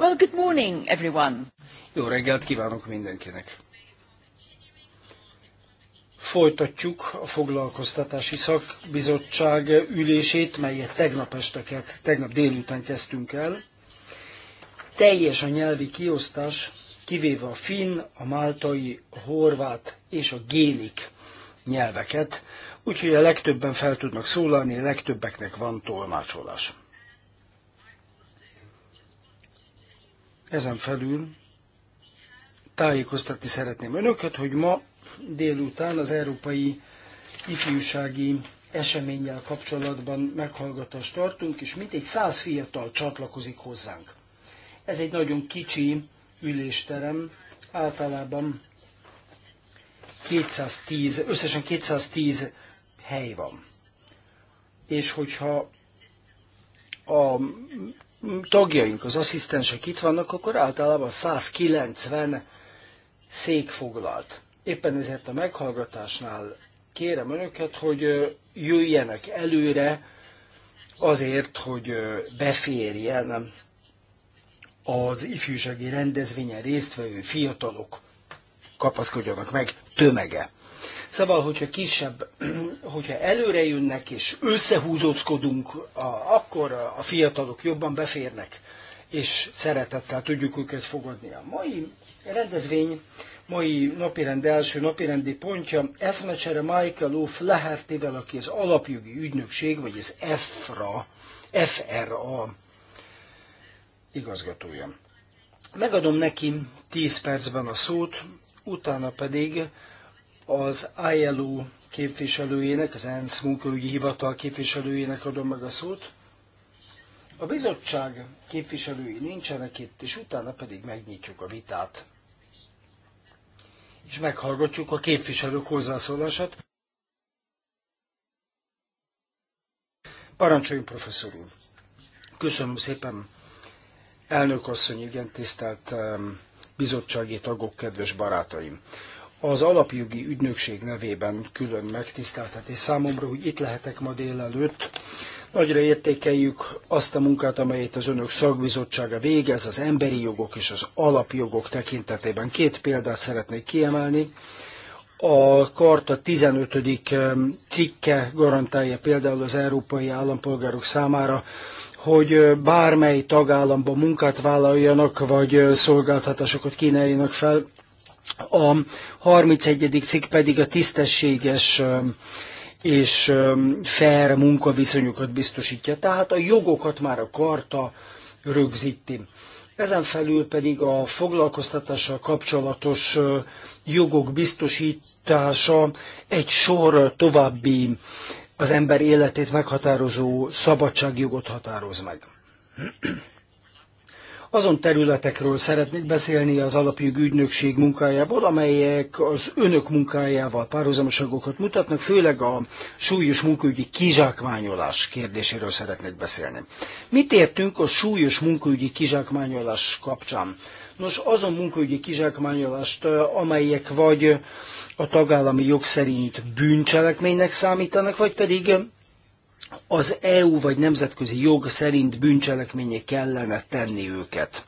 Well, good morning, everyone. Jó reggelt kívánok mindenkinek. Folytatjuk a foglalkoztatási szakbizottság ülését, melyet tegnap esteket, tegnap délután kezdtünk el. Teljes a nyelvi kiosztás, kivéve a finn, a máltai, a horvát és a gélik nyelveket, úgyhogy a legtöbben fel tudnak szólalni, a legtöbbeknek van tolmácsolás. Ezen felül tájékoztatni szeretném önöket, hogy ma délután az Európai Ifjúsági eseménnyel kapcsolatban meghallgatást tartunk, és mintegy száz fiatal csatlakozik hozzánk. Ez egy nagyon kicsi ülésterem, általában 210, összesen 210 hely van. És hogyha a tagjaink, az asszisztensek itt vannak, akkor általában 190 szék foglalt. Éppen ezért a meghallgatásnál kérem önöket, hogy jöjjenek előre azért, hogy beférjen az ifjúsági rendezvényen résztvevő fiatalok kapaszkodjanak meg tömege. Szóval, hogyha kisebb, hogyha előre jönnek és összehúzózkodunk, akkor a fiatalok jobban beférnek, és szeretettel tudjuk őket fogadni. A mai rendezvény, mai napirend első napirendi pontja eszmecsere Michael O'F Lehertivel, aki az alapjogi ügynökség, vagy az FRA, FRA igazgatója. Megadom neki 10 percben a szót, utána pedig az ILO képviselőjének, az ENSZ munkaügyi hivatal képviselőjének adom meg a szót. A bizottság képviselői nincsenek itt, és utána pedig megnyitjuk a vitát. És meghallgatjuk a képviselők hozzászólását. Parancsoljon, professzor úr! Köszönöm szépen, elnök asszony, igen, tisztelt um, bizottsági tagok, kedves barátaim! az alapjogi ügynökség nevében külön megtiszteltetés számomra, hogy itt lehetek ma délelőtt. Nagyra értékeljük azt a munkát, amelyet az önök szakbizottsága végez az emberi jogok és az alapjogok tekintetében. Két példát szeretnék kiemelni. A karta 15. cikke garantálja például az európai állampolgárok számára, hogy bármely tagállamban munkát vállaljanak, vagy szolgáltatásokat kínáljanak fel, a 31. cikk pedig a tisztességes és fair munkaviszonyokat biztosítja. Tehát a jogokat már a karta rögzíti. Ezen felül pedig a foglalkoztatással kapcsolatos jogok biztosítása egy sor további az ember életét meghatározó szabadságjogot határoz meg. Azon területekről szeretnék beszélni az alapjogi ügynökség munkájából, amelyek az önök munkájával párhuzamoságokat mutatnak, főleg a súlyos munkaügyi kizsákmányolás kérdéséről szeretnék beszélni. Mit értünk a súlyos munkaügyi kizsákmányolás kapcsán? Nos, azon munkaügyi kizsákmányolást, amelyek vagy a tagállami jog szerint bűncselekménynek számítanak, vagy pedig az EU vagy nemzetközi jog szerint bűncselekményé kellene tenni őket.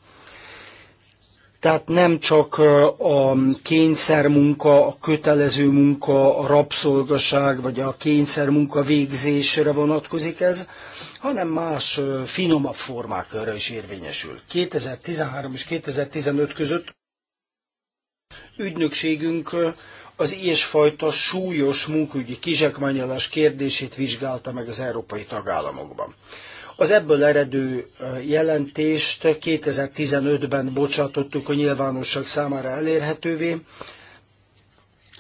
Tehát nem csak a kényszermunka, a kötelező munka, a rabszolgaság vagy a kényszermunka végzésre vonatkozik ez, hanem más finomabb formákra is érvényesül. 2013 és 2015 között ügynökségünk az ilyesfajta súlyos munkügyi kizsákmányolás kérdését vizsgálta meg az európai tagállamokban. Az ebből eredő jelentést 2015-ben bocsátottuk a nyilvánosság számára elérhetővé,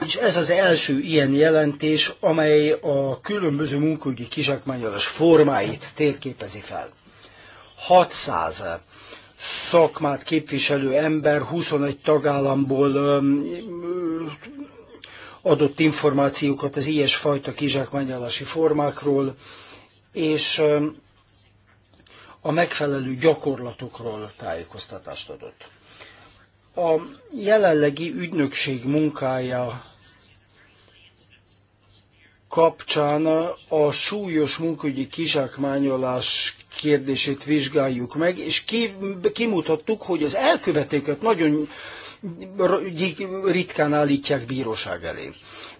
és ez az első ilyen jelentés, amely a különböző munkaügyi kizsákmányolás formáit térképezi fel. 600 szakmát képviselő ember 21 tagállamból adott információkat az ilyesfajta kizsákmányolási formákról, és um, a megfelelő gyakorlatokról tájékoztatást adott. A jelenlegi ügynökség munkája kapcsán a súlyos munkügyi kizsákmányolás kérdését vizsgáljuk meg, és kimutattuk, hogy az elkövetőket nagyon ritkán állítják bíróság elé.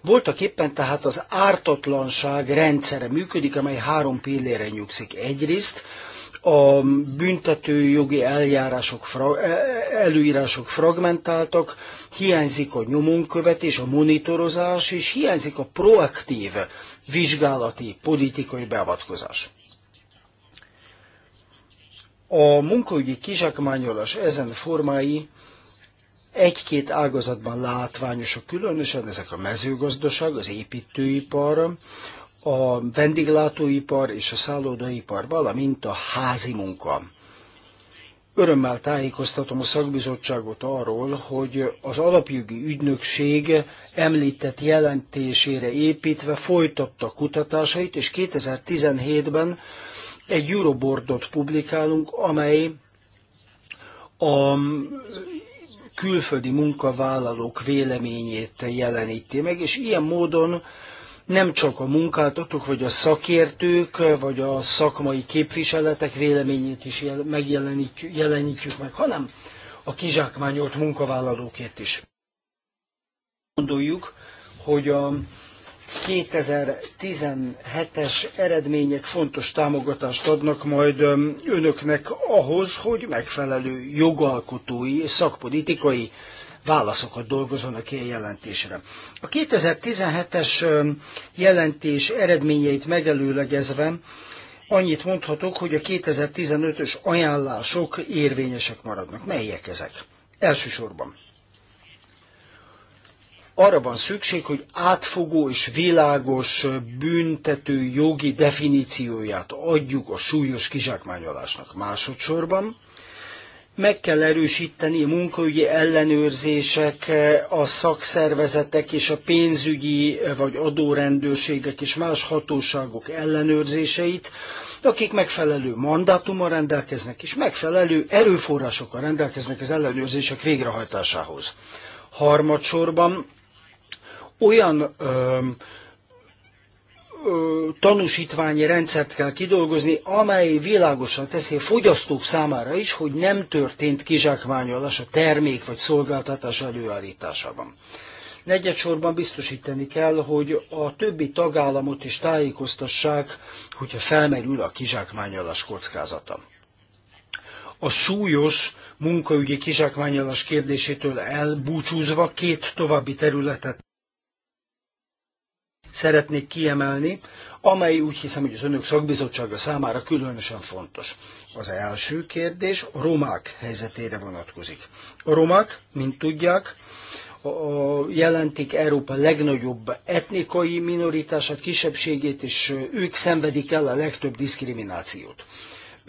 Voltak éppen tehát az ártatlanság rendszere működik, amely három pillére nyugszik. Egyrészt a büntetőjogi eljárások, e- e- előírások fragmentáltak, hiányzik a nyomonkövetés, a monitorozás, és hiányzik a proaktív vizsgálati politikai beavatkozás. A munkaügyi kizsákmányolás ezen formái egy-két ágazatban látványosak különösen, ezek a mezőgazdaság, az építőipar, a vendéglátóipar és a szállodaipar, valamint a házi munka. Örömmel tájékoztatom a szakbizottságot arról, hogy az alapjogi ügynökség említett jelentésére építve folytatta kutatásait, és 2017-ben egy Eurobordot publikálunk, amely a külföldi munkavállalók véleményét jeleníti meg, és ilyen módon nem csak a munkáltatók, vagy a szakértők, vagy a szakmai képviseletek véleményét is megjelenítjük meg, hanem a kizsákmányolt munkavállalókét is. Gondoljuk, hogy a 2017-es eredmények fontos támogatást adnak majd önöknek ahhoz, hogy megfelelő jogalkotói és szakpolitikai válaszokat dolgozzanak ki a jelentésre. A 2017-es jelentés eredményeit megelőlegezve annyit mondhatok, hogy a 2015-ös ajánlások érvényesek maradnak. Melyek ezek? Elsősorban arra van szükség, hogy átfogó és világos büntető jogi definícióját adjuk a súlyos kizsákmányolásnak. Másodszorban meg kell erősíteni a munkaügyi ellenőrzések, a szakszervezetek és a pénzügyi vagy adórendőrségek és más hatóságok ellenőrzéseit, akik megfelelő mandátummal rendelkeznek és megfelelő erőforrásokkal rendelkeznek az ellenőrzések végrehajtásához. Harmadsorban olyan ö, ö, tanúsítványi rendszert kell kidolgozni, amely világosan teszi a fogyasztók számára is, hogy nem történt kizsákmányolás a termék vagy szolgáltatás előállításában. Negyedsorban biztosítani kell, hogy a többi tagállamot is tájékoztassák, hogyha felmerül a kizsákmányolás kockázata. A súlyos munkaügyi kizsákmányolás kérdésétől elbúcsúzva két további területet szeretnék kiemelni, amely úgy hiszem, hogy az önök szakbizottsága számára különösen fontos. Az első kérdés a romák helyzetére vonatkozik. A romák, mint tudják, jelentik Európa legnagyobb etnikai minoritását, kisebbségét, és ők szenvedik el a legtöbb diszkriminációt.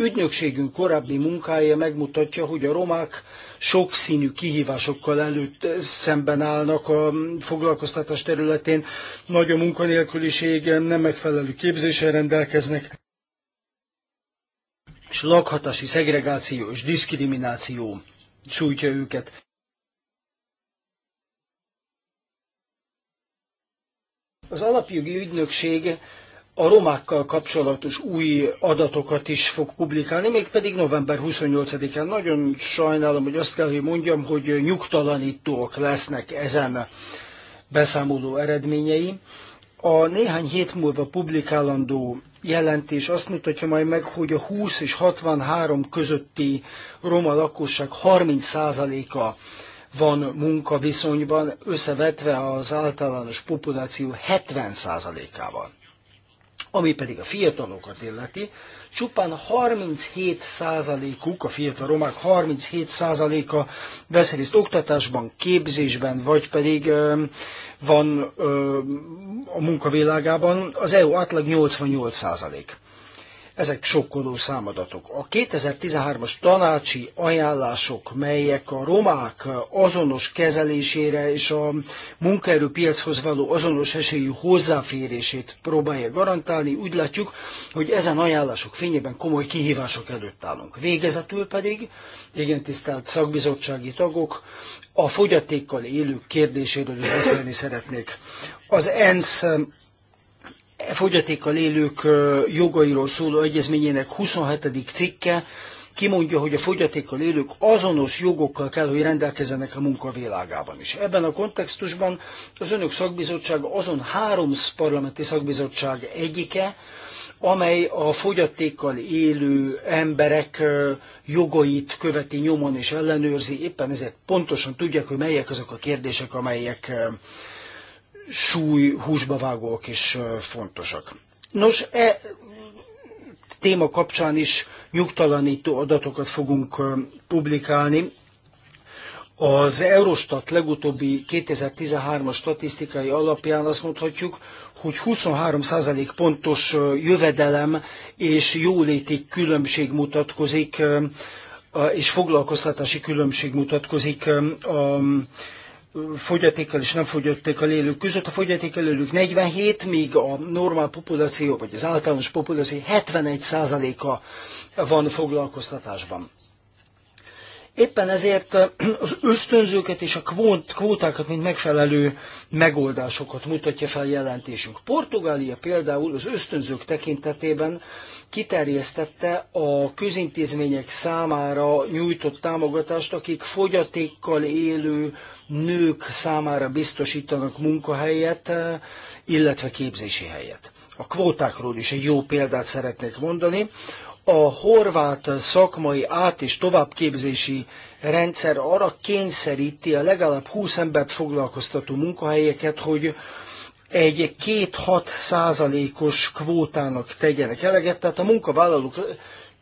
Ügynökségünk korábbi munkája megmutatja, hogy a romák sokszínű kihívásokkal előtt szemben állnak a foglalkoztatás területén. Nagy a munkanélküliség, nem megfelelő képzéssel rendelkeznek, és lakhatási szegregáció és diszkrimináció sújtja őket. Az alapjogi ügynökség a romákkal kapcsolatos új adatokat is fog publikálni, mégpedig november 28-án. Nagyon sajnálom, hogy azt kell, hogy mondjam, hogy nyugtalanítók lesznek ezen beszámoló eredményei. A néhány hét múlva publikálandó jelentés azt mutatja majd meg, hogy a 20 és 63 közötti roma lakosság 30%-a van munkaviszonyban, összevetve az általános populáció 70%-ával. Ami pedig a fiatalokat illeti, csupán 37%-uk, a fiatal romák 37%-a vesz részt oktatásban, képzésben, vagy pedig ö, van ö, a munkavilágában, az EU átlag 88%. Ezek sokkoló számadatok. A 2013-as tanácsi ajánlások, melyek a romák azonos kezelésére és a munkaerőpiachoz való azonos esélyű hozzáférését próbálja garantálni, úgy látjuk, hogy ezen ajánlások fényében komoly kihívások előtt állunk. Végezetül pedig, igen tisztelt szakbizottsági tagok, a fogyatékkal élők kérdéséről is beszélni szeretnék. Az ENSZ fogyatékkal élők jogairól szóló egyezményének 27. cikke kimondja, hogy a fogyatékkal élők azonos jogokkal kell, hogy rendelkezzenek a munkavilágában is. Ebben a kontextusban az önök szakbizottság azon három parlamenti szakbizottság egyike, amely a fogyatékkal élő emberek jogait követi nyomon és ellenőrzi, éppen ezért pontosan tudják, hogy melyek azok a kérdések, amelyek súly vágók is fontosak. Nos, e téma kapcsán is nyugtalanító adatokat fogunk publikálni. Az Eurostat legutóbbi 2013-as statisztikai alapján azt mondhatjuk, hogy 23% pontos jövedelem és jóléti különbség mutatkozik, és foglalkoztatási különbség mutatkozik a fogyatékkal és nem fogyatékkal élők között. A fogyatékkal élők 47, míg a normál populáció, vagy az általános populáció 71%-a van foglalkoztatásban. Éppen ezért az ösztönzőket és a kvótákat, mint megfelelő megoldásokat mutatja fel jelentésünk. Portugália például az ösztönzők tekintetében kiterjesztette a közintézmények számára nyújtott támogatást, akik fogyatékkal élő nők számára biztosítanak munkahelyet, illetve képzési helyet. A kvótákról is egy jó példát szeretnék mondani a horvát szakmai át- és továbbképzési rendszer arra kényszeríti a legalább 20 embert foglalkoztató munkahelyeket, hogy egy 2-6 százalékos kvótának tegyenek eleget, tehát a munkavállalók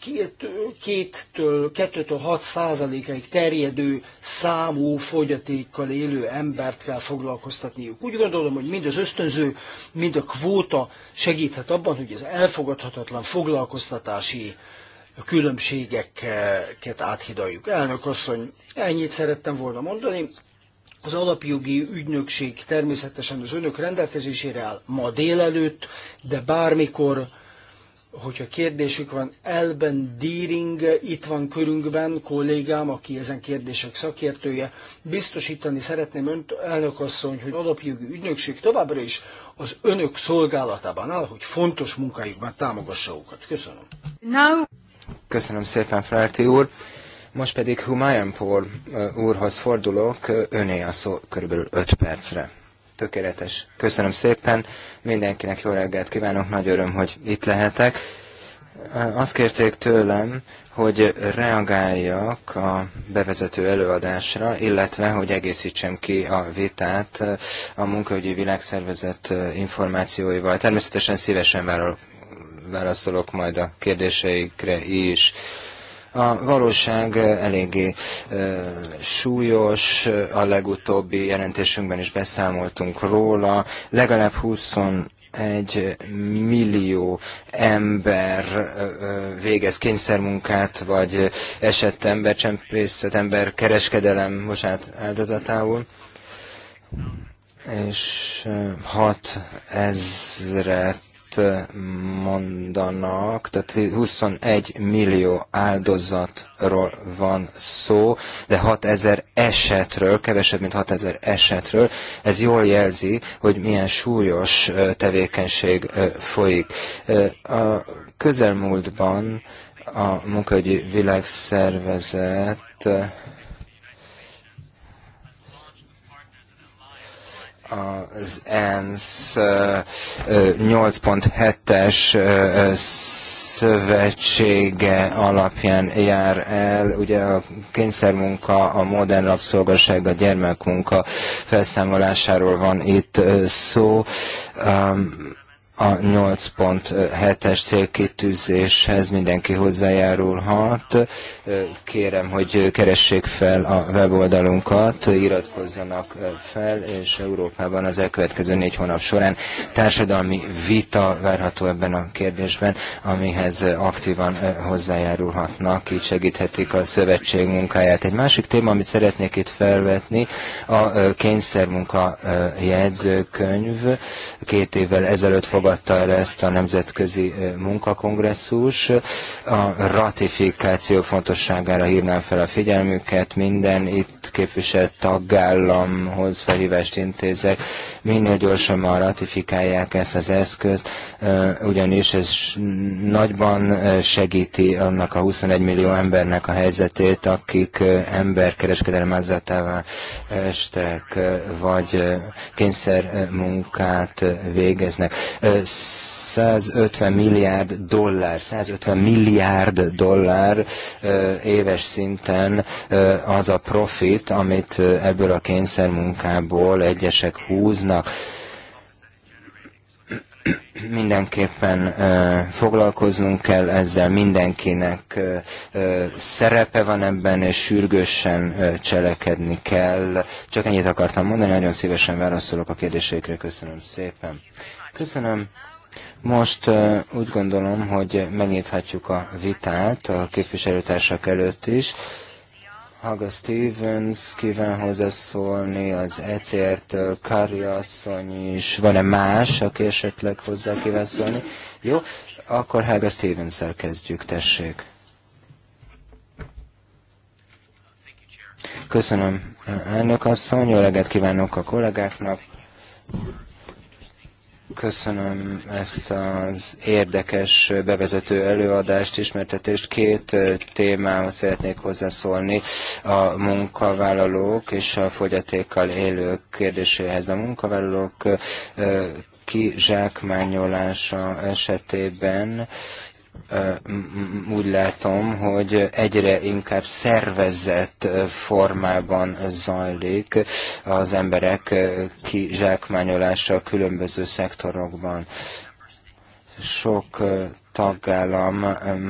2-től hat százalékaig terjedő számú fogyatékkal élő embert kell foglalkoztatniuk. Úgy gondolom, hogy mind az ösztönző, mind a kvóta segíthet abban, hogy az elfogadhatatlan foglalkoztatási különbségeket áthidaljuk. Elnök asszony, ennyit szerettem volna mondani. Az alapjogi ügynökség természetesen az önök rendelkezésére áll ma délelőtt, de bármikor hogyha kérdésük van, Elben Deering itt van körünkben, kollégám, aki ezen kérdések szakértője. Biztosítani szeretném önt, elnök asszony, hogy alapjogi ügynökség továbbra is az önök szolgálatában áll, hogy fontos munkájukban támogassa őket. Köszönöm. No. Köszönöm szépen, Frárti úr. Most pedig Humayampor Paul úrhoz fordulok, öné a szó körülbelül 5 percre. Tökéletes. Köszönöm szépen. Mindenkinek jó reggelt kívánok. Nagy öröm, hogy itt lehetek. Azt kérték tőlem, hogy reagáljak a bevezető előadásra, illetve hogy egészítsem ki a vitát a munkaügyi világszervezet információival. Természetesen szívesen válaszolok majd a kérdéseikre is. A valóság eléggé súlyos, a legutóbbi jelentésünkben is beszámoltunk róla, legalább 20 egy millió ember végez kényszermunkát, vagy esett ember kereskedelem, bocsánat, áldozatául és hat ezret mondanak, tehát 21 millió áldozatról van szó, de 6000 esetről, kevesebb, mint 6000 esetről. Ez jól jelzi, hogy milyen súlyos tevékenység folyik. A közelmúltban a munkahogyi világszervezet az ENSZ 8.7-es szövetsége alapján jár el. Ugye a kényszermunka, a modern rabszolgaság, a gyermekmunka felszámolásáról van itt szó. Um, a 8.7-es célkitűzéshez mindenki hozzájárulhat. Kérem, hogy keressék fel a weboldalunkat, iratkozzanak fel, és Európában az elkövetkező négy hónap során társadalmi vita várható ebben a kérdésben, amihez aktívan hozzájárulhatnak, így segíthetik a szövetség munkáját. Egy másik téma, amit szeretnék itt felvetni, a kényszermunka jegyzőkönyv. Két évvel ezelőtt fog fogadta el ezt a Nemzetközi Munkakongresszus. A ratifikáció fontosságára hívnám fel a figyelmüket, minden itt képviselt tagállamhoz felhívást intézek, minél gyorsabban ratifikálják ezt az eszközt, ugyanis ez nagyban segíti annak a 21 millió embernek a helyzetét, akik emberkereskedelem áldozatává estek, vagy kényszermunkát végeznek. 150 milliárd dollár, 150 milliárd dollár éves szinten az a profit, amit ebből a kényszermunkából egyesek húznak mindenképpen foglalkoznunk kell ezzel, mindenkinek szerepe van ebben, és sürgősen ö, cselekedni kell. Csak ennyit akartam mondani, nagyon szívesen válaszolok a kérdésekre, köszönöm szépen. Köszönöm. Most úgy gondolom, hogy megnyithatjuk a vitát a képviselőtársak előtt is. Haga Stevens kíván hozzászólni az ECR-től, Kari asszony is, van-e más, aki esetleg hozzá kíván szólni? Jó, akkor Haga Stevens-szel kezdjük, tessék. Köszönöm, elnök asszony, jó reggelt kívánok a kollégáknak. Köszönöm ezt az érdekes bevezető előadást, ismertetést. Két témához szeretnék hozzászólni a munkavállalók és a fogyatékkal élők kérdéséhez. A munkavállalók kizsákmányolása esetében úgy látom, hogy egyre inkább szervezett formában zajlik az emberek kizsákmányolása a különböző szektorokban. Sok tagállam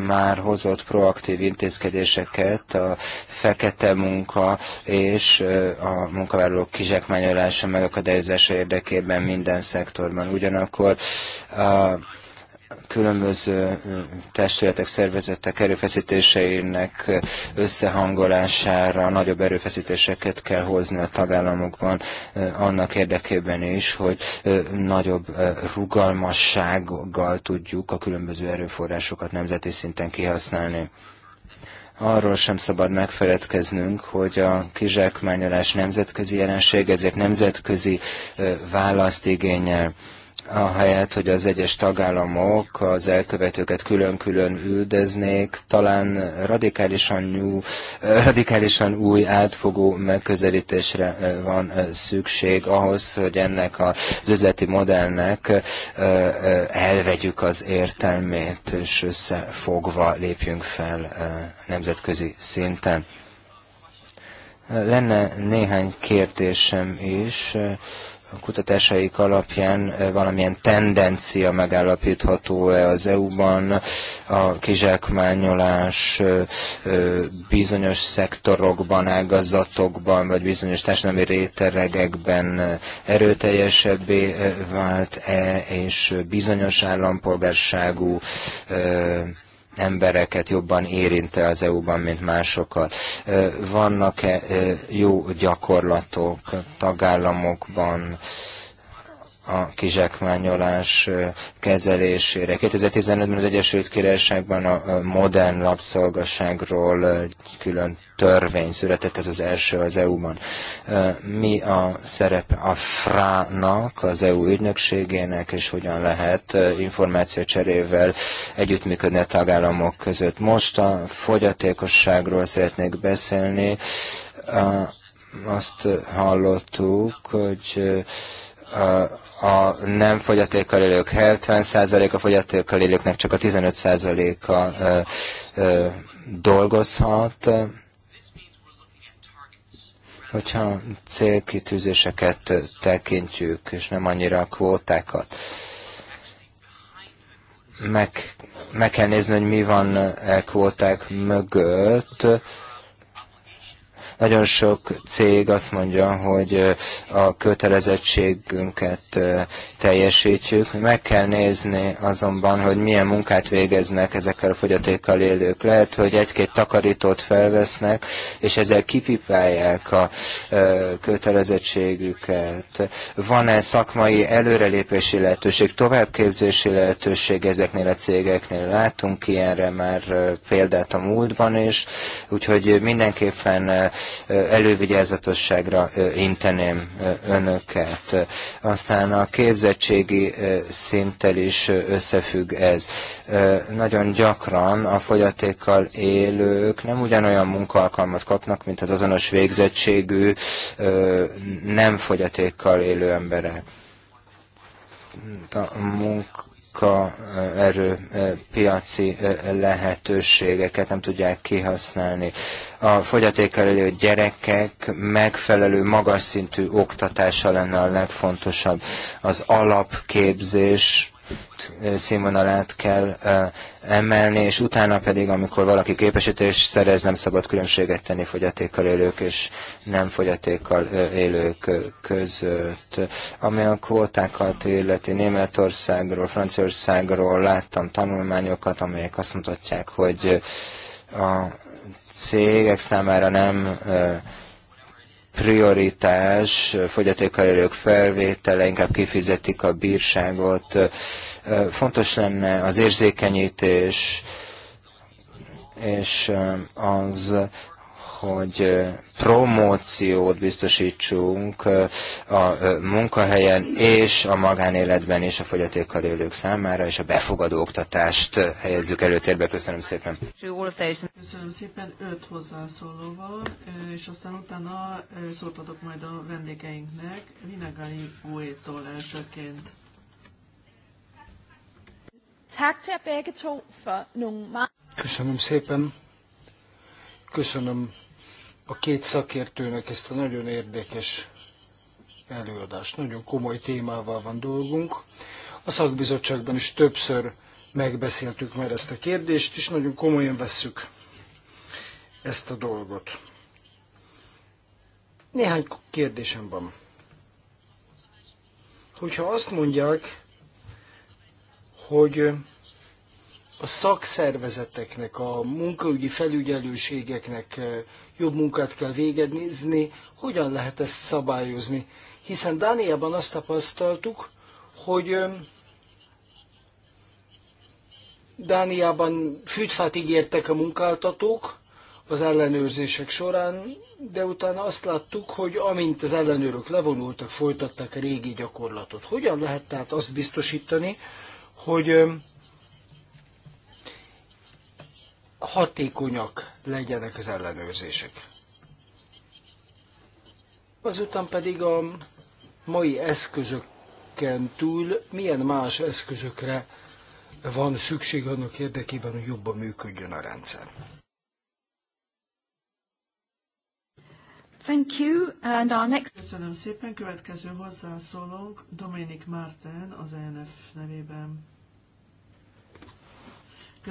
már hozott proaktív intézkedéseket a fekete munka és a munkavállalók kizsákmányolása megakadályozása érdekében minden szektorban. Ugyanakkor a különböző mm, testületek, szervezetek erőfeszítéseinek összehangolására nagyobb erőfeszítéseket kell hozni a tagállamokban eh, annak érdekében is, hogy eh, nagyobb eh, rugalmassággal tudjuk a különböző erőforrásokat nemzeti szinten kihasználni arról sem szabad megfeledkeznünk, hogy a kizsákmányolás nemzetközi jelenség, ezért nemzetközi választ igényel ahelyett, hogy az egyes tagállamok az elkövetőket külön-külön üldöznék, talán radikálisan, nyú, radikálisan új átfogó megközelítésre van szükség ahhoz, hogy ennek az üzleti modellnek elvegyük az értelmét, és összefogva lépjünk fel nemzetközi szinten. Lenne néhány kérdésem is a kutatásaik alapján valamilyen tendencia megállapítható-e az EU-ban a kizsákmányolás bizonyos szektorokban, ágazatokban, vagy bizonyos társadalmi réteregekben erőteljesebbé vált-e, és bizonyos állampolgárságú embereket jobban érinte az EU-ban, mint másokat? Vannak-e jó gyakorlatok tagállamokban? a kizsákmányolás kezelésére. 2015-ben az Egyesült Királyságban a modern lapszolgaságról egy külön törvény született, ez az első az EU-ban. Mi a szerep a FRA-nak, az EU ügynökségének, és hogyan lehet információcserével együttműködni a tagállamok között? Most a fogyatékosságról szeretnék beszélni. Azt hallottuk, hogy a nem fogyatékkal élők 70%, a fogyatékkal élőknek csak a 15%-a dolgozhat. Hogyha célkitűzéseket tekintjük, és nem annyira a kvótákat, meg, meg kell nézni, hogy mi van e kvóták mögött, nagyon sok cég azt mondja, hogy a kötelezettségünket teljesítjük. Meg kell nézni azonban, hogy milyen munkát végeznek ezekkel a fogyatékkal élők. Lehet, hogy egy-két takarítót felvesznek, és ezzel kipipálják a kötelezettségüket. Van-e szakmai előrelépési lehetőség, továbbképzési lehetőség ezeknél a cégeknél? Látunk ilyenre már példát a múltban is, úgyhogy mindenképpen elővigyázatosságra inteném önöket. Aztán a képzettségi szinttel is összefügg ez. Nagyon gyakran a fogyatékkal élők nem ugyanolyan munkaalkalmat kapnak, mint az azonos végzettségű nem fogyatékkal élő emberek a munka munkaerő e, piaci e, lehetőségeket nem tudják kihasználni. A fogyatékkal élő gyerekek megfelelő magas szintű oktatása lenne a legfontosabb. Az alapképzés színvonalát kell emelni, és utána pedig, amikor valaki képesítést szerez, nem szabad különbséget tenni fogyatékkal élők és nem fogyatékkal élők között. Ami a kvótákat illeti Németországról, Franciaországról láttam tanulmányokat, amelyek azt mutatják, hogy a cégek számára nem prioritás, fogyatékkal élők felvétele, inkább kifizetik a bírságot. Fontos lenne az érzékenyítés, és az hogy promóciót biztosítsunk a munkahelyen és a magánéletben és a fogyatékkal élők számára, és a befogadó oktatást helyezzük előtérbe. Köszönöm szépen. Köszönöm szépen, öt hozzászólóval, és aztán utána szót adok majd a vendégeinknek, Vinagari Újétól elsőként. Köszönöm szépen. Köszönöm a két szakértőnek ezt a nagyon érdekes előadást. Nagyon komoly témával van dolgunk. A szakbizottságban is többször megbeszéltük már ezt a kérdést, és nagyon komolyan vesszük ezt a dolgot. Néhány kérdésem van. Hogyha azt mondják, hogy a szakszervezeteknek, a munkaügyi felügyelőségeknek eh, jobb munkát kell végezni, hogyan lehet ezt szabályozni. Hiszen Dániában azt tapasztaltuk, hogy eh, Dániában fűtfát ígértek a munkáltatók az ellenőrzések során, de utána azt láttuk, hogy amint az ellenőrök levonultak, folytatták a régi gyakorlatot. Hogyan lehet tehát azt biztosítani, hogy eh, hatékonyak legyenek az ellenőrzések. Azután pedig a mai eszközöken túl milyen más eszközökre van szükség annak érdekében, hogy jobban működjön a rendszer. Thank you, and our next... Köszönöm szépen. Következő hozzászólónk Dominik Márten az ENF nevében.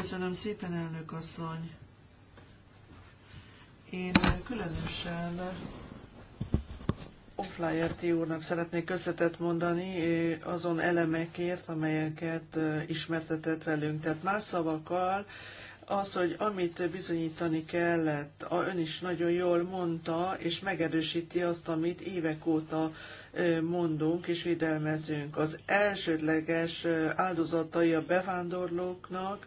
Köszönöm szépen, elnök asszony. Én különösen Offlyer úrnak szeretnék köszönetet mondani azon elemekért, amelyeket ismertetett velünk. Tehát más szavakkal az, hogy amit bizonyítani kellett, ön is nagyon jól mondta, és megerősíti azt, amit évek óta mondunk és védelmezünk. Az elsődleges áldozatai a bevándorlóknak,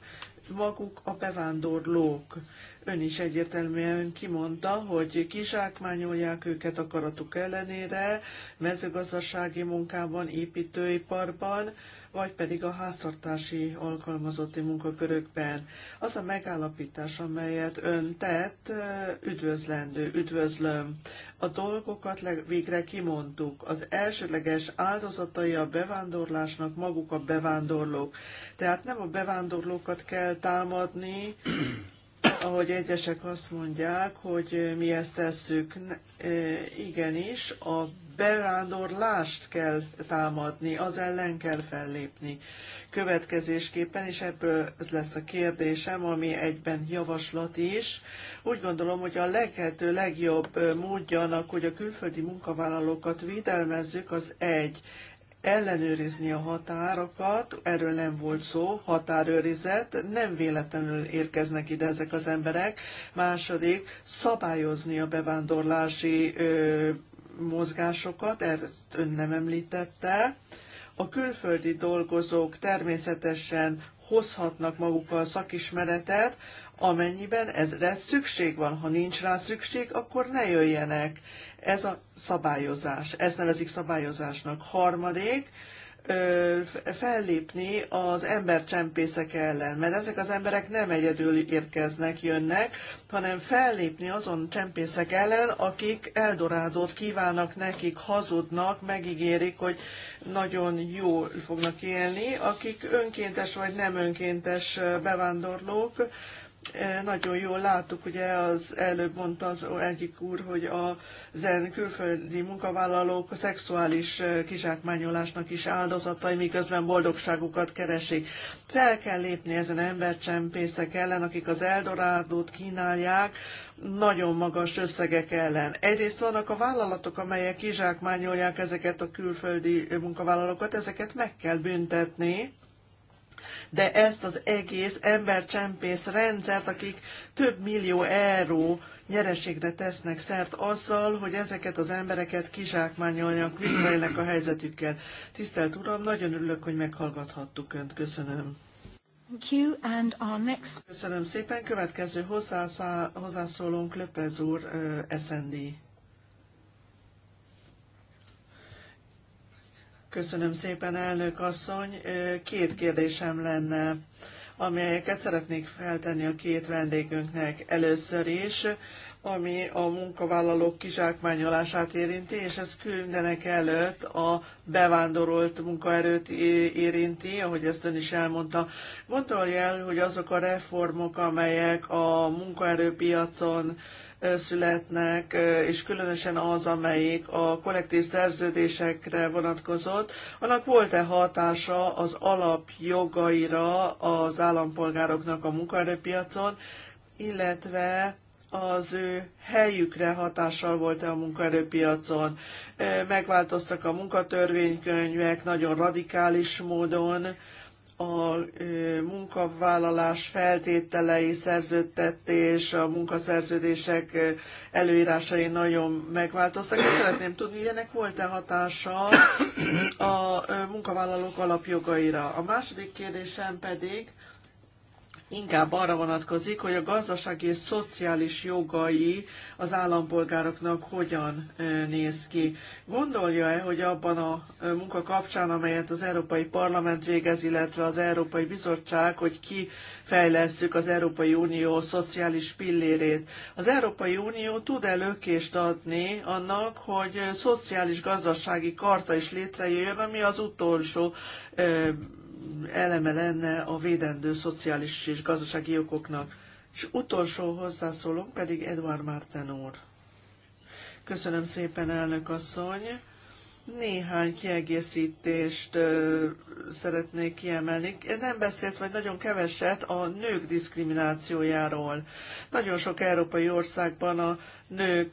maguk a bevándorlók. Ön is egyértelműen kimondta, hogy kizsákmányolják őket akaratuk ellenére, mezőgazdasági munkában, építőiparban, vagy pedig a háztartási alkalmazotti munkakörökben. Az a megállapítás, amelyet ön tett, üdvözlendő, üdvözlöm. A dolgokat végre kimondtuk. Az elsődleges áldozatai a bevándorlásnak maguk a bevándorlók. Tehát nem a bevándorlókat kell támadni, ahogy egyesek azt mondják, hogy mi ezt tesszük, igenis, a bevándorlást kell támadni, az ellen kell fellépni. Következésképpen, és ebből ez lesz a kérdésem, ami egyben javaslat is, úgy gondolom, hogy a leghető legjobb módja annak, hogy a külföldi munkavállalókat védelmezzük, az egy, ellenőrizni a határokat, erről nem volt szó, határőrizet, nem véletlenül érkeznek ide ezek az emberek. Második, szabályozni a bevándorlási ö, mozgásokat, ezt ön nem említette. A külföldi dolgozók természetesen hozhatnak magukkal szakismeretet, amennyiben ezre szükség van. Ha nincs rá szükség, akkor ne jöjjenek. Ez a szabályozás. Ezt nevezik szabályozásnak. Harmadik, fellépni az embercsempészek ellen, mert ezek az emberek nem egyedül érkeznek, jönnek, hanem fellépni azon csempészek ellen, akik Eldorádót kívánnak nekik, hazudnak, megígérik, hogy nagyon jól fognak élni, akik önkéntes vagy nem önkéntes bevándorlók, E, nagyon jól láttuk, ugye az előbb mondta az egyik úr, hogy a zen külföldi munkavállalók a szexuális e, kizsákmányolásnak is áldozatai, miközben boldogságukat keresik. Fel kell lépni ezen embercsempészek ellen, akik az Eldorádót kínálják, nagyon magas összegek ellen. Egyrészt vannak a vállalatok, amelyek kizsákmányolják ezeket a külföldi munkavállalókat, ezeket meg kell büntetni, de ezt az egész embercsempész rendszert, akik több millió euró nyereségre tesznek szert azzal, hogy ezeket az embereket kizsákmányolják, visszaélnek a helyzetükkel. Tisztelt Uram, nagyon örülök, hogy meghallgathattuk Önt. Köszönöm. Köszönöm szépen. Következő hozzászólónk Löpez úr, SND. Köszönöm szépen, elnök asszony. Két kérdésem lenne, amelyeket szeretnék feltenni a két vendégünknek. Először is, ami a munkavállalók kizsákmányolását érinti, és ez küldenek előtt a bevándorolt munkaerőt érinti, ahogy ezt ön is elmondta. Gondolja el, hogy azok a reformok, amelyek a munkaerőpiacon születnek, és különösen az, amelyik a kollektív szerződésekre vonatkozott, annak volt-e hatása az alapjogaira az állampolgároknak a munkaerőpiacon, illetve az ő helyükre hatással volt-e a munkaerőpiacon. Megváltoztak a munkatörvénykönyvek nagyon radikális módon, a munkavállalás feltételei, szerződtetés, a munkaszerződések előírásai nagyon megváltoztak. Én szeretném tudni, hogy ennek volt-e hatása a munkavállalók alapjogaira. A második kérdésem pedig inkább arra vonatkozik, hogy a gazdasági és szociális jogai az állampolgároknak hogyan néz ki. Gondolja-e, hogy abban a munka kapcsán, amelyet az Európai Parlament végez, illetve az Európai Bizottság, hogy ki kifejlesszük az Európai Unió szociális pillérét. Az Európai Unió tud előkést adni annak, hogy szociális-gazdasági karta is létrejöjjön, ami az utolsó eleme lenne a védendő szociális és gazdasági jogoknak. És utolsó hozzászólónk pedig Edward Márten úr. Köszönöm szépen, elnök asszony. Néhány kiegészítést ö, szeretnék kiemelni. Nem beszélt, vagy nagyon keveset a nők diszkriminációjáról. Nagyon sok európai országban a nők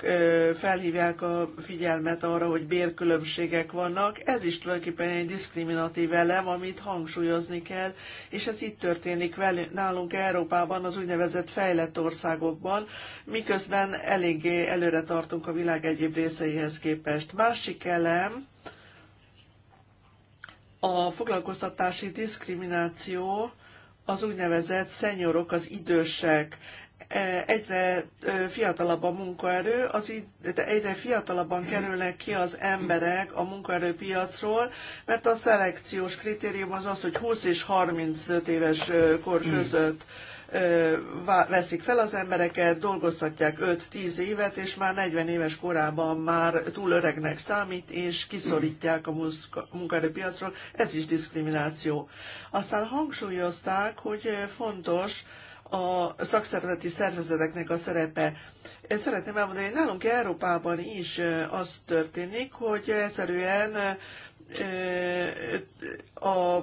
felhívják a figyelmet arra, hogy bérkülönbségek vannak. Ez is tulajdonképpen egy diszkriminatív elem, amit hangsúlyozni kell, és ez itt történik velünk, nálunk Európában, az úgynevezett fejlett országokban, miközben eléggé előre tartunk a világ egyéb részeihez képest. Másik elem, a foglalkoztatási diszkrimináció, az úgynevezett szenyorok, az idősek egyre fiatalabb a munkaerő, az így, egyre fiatalabban mhm. kerülnek ki az emberek a munkaerőpiacról, mert a szelekciós kritérium az az, hogy 20 és 35 éves kor mhm. között veszik fel az embereket, dolgoztatják 5-10 évet, és már 40 éves korában már túl öregnek számít, és kiszorítják a munkaerőpiacról. Ez is diszkrimináció. Aztán hangsúlyozták, hogy fontos, a szakszervezeti szervezeteknek a szerepe. Szeretném elmondani, hogy nálunk Európában is az történik, hogy egyszerűen a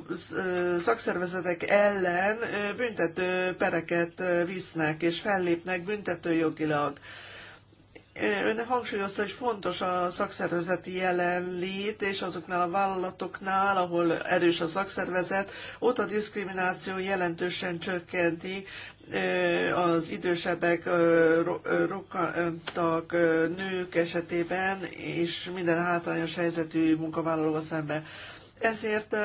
szakszervezetek ellen büntető pereket visznek és fellépnek büntetőjogilag. Ön hangsúlyozta, hogy fontos a szakszervezeti jelenlét, és azoknál a vállalatoknál, ahol erős a szakszervezet, ott a diszkrimináció jelentősen csökkenti az idősebbek, rokkantak nők esetében, és minden hátrányos helyzetű munkavállalóval szemben. Ezért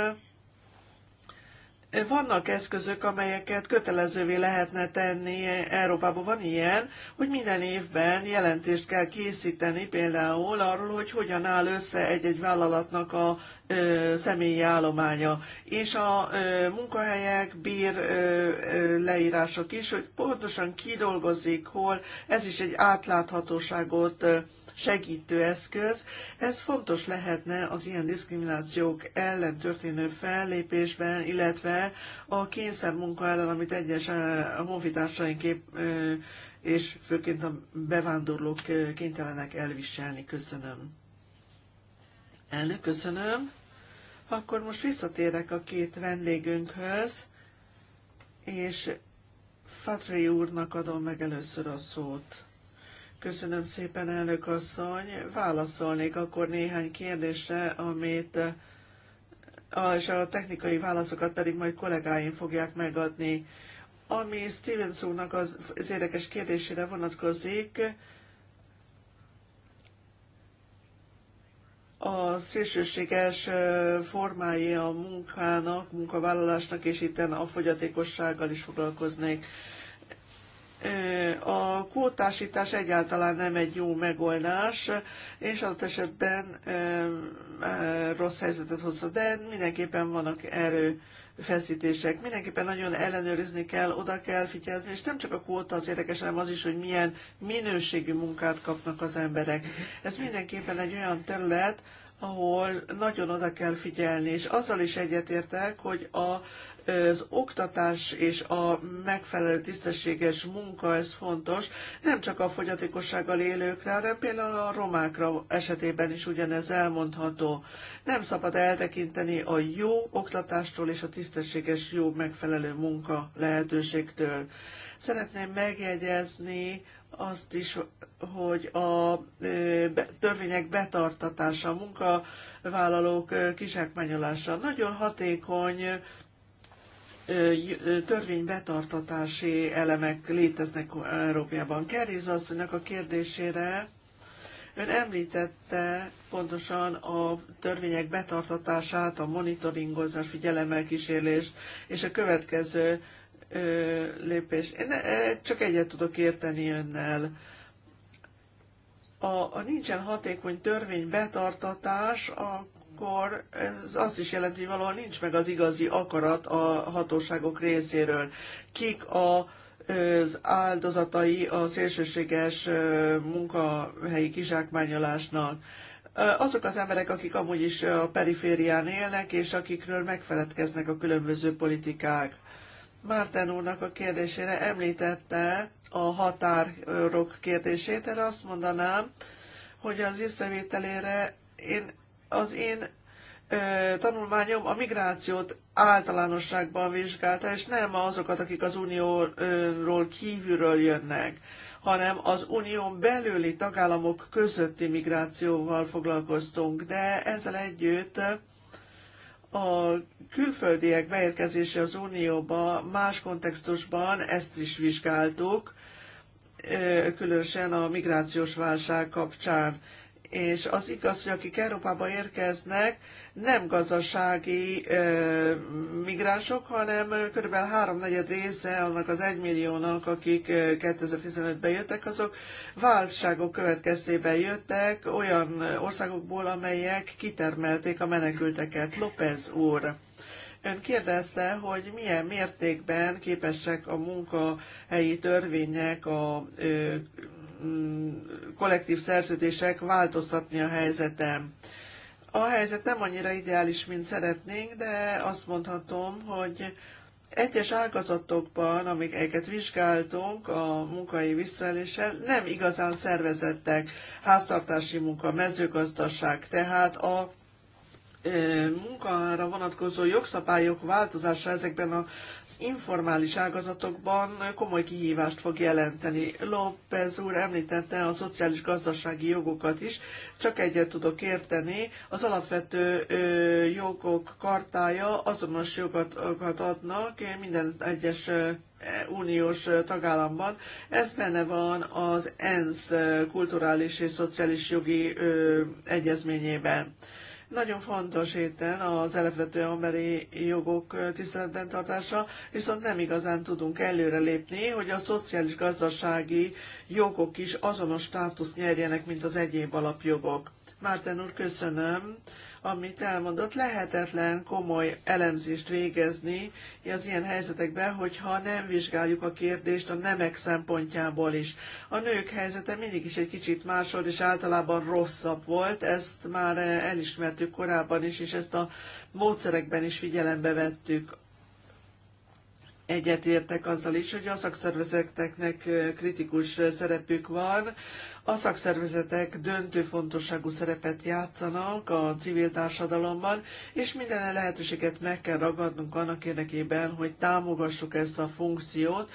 vannak eszközök, amelyeket kötelezővé lehetne tenni, Európában van ilyen, hogy minden évben jelentést kell készíteni például arról, hogy hogyan áll össze egy-egy vállalatnak a ö, személyi állománya, és a ö, munkahelyek, bír ö, ö, leírások is, hogy pontosan ki dolgozik, hol, ez is egy átláthatóságot ö, segítő eszköz. Ez fontos lehetne az ilyen diszkriminációk ellen történő fellépésben, illetve a kényszermunka ellen, amit egyes eh, a honfitársaink eh, és főként a bevándorlók eh, kénytelenek elviselni. Köszönöm. Elnök, köszönöm. Akkor most visszatérek a két vendégünkhöz, és Fatri úrnak adom meg először a szót. Köszönöm szépen, elnök asszony. Válaszolnék akkor néhány kérdésre, amit és a technikai válaszokat pedig majd kollégáim fogják megadni. Ami Stevens úrnak az, az érdekes kérdésére vonatkozik, a szélsőséges formái a munkának, munkavállalásnak, és itten a fogyatékossággal is foglalkoznék. A kvótásítás egyáltalán nem egy jó megoldás, és adott esetben rossz helyzetet hozza, de mindenképpen vannak erő feszítések. Mindenképpen nagyon ellenőrizni kell, oda kell figyelni, és nem csak a kvóta az érdekes, hanem az is, hogy milyen minőségű munkát kapnak az emberek. Ez mindenképpen egy olyan terület, ahol nagyon oda kell figyelni, és azzal is egyetértek, hogy a az oktatás és a megfelelő tisztességes munka, ez fontos, nem csak a fogyatékossággal élőkre, hanem például a romákra esetében is ugyanez elmondható. Nem szabad eltekinteni a jó oktatástól és a tisztességes, jó, megfelelő munka lehetőségtől. Szeretném megjegyezni, azt is, hogy a törvények betartatása, a munkavállalók kizsákmányolása nagyon hatékony törvény betartatási elemek léteznek Európában. Kerriz asszonynak a kérdésére ön említette pontosan a törvények betartatását, a monitoringozás, figyelemmel kísérlést és a következő ö, lépés. Én csak egyet tudok érteni önnel. A, a nincsen hatékony törvény betartatás, a, akkor ez azt is jelenti, hogy valahol nincs meg az igazi akarat a hatóságok részéről. Kik a az áldozatai a szélsőséges munkahelyi kizsákmányolásnak azok az emberek, akik amúgy is a periférián élnek, és akikről megfeledkeznek a különböző politikák. Márten úrnak a kérdésére említette a határok kérdését, erre azt mondanám, hogy az észrevételére én az én tanulmányom a migrációt általánosságban vizsgálta, és nem azokat, akik az unióról kívülről jönnek, hanem az unión belüli tagállamok közötti migrációval foglalkoztunk, de ezzel együtt a külföldiek beérkezése az unióba más kontextusban ezt is vizsgáltuk, különösen a migrációs válság kapcsán és az igaz, hogy akik Európába érkeznek, nem gazdasági ö, migránsok, hanem kb. háromnegyed része annak az egymilliónak, akik 2015-ben jöttek, azok válságok következtében jöttek olyan országokból, amelyek kitermelték a menekülteket. López úr. Ön kérdezte, hogy milyen mértékben képesek a munkahelyi törvények a ö, Mm, kollektív szerződések változtatni a helyzetem. A helyzet nem annyira ideális, mint szeretnénk, de azt mondhatom, hogy egyes ágazatokban, amiket vizsgáltunk a munkai visszaéléssel, nem igazán szervezettek háztartási munka, mezőgazdaság, tehát a munkára vonatkozó jogszabályok változása ezekben az informális ágazatokban komoly kihívást fog jelenteni. López úr említette a szociális gazdasági jogokat is, csak egyet tudok érteni. Az alapvető jogok kartája azonos jogokat adnak minden egyes uniós tagállamban. Ez benne van az ENSZ kulturális és szociális jogi egyezményében nagyon fontos héten az alapvető emberi jogok tiszteletben tartása, viszont nem igazán tudunk előrelépni, hogy a szociális-gazdasági jogok is azonos státuszt nyerjenek, mint az egyéb alapjogok. Márten úr, köszönöm amit elmondott, lehetetlen komoly elemzést végezni az ilyen helyzetekben, hogyha nem vizsgáljuk a kérdést a nemek szempontjából is. A nők helyzete mindig is egy kicsit másod, és általában rosszabb volt, ezt már elismertük korábban is, és ezt a módszerekben is figyelembe vettük egyetértek azzal is, hogy a szakszervezeteknek kritikus szerepük van. A szakszervezetek döntő fontosságú szerepet játszanak a civil társadalomban, és minden lehetőséget meg kell ragadnunk annak érdekében, hogy támogassuk ezt a funkciót,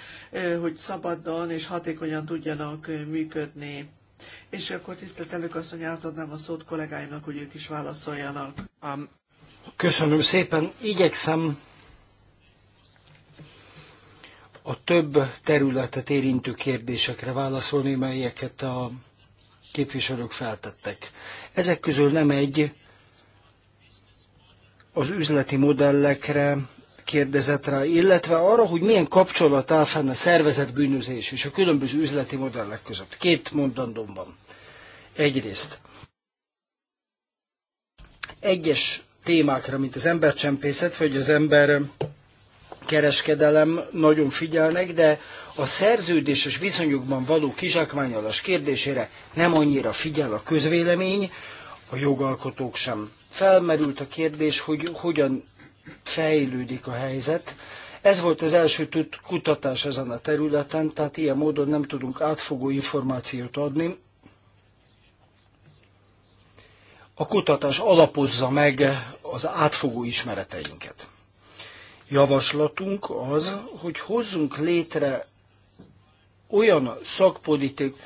hogy szabadon és hatékonyan tudjanak működni. És akkor tisztelt előkasszony, átadnám a szót kollégáimnak, hogy ők is válaszoljanak. Köszönöm szépen, igyekszem a több területet érintő kérdésekre válaszolni, melyeket a képviselők feltettek. Ezek közül nem egy az üzleti modellekre kérdezett rá, illetve arra, hogy milyen kapcsolat áll fenn a szervezet és a különböző üzleti modellek között. Két mondandóm van. Egyrészt egyes témákra, mint az embercsempészet, vagy az ember kereskedelem nagyon figyelnek, de a szerződéses viszonyokban való kizsákmányolás kérdésére nem annyira figyel a közvélemény, a jogalkotók sem. Felmerült a kérdés, hogy hogyan fejlődik a helyzet. Ez volt az első kutatás ezen a területen, tehát ilyen módon nem tudunk átfogó információt adni. A kutatás alapozza meg az átfogó ismereteinket. Javaslatunk az, hogy hozzunk létre olyan szakpolitik,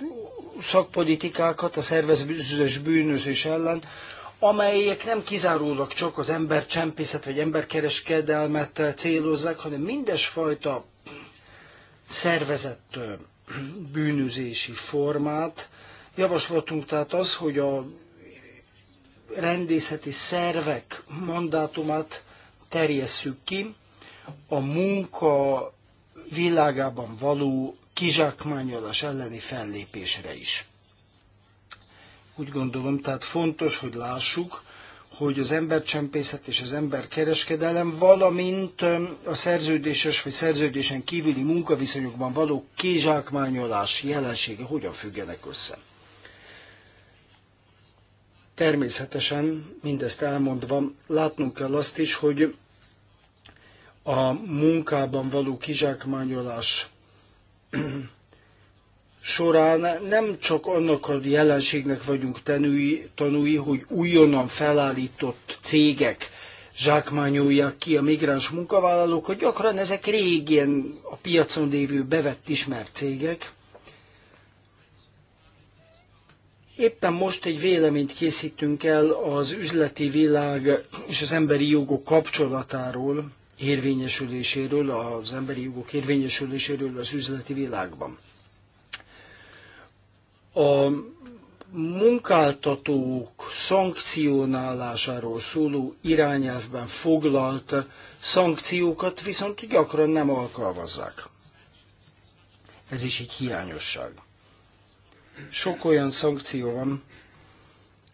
szakpolitikákat a szervezős bűnözés ellen, amelyek nem kizárólag csak az embercsempészet vagy emberkereskedelmet célozzák, hanem mindesfajta szervezett bűnözési formát. Javaslatunk tehát az, hogy a rendészeti szervek mandátumát terjesszük ki, a munka világában való kizsákmányolás elleni fellépésre is. Úgy gondolom, tehát fontos, hogy lássuk, hogy az embercsempészet és az emberkereskedelem, valamint a szerződéses vagy szerződésen kívüli munkaviszonyokban való kizsákmányolás jelensége hogyan függenek össze. Természetesen, mindezt elmondva, látnunk kell azt is, hogy a munkában való kizsákmányolás során nem csak annak a jelenségnek vagyunk tanúi, tanúi hogy újonnan felállított cégek zsákmányolják ki a migráns munkavállalókat, gyakran ezek régén a piacon lévő bevett ismert cégek. Éppen most egy véleményt készítünk el az üzleti világ és az emberi jogok kapcsolatáról, érvényesüléséről, az emberi jogok érvényesüléséről az üzleti világban. A munkáltatók szankcionálásáról szóló irányelvben foglalt szankciókat viszont gyakran nem alkalmazzák. Ez is egy hiányosság. Sok olyan szankció van,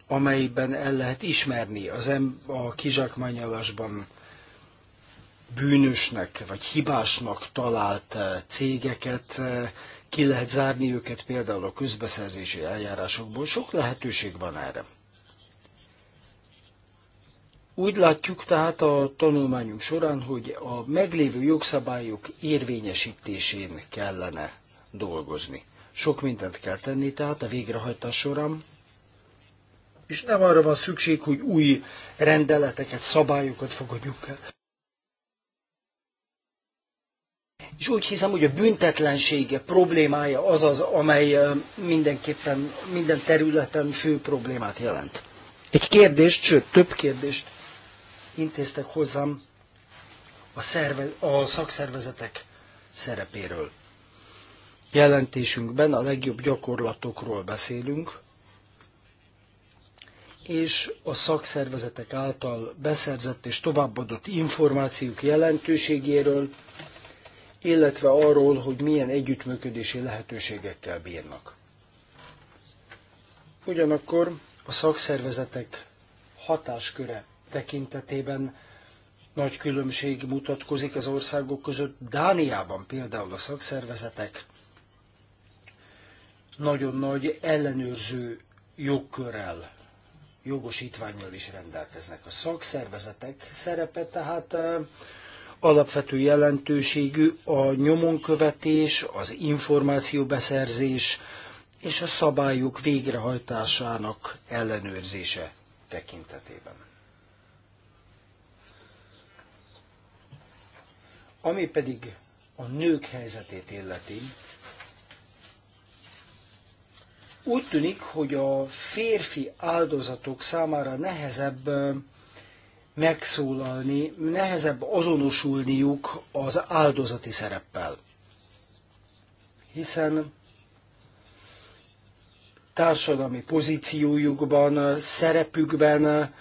amelyben el lehet ismerni az em- a kizsákmányolásban bűnösnek vagy hibásnak talált eh, cégeket eh, ki lehet zárni őket például a közbeszerzési eljárásokból. Sok lehetőség van erre. Úgy látjuk tehát a tanulmányunk során, hogy a meglévő jogszabályok érvényesítésén kellene dolgozni. Sok mindent kell tenni tehát a végrehajtás során, és nem arra van szükség, hogy új rendeleteket, szabályokat fogadjunk el. És úgy hiszem, hogy a büntetlensége problémája az az, amely mindenképpen minden területen fő problémát jelent. Egy kérdést, sőt több kérdést intéztek hozzám a, szerve, a szakszervezetek szerepéről. Jelentésünkben a legjobb gyakorlatokról beszélünk, és a szakszervezetek által beszerzett és továbbadott információk jelentőségéről, illetve arról, hogy milyen együttműködési lehetőségekkel bírnak. Ugyanakkor a szakszervezetek hatásköre tekintetében nagy különbség mutatkozik az országok között. Dániában például a szakszervezetek nagyon nagy ellenőrző jogkörrel, jogosítványjal is rendelkeznek. A szakszervezetek szerepe tehát eh, alapvető jelentőségű a nyomonkövetés, az információbeszerzés és a szabályok végrehajtásának ellenőrzése tekintetében. Ami pedig a nők helyzetét illeti, úgy tűnik, hogy a férfi áldozatok számára nehezebb megszólalni, nehezebb azonosulniuk az áldozati szereppel. Hiszen társadalmi pozíciójukban, szerepükben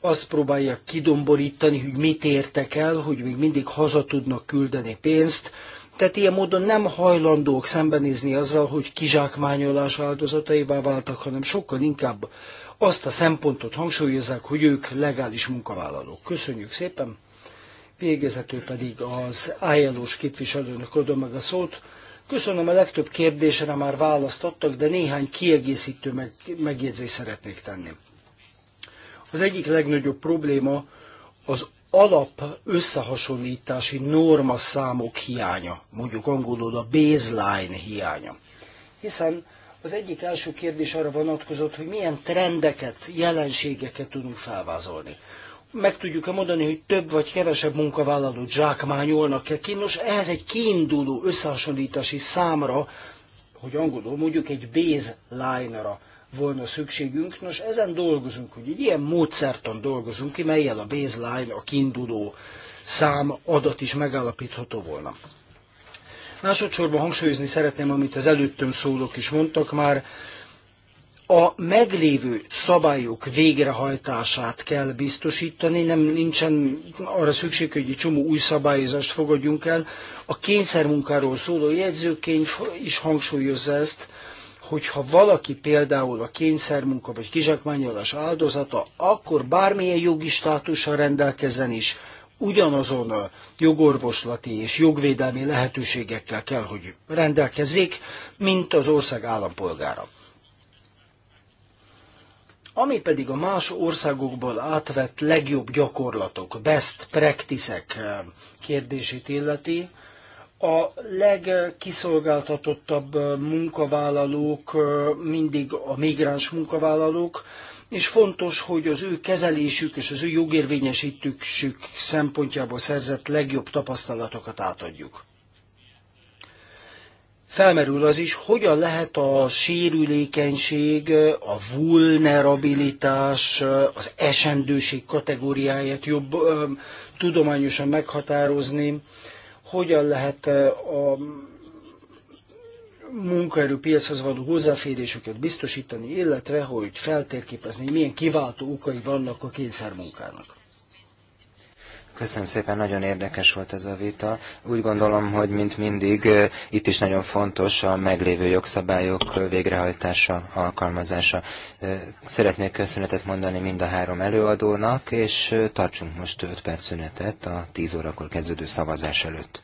azt próbálják kidomborítani, hogy mit értek el, hogy még mindig haza tudnak küldeni pénzt, tehát ilyen módon nem hajlandók szembenézni azzal, hogy kizsákmányolás áldozataivá váltak, hanem sokkal inkább azt a szempontot hangsúlyozzák, hogy ők legális munkavállalók. Köszönjük szépen! Végezetül pedig az ILO-s képviselőnök adom meg a szót. Köszönöm, a legtöbb kérdésre már választ adtak, de néhány kiegészítő meg, megjegyzést szeretnék tenni. Az egyik legnagyobb probléma az alap összehasonlítási norma hiánya, mondjuk angolul a baseline hiánya. Hiszen az egyik első kérdés arra vonatkozott, hogy milyen trendeket, jelenségeket tudunk felvázolni. Meg tudjuk-e mondani, hogy több vagy kevesebb munkavállalót zsákmányolnak-e ki? Nos, ehhez egy kiinduló összehasonlítási számra, hogy angolul mondjuk egy baseline-ra volna szükségünk. Nos, ezen dolgozunk, hogy egy ilyen módszertan dolgozunk ki, melyel a baseline, a kiinduló szám adat is megállapítható volna. Másodszorban hangsúlyozni szeretném, amit az előttöm szólók is mondtak már, a meglévő szabályok végrehajtását kell biztosítani, nem nincsen arra szükség, hogy egy csomó új szabályozást fogadjunk el. A kényszermunkáról szóló jegyzőkényv is hangsúlyozza ezt, hogyha valaki például a kényszermunka vagy kizsákmányolás áldozata, akkor bármilyen jogi státussal rendelkezzen is, ugyanazon a jogorvoslati és jogvédelmi lehetőségekkel kell, hogy rendelkezzék, mint az ország állampolgára. Ami pedig a más országokból átvett legjobb gyakorlatok, best practices eh, kérdését illeti, a legkiszolgáltatottabb eh, munkavállalók eh, mindig a migráns munkavállalók, és fontos, hogy az ő kezelésük és az ő jogérvényesítésük szempontjából szerzett legjobb tapasztalatokat átadjuk. Felmerül az is, hogyan lehet a sérülékenység, a vulnerabilitás, az esendőség kategóriáját jobb tudományosan meghatározni, hogyan lehet a munkaerőpiachoz való hozzáférésüket biztosítani, illetve hogy feltérképezni, milyen kiváltó okai vannak a kényszermunkának. Köszönöm szépen, nagyon érdekes volt ez a vita. Úgy gondolom, hogy mint mindig itt is nagyon fontos a meglévő jogszabályok végrehajtása, alkalmazása. Szeretnék köszönetet mondani mind a három előadónak, és tartsunk most 5 perc szünetet a 10 órakor kezdődő szavazás előtt.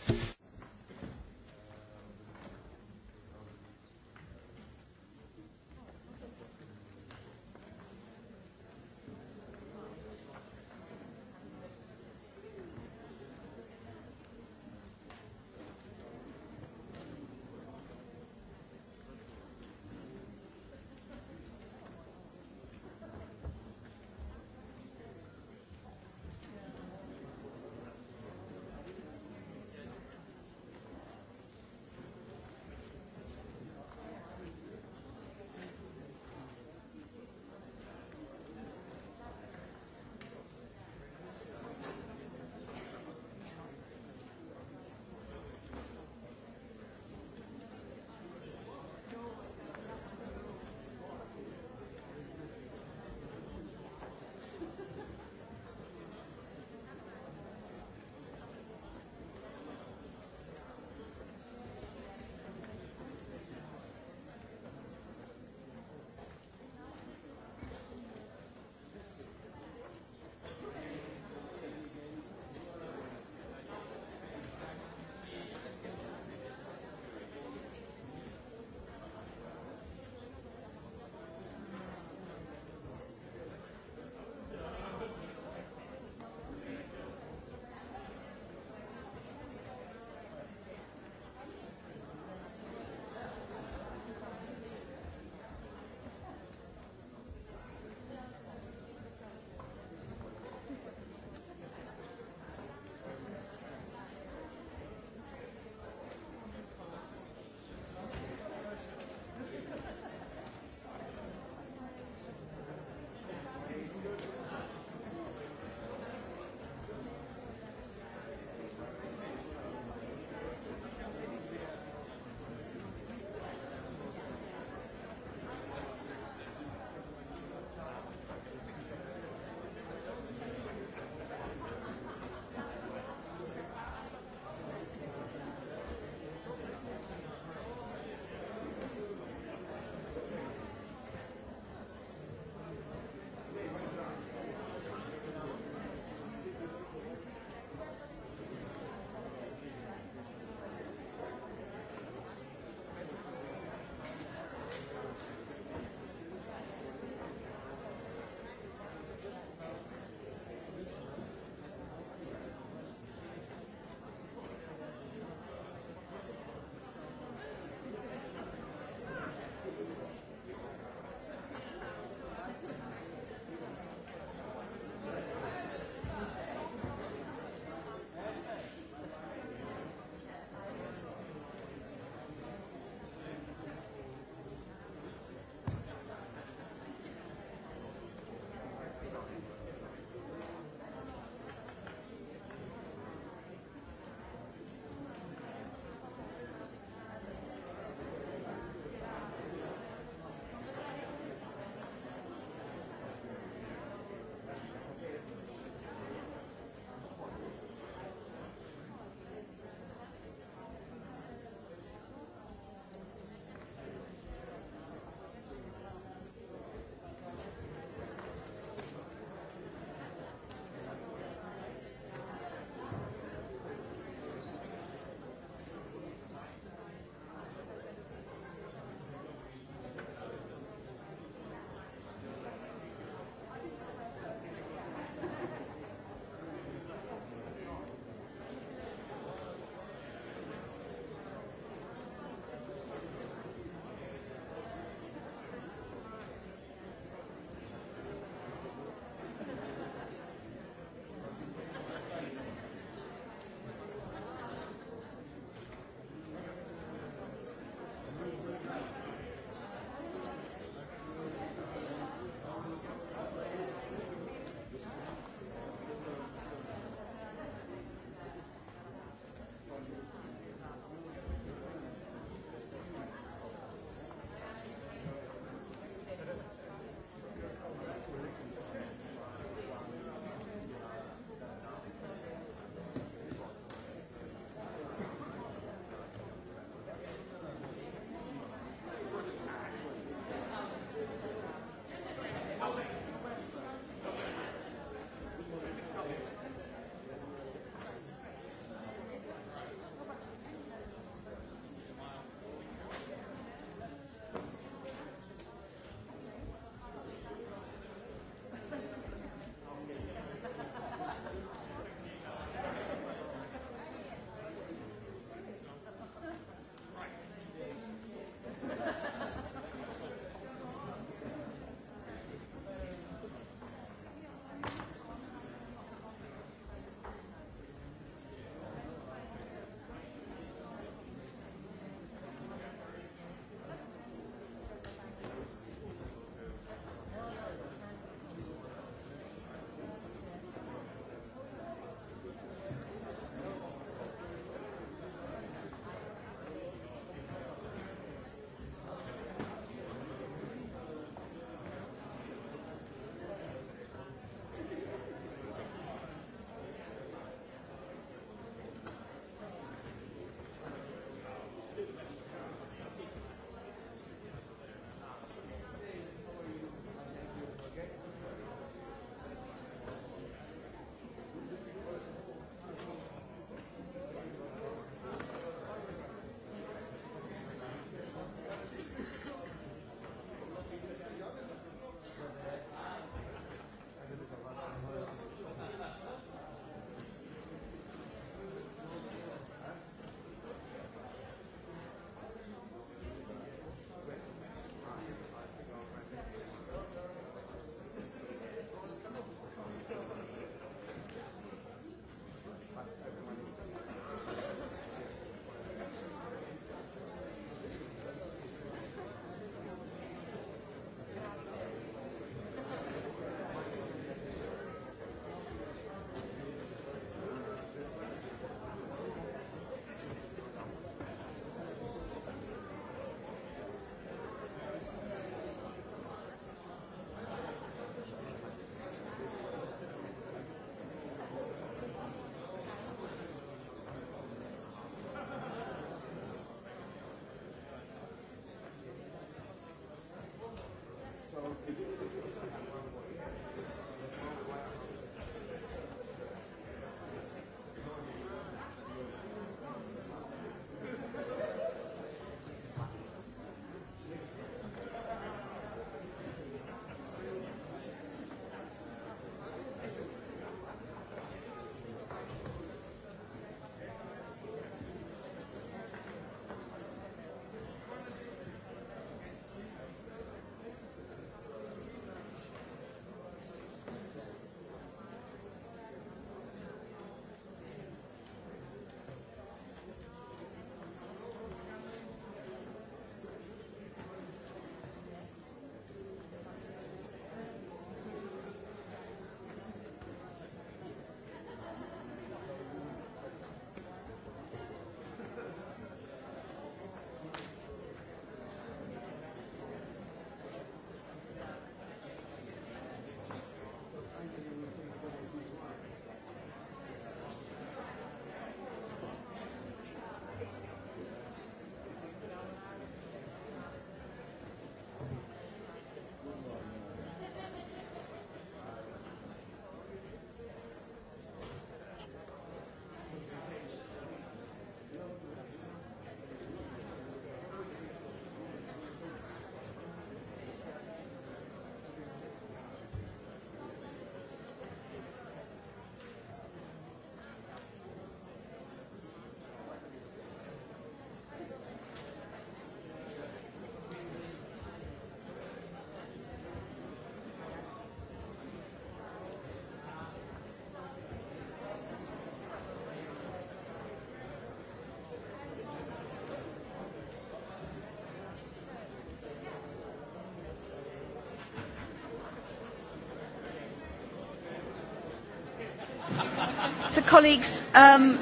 Um,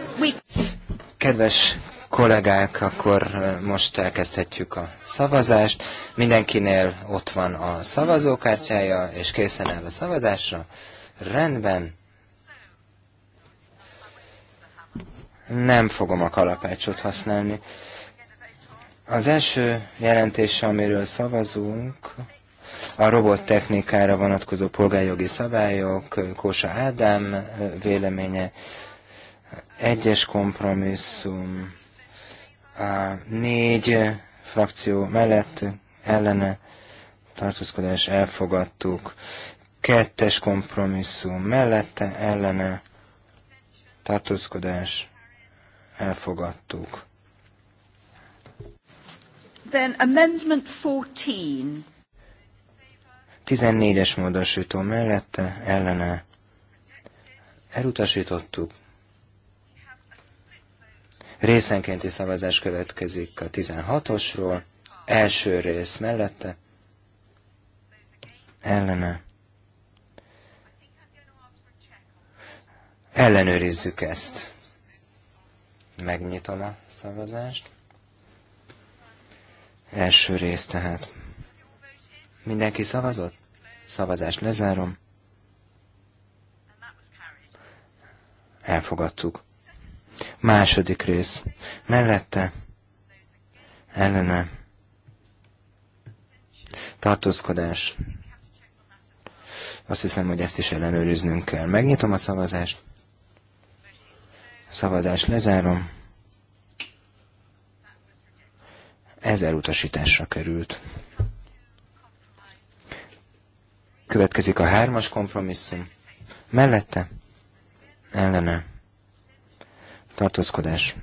Kedves kollégák, akkor uh, most elkezdhetjük a szavazást. Mindenkinél ott van a szavazókártyája, és készen áll a szavazásra. Rendben. Nem fogom a kalapácsot használni. Az első jelentés, amiről szavazunk, a robottechnikára vonatkozó polgárjogi szabályok, Kósa Ádám véleménye, egyes kompromisszum, a négy frakció mellett ellene tartózkodás elfogadtuk, kettes kompromisszum mellette ellene tartózkodás elfogadtuk. Then amendment 14. 14-es módosító mellette ellene elutasítottuk. Részenkénti szavazás következik a 16-osról. Első rész mellette ellene. Ellenőrizzük ezt. Megnyitom a szavazást. Első rész tehát. Mindenki szavazott? Szavazást lezárom. Elfogadtuk. Második rész. Mellette. Ellene. Tartózkodás. Azt hiszem, hogy ezt is ellenőriznünk kell. Megnyitom a szavazást. Szavazást lezárom. Ez elutasításra került. Következik a hármas kompromisszum. Mellette ellene tartózkodás.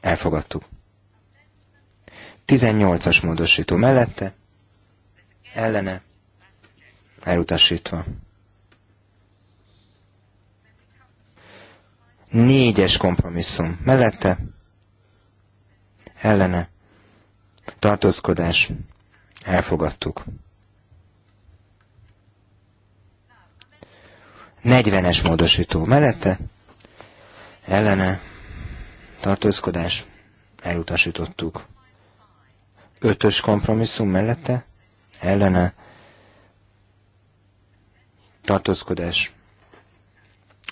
Elfogadtuk. 18-as módosító mellette ellene elutasítva. Négyes kompromisszum mellette ellene tartózkodás. Elfogadtuk. 40-es módosító mellette, ellene, tartózkodás, elutasítottuk. 5-ös kompromisszum mellette, ellene, tartózkodás,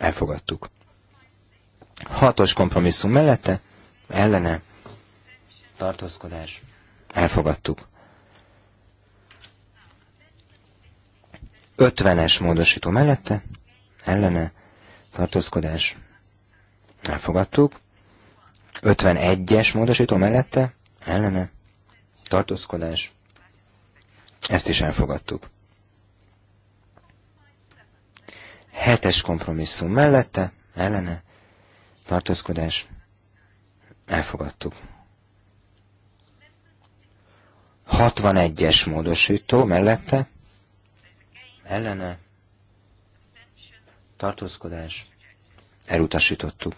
elfogadtuk. 6-os kompromisszum mellette, ellene, tartózkodás, elfogadtuk. 50-es módosító mellette, ellene tartózkodás elfogadtuk. 51-es módosító mellette ellene tartózkodás ezt is elfogadtuk. Hetes kompromisszum mellette ellene tartózkodás elfogadtuk. 61-es módosító mellette ellene tartózkodás, elutasítottuk.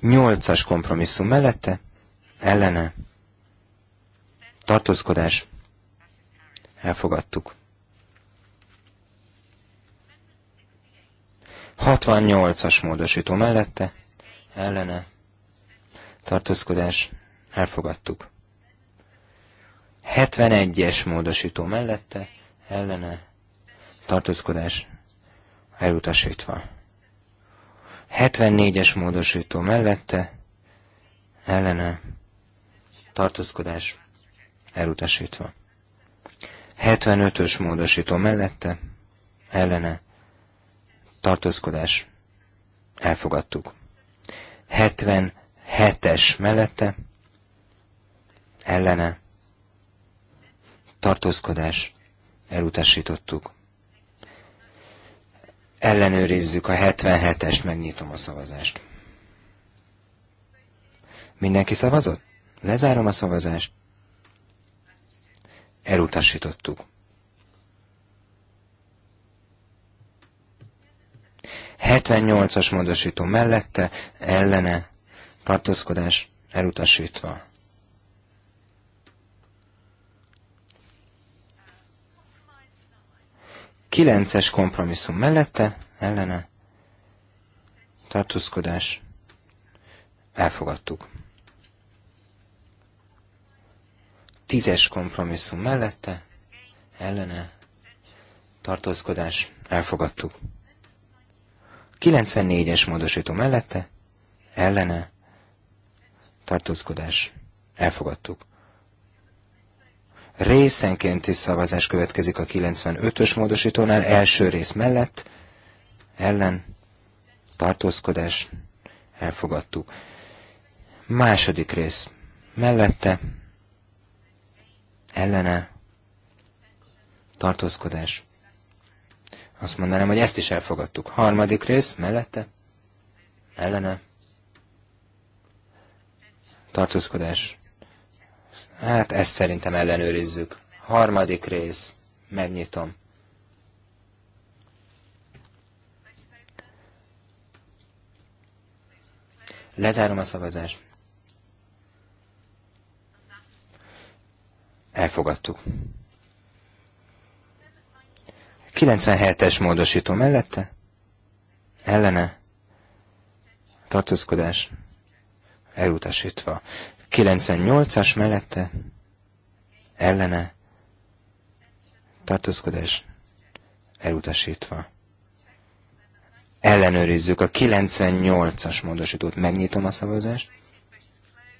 Nyolcas kompromisszum mellette, ellene, tartózkodás, elfogadtuk. 68-as módosító mellette, ellene, tartózkodás, elfogadtuk. 71-es módosító mellette, ellene, tartózkodás elutasítva. 74-es módosító mellette, ellene, tartózkodás elutasítva. 75-ös módosító mellette, ellene, tartózkodás elfogadtuk. 77-es mellette, ellene, tartózkodás elutasítottuk. Ellenőrizzük a 77-est, megnyitom a szavazást. Mindenki szavazott? Lezárom a szavazást. Elutasítottuk. 78-as módosító mellette, ellene, tartózkodás elutasítva. Kilences kompromisszum mellette, ellene, tartózkodás, elfogadtuk. Tízes kompromisszum mellette, ellene, tartózkodás, elfogadtuk. 94-es módosító mellette, ellene, tartózkodás, elfogadtuk. Részenkénti szavazás következik a 95-ös módosítónál, első rész mellett, ellen, tartózkodás, elfogadtuk. Második rész mellette, ellene, tartózkodás. Azt mondanám, hogy ezt is elfogadtuk. Harmadik rész mellette, ellene, tartózkodás. Hát ezt szerintem ellenőrizzük. Harmadik rész. Megnyitom. Lezárom a szavazást. Elfogadtuk. 97-es módosító mellette? Ellene? Tartózkodás? Elutasítva. 98-as mellette ellene tartózkodás elutasítva. Ellenőrizzük a 98-as módosítót. Megnyitom a szavazást.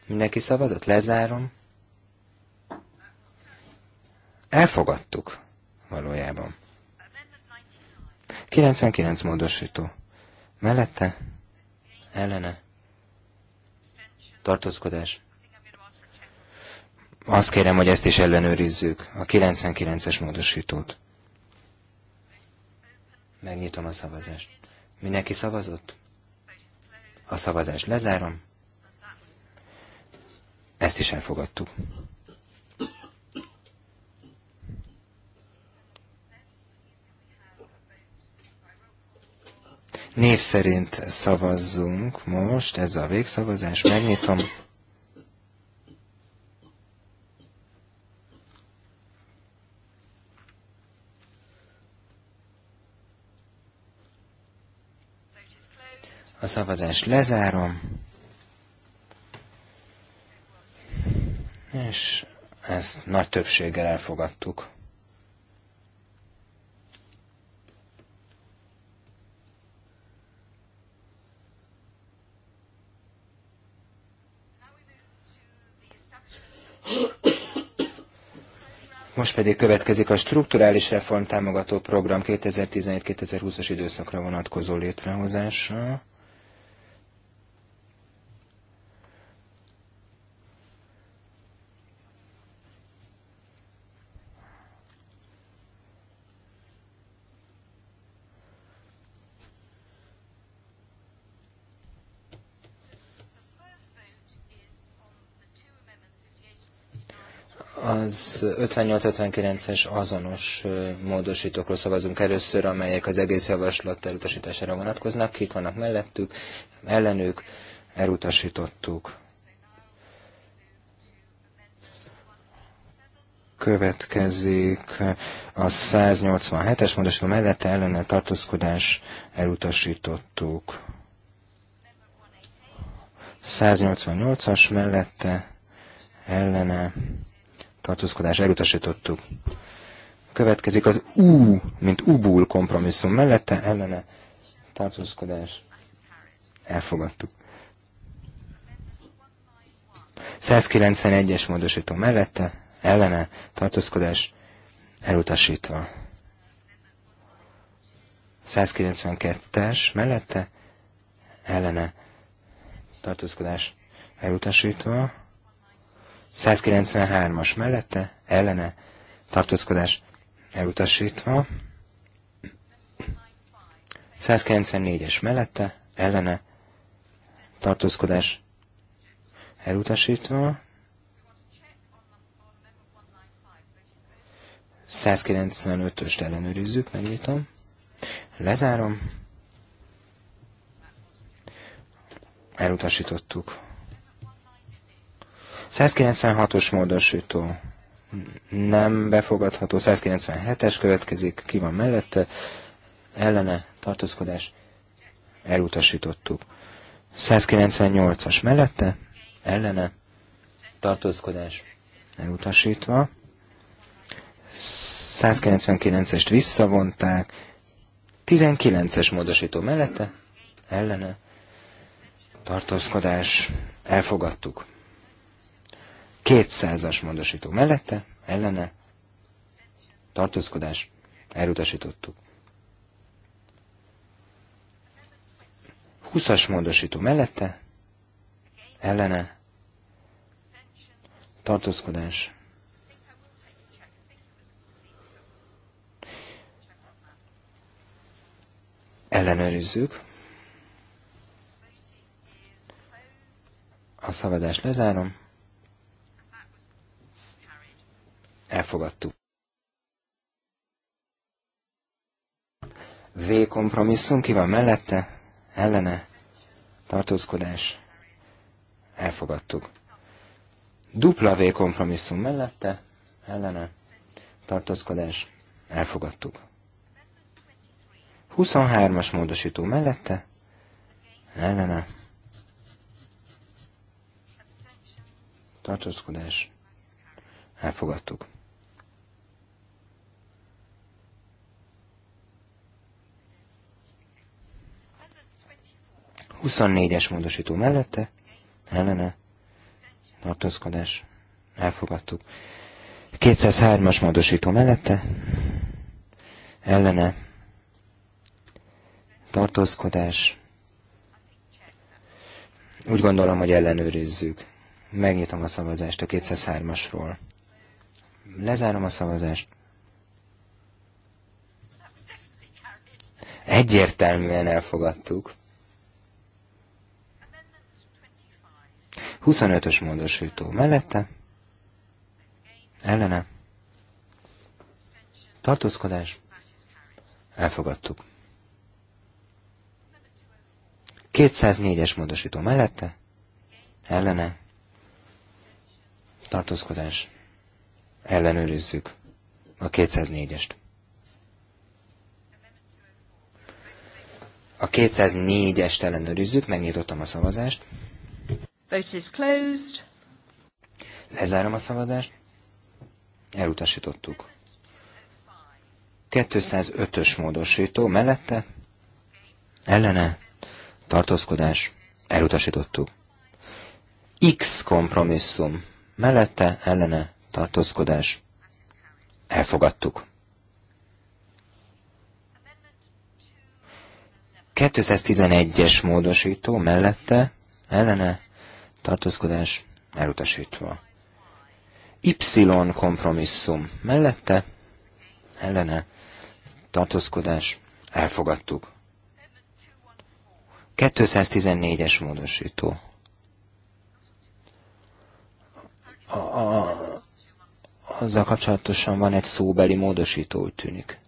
Mindenki szavazott? Lezárom. Elfogadtuk valójában. 99 módosító. Mellette? Ellene? Tartózkodás? azt kérem, hogy ezt is ellenőrizzük, a 99-es módosítót. Megnyitom a szavazást. Mindenki szavazott? A szavazást lezárom. Ezt is elfogadtuk. Név szerint szavazzunk most, ez a végszavazás, megnyitom. A szavazást lezárom. És ezt nagy többséggel elfogadtuk. Most pedig következik a strukturális reform támogató program 2017-2020-as időszakra vonatkozó létrehozása. Az 58-59-es azonos módosítókról szavazunk először, amelyek az egész javaslat elutasítására vonatkoznak. Kik vannak mellettük, ellenük, elutasítottuk. Következik a 187-es módosító mellette ellene tartózkodás elutasítottuk. 188-as mellette ellene tartózkodás elutasítottuk. Következik az U, mint Ubul kompromisszum mellette, ellene tartózkodás elfogadtuk. 191-es módosító mellette, ellene tartózkodás elutasítva. 192-es mellette, ellene tartózkodás elutasítva. 193-as mellette, ellene, tartózkodás elutasítva. 194-es mellette, ellene, tartózkodás elutasítva. 195-öst ellenőrizzük, megnyitom. Lezárom. Elutasítottuk. 196-os módosító nem befogadható, 197-es következik, ki van mellette, ellene tartózkodás elutasítottuk. 198-as mellette, ellene tartózkodás elutasítva. 199-est visszavonták, 19-es módosító mellette, ellene tartózkodás elfogadtuk. 200 módosító mellette, ellene, tartózkodás, elutasítottuk. 20-as módosító mellette, ellene, tartózkodás. Ellenőrizzük. A szavazást lezárom. elfogadtuk. V kompromisszum, ki van mellette, ellene, tartózkodás, elfogadtuk. Dupla V kompromisszum mellette, ellene, tartózkodás, elfogadtuk. 23-as módosító mellette, ellene, tartózkodás, elfogadtuk. 24-es módosító mellette, ellene, tartózkodás, elfogadtuk. 203-as módosító mellette, ellene, tartózkodás, úgy gondolom, hogy ellenőrizzük. Megnyitom a szavazást a 203-asról. Lezárom a szavazást. Egyértelműen elfogadtuk. 25-ös módosító mellette, ellene, tartózkodás, elfogadtuk. 204-es módosító mellette, ellene, tartózkodás, ellenőrizzük a 204-est. A 204-est ellenőrizzük, megnyitottam a szavazást. Vote is closed. Lezárom a szavazást. Elutasítottuk. 205-ös módosító mellette ellene tartózkodás elutasítottuk. X kompromisszum mellette ellene tartózkodás elfogadtuk. 211-es módosító mellette ellene tartózkodás elutasítva. Y kompromisszum mellette, ellene, tartózkodás elfogadtuk. 214-es módosító. A, a, azzal kapcsolatosan van egy szóbeli módosító, úgy tűnik.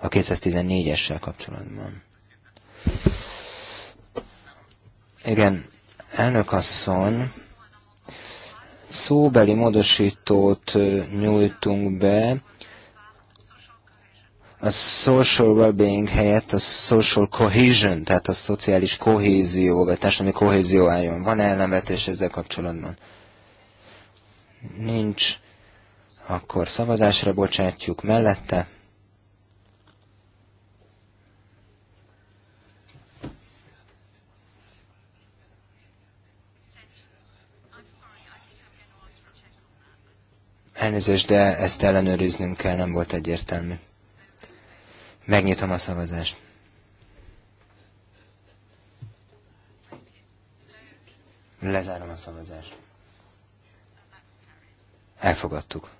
A 214-essel kapcsolatban. Igen, Elnök asszony, szóbeli módosítót nyújtunk be, a social well-being helyett a social cohesion, tehát a szociális kohézió, vagy társadalmi kohézió álljon. Van ellenvetés ezzel kapcsolatban? Nincs. Akkor szavazásra bocsátjuk mellette. Elnézést, de ezt ellenőriznünk kell, nem volt egyértelmű. Megnyitom a szavazást. Lezárom a szavazást. Elfogadtuk.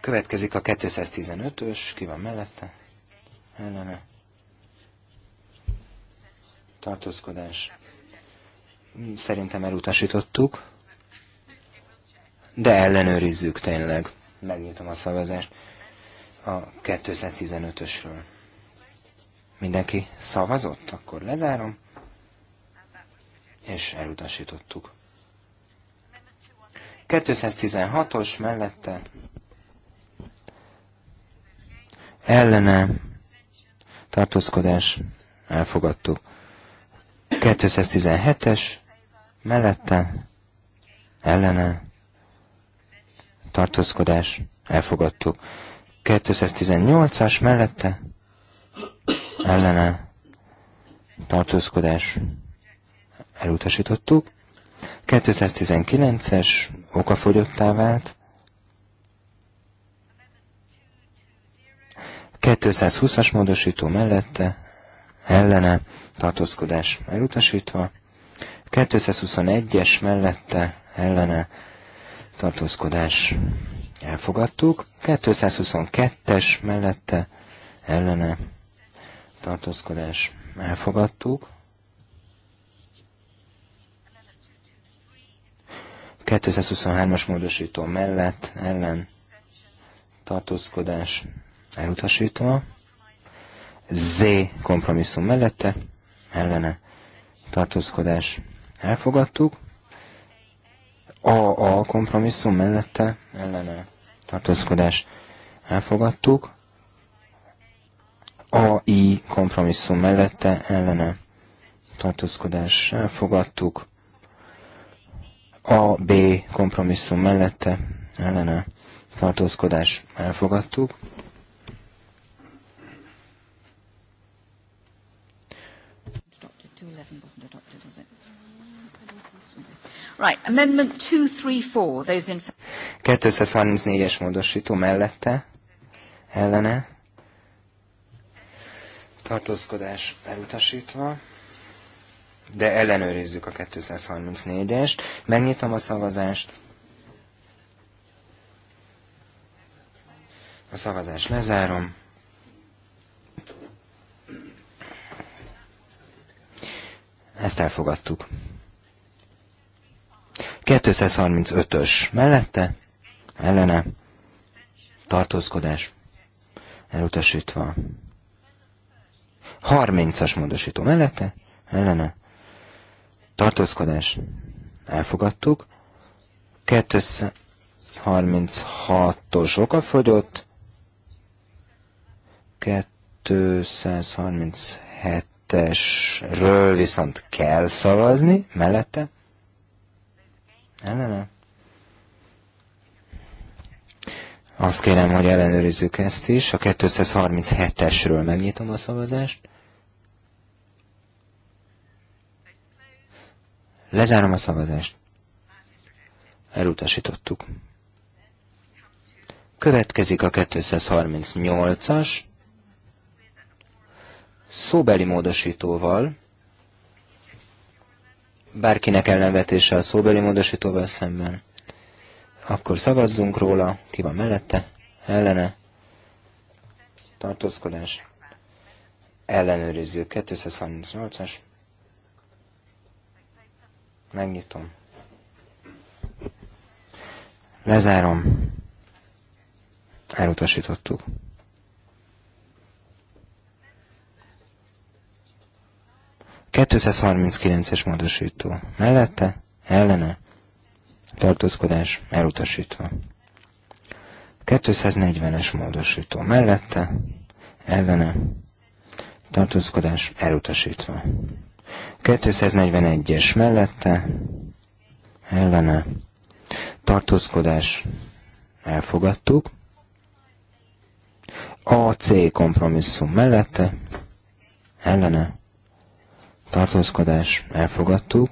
Következik a 215-ös, ki van mellette? Ellene. Tartózkodás. Szerintem elutasítottuk, de ellenőrizzük tényleg. Megnyitom a szavazást a 215-ösről. Mindenki szavazott? Akkor lezárom, és elutasítottuk. 216-os mellette ellene tartózkodás elfogadtuk. 217-es mellette ellene tartózkodás elfogadtuk. 218-as mellette ellene tartózkodás elutasítottuk. 219-es okafogyottá vált. 220-as módosító mellette ellene tartózkodás elutasítva, 221-es mellette ellene tartózkodás elfogadtuk, 222-es mellette ellene tartózkodás elfogadtuk, 223-as módosító mellett ellen tartózkodás elutasítva, Z kompromisszum mellette, ellene tartózkodás elfogadtuk. A, a kompromisszum mellette ellene tartózkodás elfogadtuk. A, I kompromisszum mellette ellene tartózkodás elfogadtuk. A, B kompromisszum mellette ellene tartózkodás elfogadtuk. Right, amendment 234, 234-es módosító mellette, ellene, tartózkodás elutasítva, de ellenőrizzük a 234-est, megnyitom a szavazást, a szavazást lezárom, ezt elfogadtuk. 235-ös mellette, ellene, tartózkodás, elutasítva. 30-as módosító mellette, ellene, tartózkodás, elfogadtuk. 236-os okafogyott, 237-esről viszont kell szavazni, mellette, Ellene? Azt kérem, hogy ellenőrizzük ezt is. A 237-esről megnyitom a szavazást. Lezárom a szavazást. Elutasítottuk. Következik a 238-as. Szóbeli módosítóval Bárkinek ellenvetése a szóbeli módosítóval szemben. Akkor szavazzunk róla, ki van mellette, ellene, tartózkodás, ellenőrizzük 238-as, megnyitom, lezárom, elutasítottuk. 239-es módosító mellette, ellene, tartózkodás elutasítva. 240-es módosító mellette, ellene, tartózkodás elutasítva. 241-es mellette, ellene, tartózkodás elfogadtuk. AC kompromisszum mellette, ellene, tartózkodás elfogadtuk.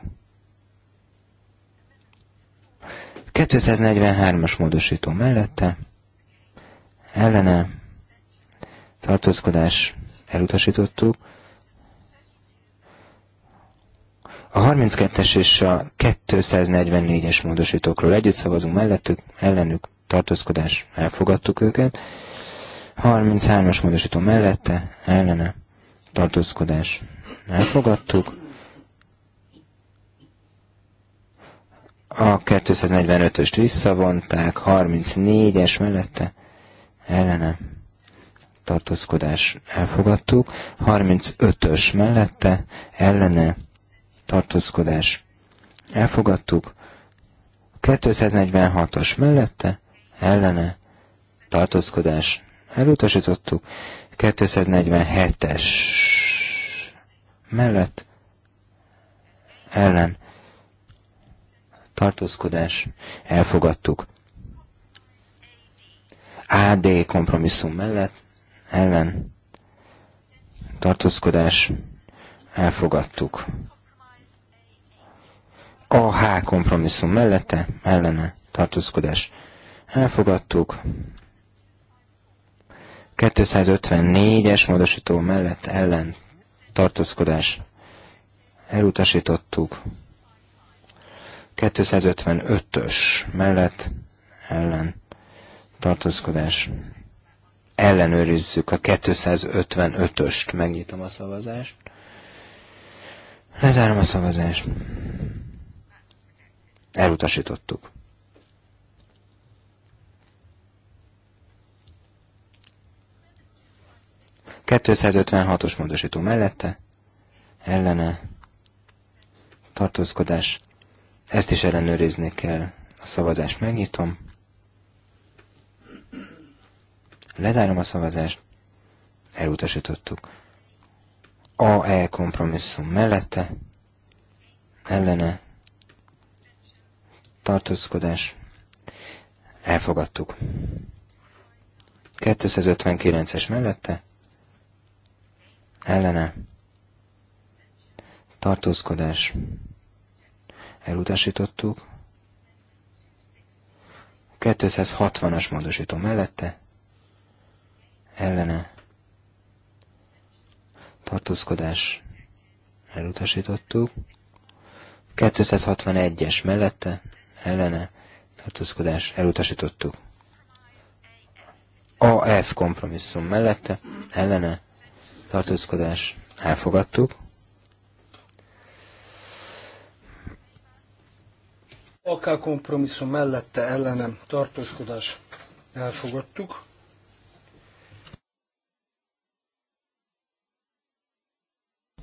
243-as módosító mellette, ellene tartózkodás elutasítottuk. A 32-es és a 244-es módosítókról együtt szavazunk mellettük, ellenük tartózkodás elfogadtuk őket. 33-as módosító mellette, ellene tartózkodás elfogadtuk. A 245-öst visszavonták, 34-es mellette ellene tartózkodás elfogadtuk, 35-ös mellette ellene tartózkodás elfogadtuk, 246-os mellette ellene tartózkodás elutasítottuk, 247-es mellett ellen tartózkodás elfogadtuk. AD kompromisszum mellett ellen tartózkodás elfogadtuk. AH kompromisszum mellette ellene tartózkodás elfogadtuk. 254-es módosító mellett ellen tartózkodás elutasítottuk. 255-ös mellett ellen tartózkodás ellenőrizzük a 255-öst. Megnyitom a szavazást. Lezárom a szavazást. Elutasítottuk. 256-os módosító mellette, ellene, tartózkodás. Ezt is ellenőrizni kell. A szavazást megnyitom. Lezárom a szavazást. Elutasítottuk. AE kompromisszum mellette, ellene, tartózkodás. Elfogadtuk. 259-es mellette, ellene tartózkodás elutasítottuk, 260-as módosító mellette ellene tartózkodás elutasítottuk, 261-es mellette ellene tartózkodás elutasítottuk. AF kompromisszum mellette ellene tartózkodás elfogadtuk. Akár kompromisszum mellette ellenem tartózkodás elfogadtuk.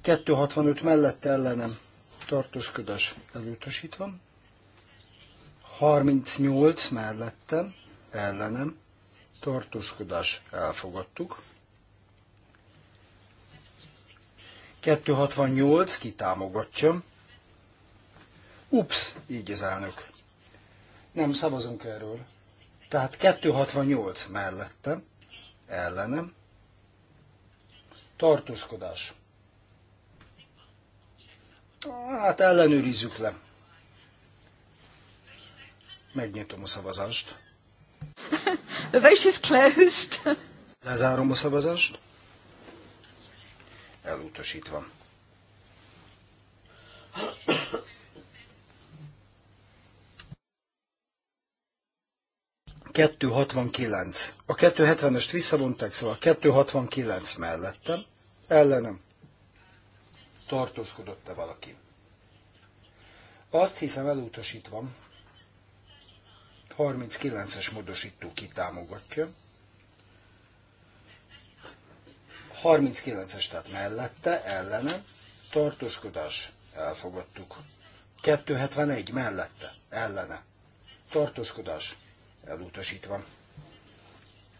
Kettő hatvanöt mellette ellenem tartózkodás elutasítva. 38 mellette ellenem tartózkodás elfogadtuk. 268 ki támogatja. Ups, így az elnök. Nem szavazunk erről. Tehát 268 mellette, ellenem, tartózkodás. Hát ellenőrizzük le. Megnyitom a szavazást. The vote is closed. Lezárom a szavazást elutasítva. Kettő hatvankilenc. A 270-est visszavonták, szóval a 269 mellettem, ellenem tartózkodott-e valaki. Azt hiszem elutasítva, 39-es módosító kitámogatja. 39-es, tehát mellette, ellene, tartózkodás, elfogadtuk. 271 mellette, ellene, tartózkodás, elutasítva.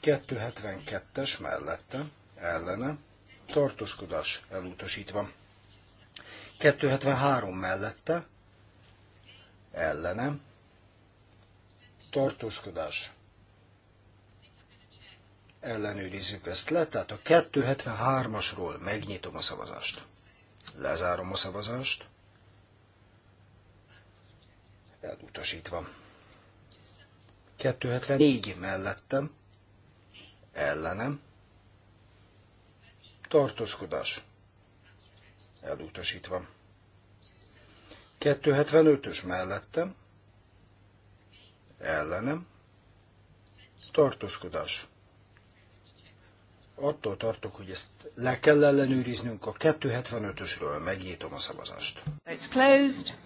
272-es mellette, ellene, tartózkodás, elutasítva. 273 mellette, ellene, tartózkodás, ellenőrizzük ezt le, tehát a 273-asról megnyitom a szavazást. Lezárom a szavazást. Elutasítva. 274 mellettem, ellenem, tartózkodás, elutasítva. 275-ös mellettem, ellenem, tartózkodás, attól tartok, hogy ezt le kell ellenőriznünk a 275-ösről. Megnyitom a szavazást. It's closed.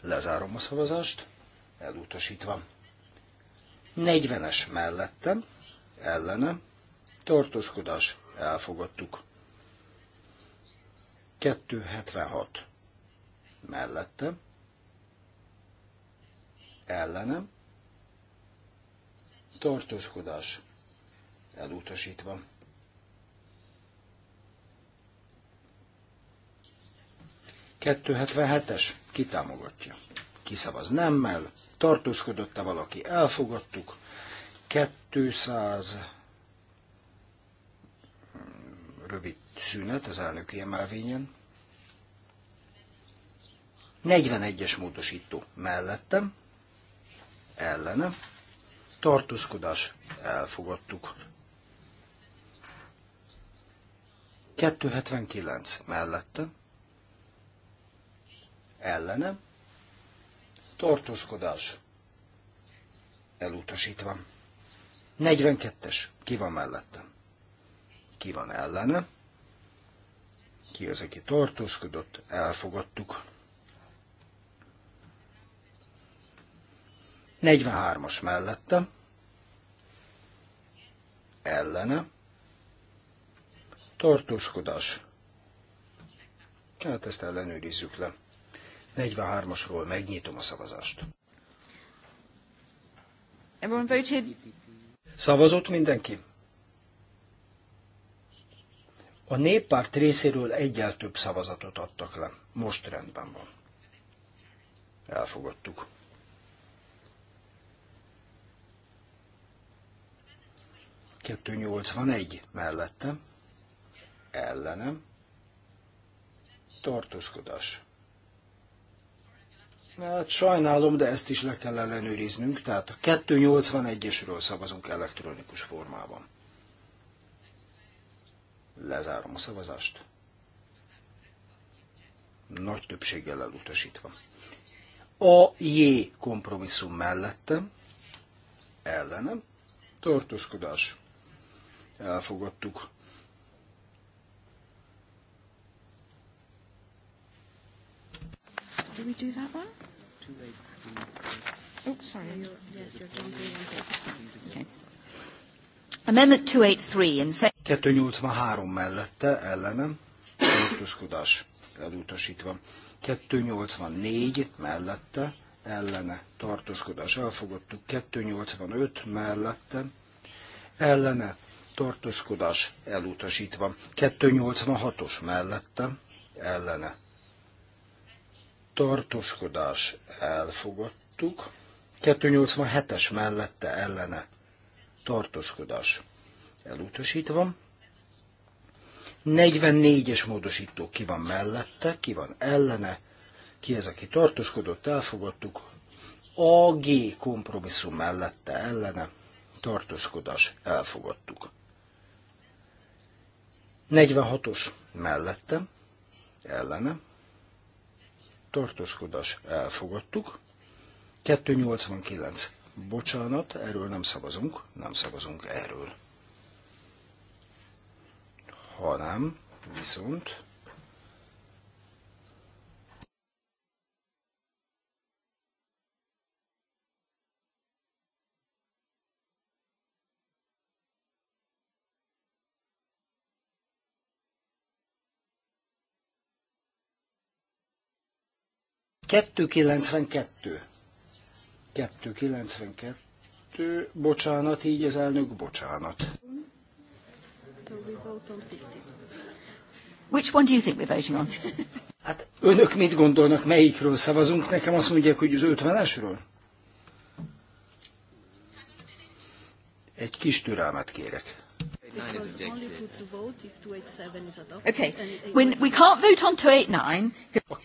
Lezárom a szavazást. Elutasítva. 40-es mellettem, ellene, tartózkodás, elfogadtuk. 276 mellette, ellenem, tartózkodás, elutasítva. es kitámogatja. Kiszavaz nemmel, tartózkodott-e valaki, elfogadtuk. 200 hmm, rövid szünet az elnöki emelvényen. 41-es módosító mellettem, ellenem, tartózkodás elfogadtuk. 279 mellette, ellene, tartózkodás, elutasítva. 42-es, ki van mellette? Ki van ellene? Ki az, aki tartózkodott? Elfogadtuk. 43-as mellette, ellene, tartózkodás. Hát ezt ellenőrizzük le. 43-asról megnyitom a szavazást. Everyone voted? Szavazott mindenki? A néppárt részéről egyel több szavazatot adtak le. Most rendben van. Elfogadtuk. Kettő egy mellettem ellenem, tartózkodás. Hát sajnálom, de ezt is le kell ellenőriznünk, tehát a 281-esről szavazunk elektronikus formában. Lezárom a szavazást. Nagy többséggel elutasítva. A J kompromisszum mellettem, ellenem, tartózkodás. Elfogadtuk. Do we do that one? Two legs. Oh, sorry. Yes, you're doing okay. Amendment 283 in 283 mellette ellenem tartózkodás elutasítva. 284 mellette ellene tartózkodás elfogadtuk. 285 mellette ellene tartózkodás elutasítva. 286-os mellette ellene tartózkodás elfogadtuk, 287-es mellette ellene tartózkodás elutasítva, 44-es módosító ki van mellette, ki van ellene, ki ez, aki tartózkodott, elfogadtuk, AG kompromisszum mellette ellene, tartózkodás, elfogadtuk. 46-os mellette, ellene, tartózkodás elfogadtuk. 289. Bocsánat, erről nem szavazunk, nem szavazunk erről. Hanem viszont 292. 292. Bocsánat, így az elnök, bocsánat. Which one do you think we're voting on? Hát önök mit gondolnak, melyikről szavazunk? Nekem azt mondják, hogy az 50-esről? Egy kis türelmet kérek. A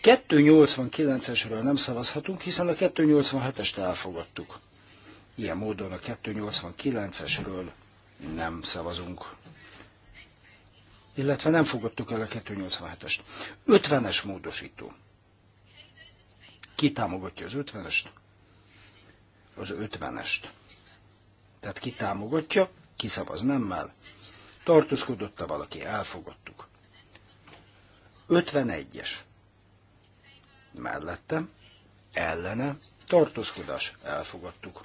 289-esről nem szavazhatunk, hiszen a 287-est elfogadtuk. Ilyen módon a 289-esről nem szavazunk. Illetve nem fogadtuk el a 287-est. 50-es módosító. Ki támogatja az 50-est? Az 50-est. Tehát ki támogatja, ki szavaz nemmel, tartózkodott-e valaki, elfogadtuk. 51-es mellettem, ellene, tartózkodás, elfogadtuk.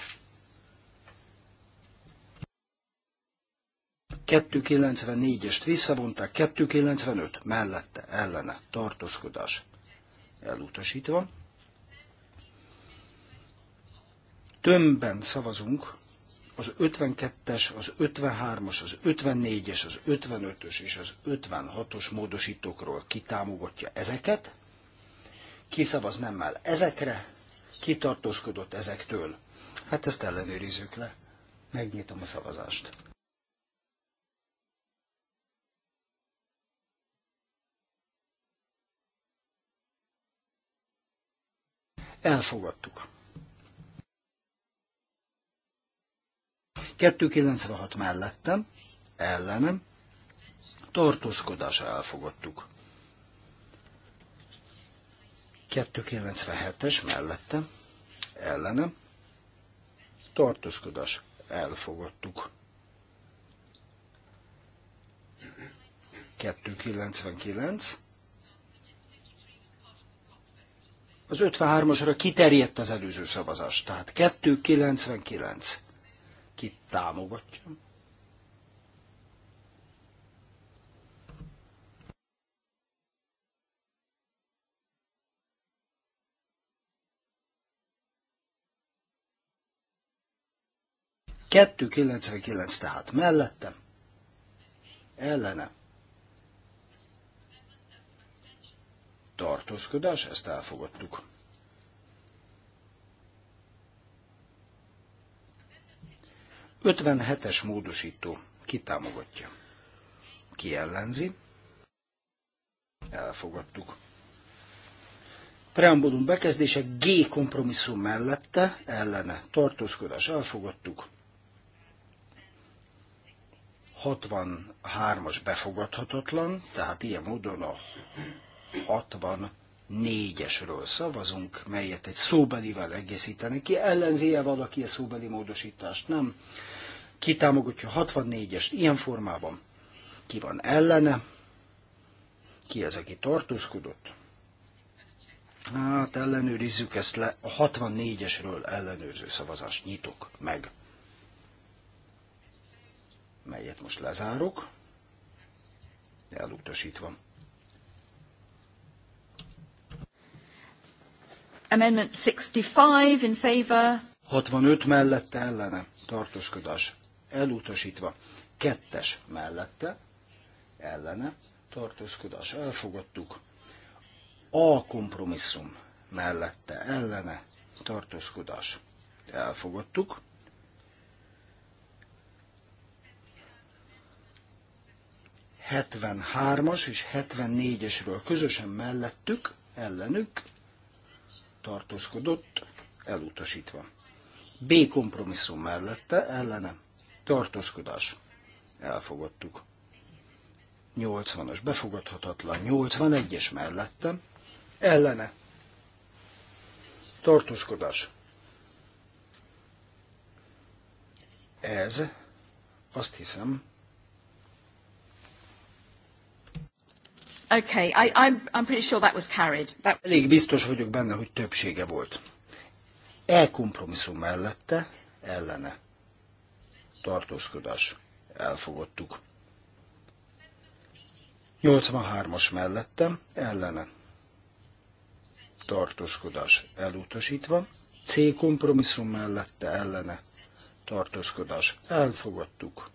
294-est visszavonták, 295 mellette, ellene, tartózkodás, elutasítva. Tömbben szavazunk az 52-es, az 53-as, az 54-es, az 55-ös és az 56-os módosítókról kitámogatja ezeket, kiszavaz nemmel ezekre, kitartózkodott ezektől. Hát ezt ellenőrizzük le. Megnyitom a szavazást. Elfogadtuk. 296 mellettem, ellenem, tartózkodás elfogadtuk. 297-es mellettem, ellenem, tartózkodás elfogadtuk. 299. Az 53-asra kiterjedt az előző szavazás, tehát 299 kit támogatja? Kettő kilenc tehát mellettem, ellene. Tartózkodás, ezt elfogadtuk. 57-es módosító. Ki támogatja? Ki ellenzi? Elfogadtuk. Preambulum bekezdése G kompromisszum mellette, ellene tartózkodás elfogadtuk. 63-as befogadhatatlan, tehát ilyen módon a 60 négyesről szavazunk, melyet egy szóbelivel egészíteni ki. Ellenzéje valaki a szóbeli módosítást? Nem. Ki támogatja 64-est ilyen formában? Ki van ellene? Ki az, aki tartózkodott? Hát ellenőrizzük ezt le. A 64-esről ellenőrző szavazást nyitok meg. Melyet most lezárok. Elutasítva. Amendment 65 in favor. 65 mellette ellene tartózkodás elutasítva. Kettes mellette ellene tartózkodás elfogadtuk. A kompromisszum mellette ellene tartózkodás elfogadtuk. Hetvenhármas és 74-esről közösen mellettük, ellenük tartózkodott, elutasítva. B kompromisszum mellette, ellene, tartózkodás, elfogadtuk. 80-as befogadhatatlan, 81-es mellette, ellene, tartózkodás. Ez, azt hiszem, Okay, I, I'm, I'm pretty sure that was carried. That... Elég biztos vagyok benne, hogy többsége volt. Elkompromisszum mellette, ellene. Tartózkodás. Elfogadtuk. 83-as mellette, ellene. Tartózkodás elutasítva. C kompromisszum mellette, ellene. Tartózkodás. Elfogadtuk.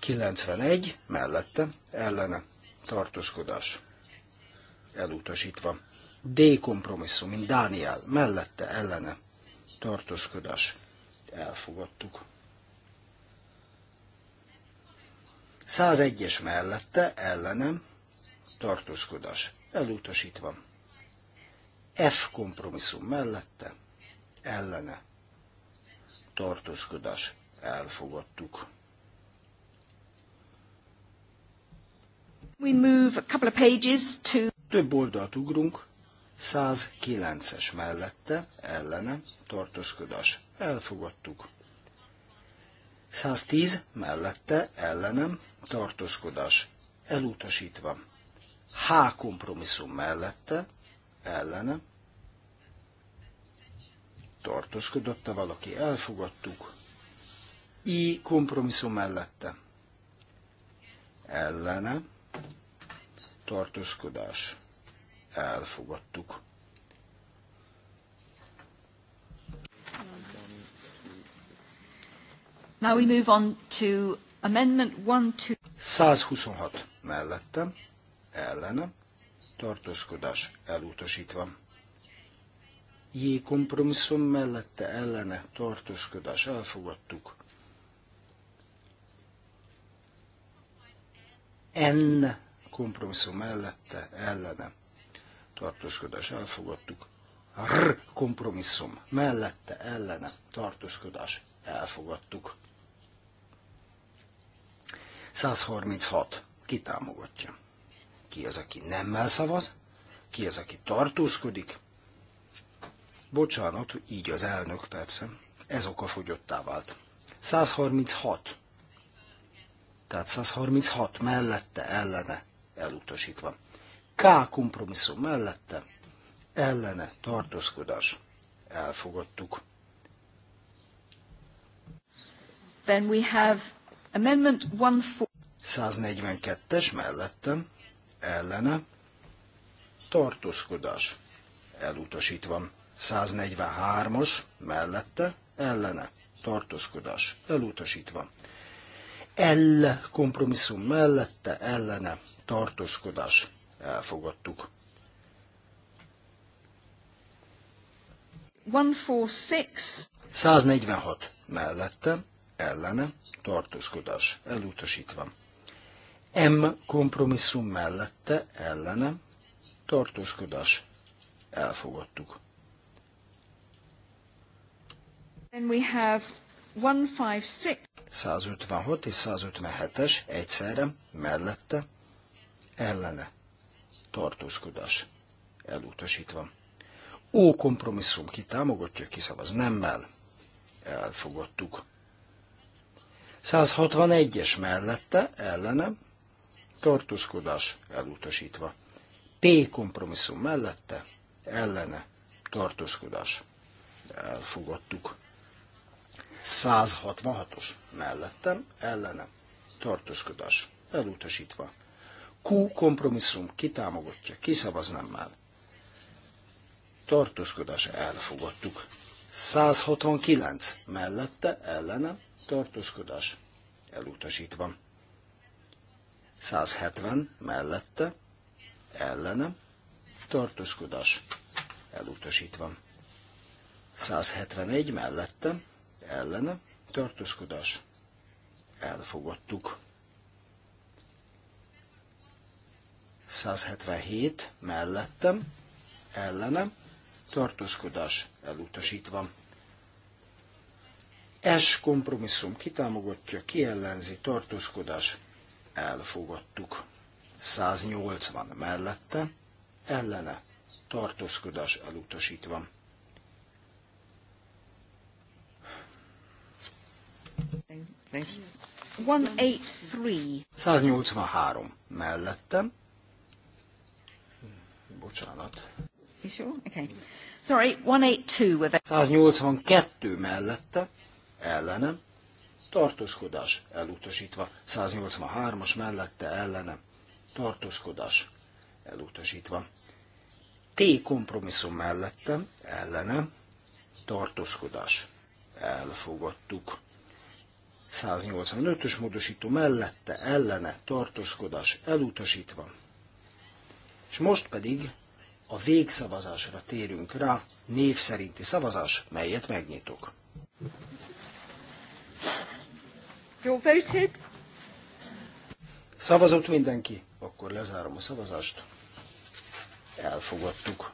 91 mellette ellene tartózkodás elutasítva. D kompromisszum, mint Dániel, mellette ellene tartózkodás elfogadtuk. 101-es mellette ellenem tartózkodás elutasítva. F kompromisszum mellette ellene tartózkodás elfogadtuk. We move a couple of pages to... Több oldalt ugrunk, 109-es mellette, ellene, tartózkodás. Elfogadtuk. 110 mellette, ellenem, tartózkodás. Elutasítva. H kompromisszum mellette, ellene, tartózkodott valaki, elfogadtuk. I kompromisszum mellette, ellene, tartózkodás elfogadtuk. Now we move on to amendment 1 to 126 mellette, ellene, tartózkodás elutasítva. J kompromisszum mellette ellene tartózkodás elfogadtuk. N kompromisszum mellette ellene tartózkodás elfogadtuk. R kompromisszum mellette ellene tartózkodás elfogadtuk. 136. Ki támogatja? Ki az, aki nem szavaz? Ki az, aki tartózkodik? Bocsánat, így az elnök persze. Ez oka fogyottá vált. 136. Tehát 136 mellette ellene elutasítva. K kompromisszum mellette ellene tartózkodás elfogadtuk. Then we have amendment 142-es mellette ellene tartózkodás elutasítva. 143-as mellette ellene tartózkodás elutasítva. L kompromisszum mellette ellene tartózkodás elfogadtuk. 146. 146 mellette ellene tartózkodás elutasítva. M kompromisszum mellette ellene tartózkodás elfogadtuk. And we have 156 és 157-es egyszerre mellette ellene tartózkodás elutasítva. Ó kompromisszum ki támogatja, ki szavaz nemmel, elfogadtuk. 161-es mellette ellene tartózkodás elutasítva. P kompromisszum mellette ellene tartózkodás elfogadtuk. 166-os mellettem ellene tartózkodás elutasítva. Q kompromisszum kitámogatja, kiszavaz nem már. Tartózkodás elfogadtuk. 169 mellette, ellene, tartózkodás elutasítva. 170 mellette, ellene, tartózkodás elutasítva. 171 mellette, ellene, tartózkodás elfogadtuk. 277 mellettem, ellenem, tartózkodás elutasítva. es kompromisszum kitámogatja, kiellenzi, tartózkodás elfogadtuk. 180 mellette, ellene, tartózkodás elutasítva. Thank you. 183. 183 mellettem, bocsánat. Okay. Sorry, 182. 182 mellette, ellenem, tartózkodás elutasítva, 183-as mellette, ellenem, tartózkodás elutasítva. T kompromisszum mellette, ellenem, tartózkodás. Elfogadtuk. 185-ös módosító mellette, ellene, tartózkodás elutasítva. És most pedig a végszavazásra térünk rá, név szerinti szavazás, melyet megnyitok. Jó voted? Szavazott mindenki? Akkor lezárom a szavazást. Elfogadtuk.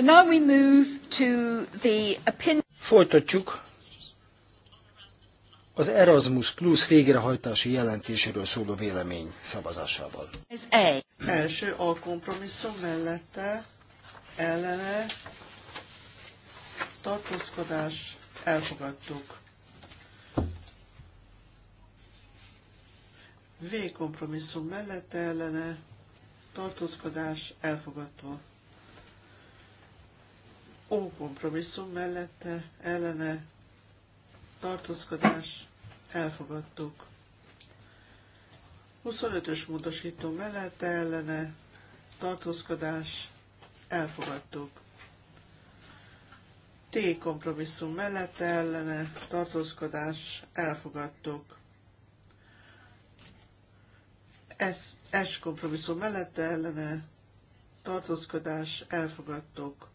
So now we move to the opinion. Folytatjuk az Erasmus Plus végrehajtási jelentéséről szóló vélemény szavazásával. Ez egy. Első a kompromisszum mellette ellene tartózkodás elfogadtuk. V kompromisszum mellette ellene tartózkodás elfogadtuk. Ó kompromisszum mellette ellene tartózkodás elfogadtuk. 25-ös módosító mellette ellene tartózkodás elfogadtuk. T kompromisszum mellette ellene tartózkodás elfogadtuk. S, S kompromisszum mellette ellene tartózkodás elfogadtuk.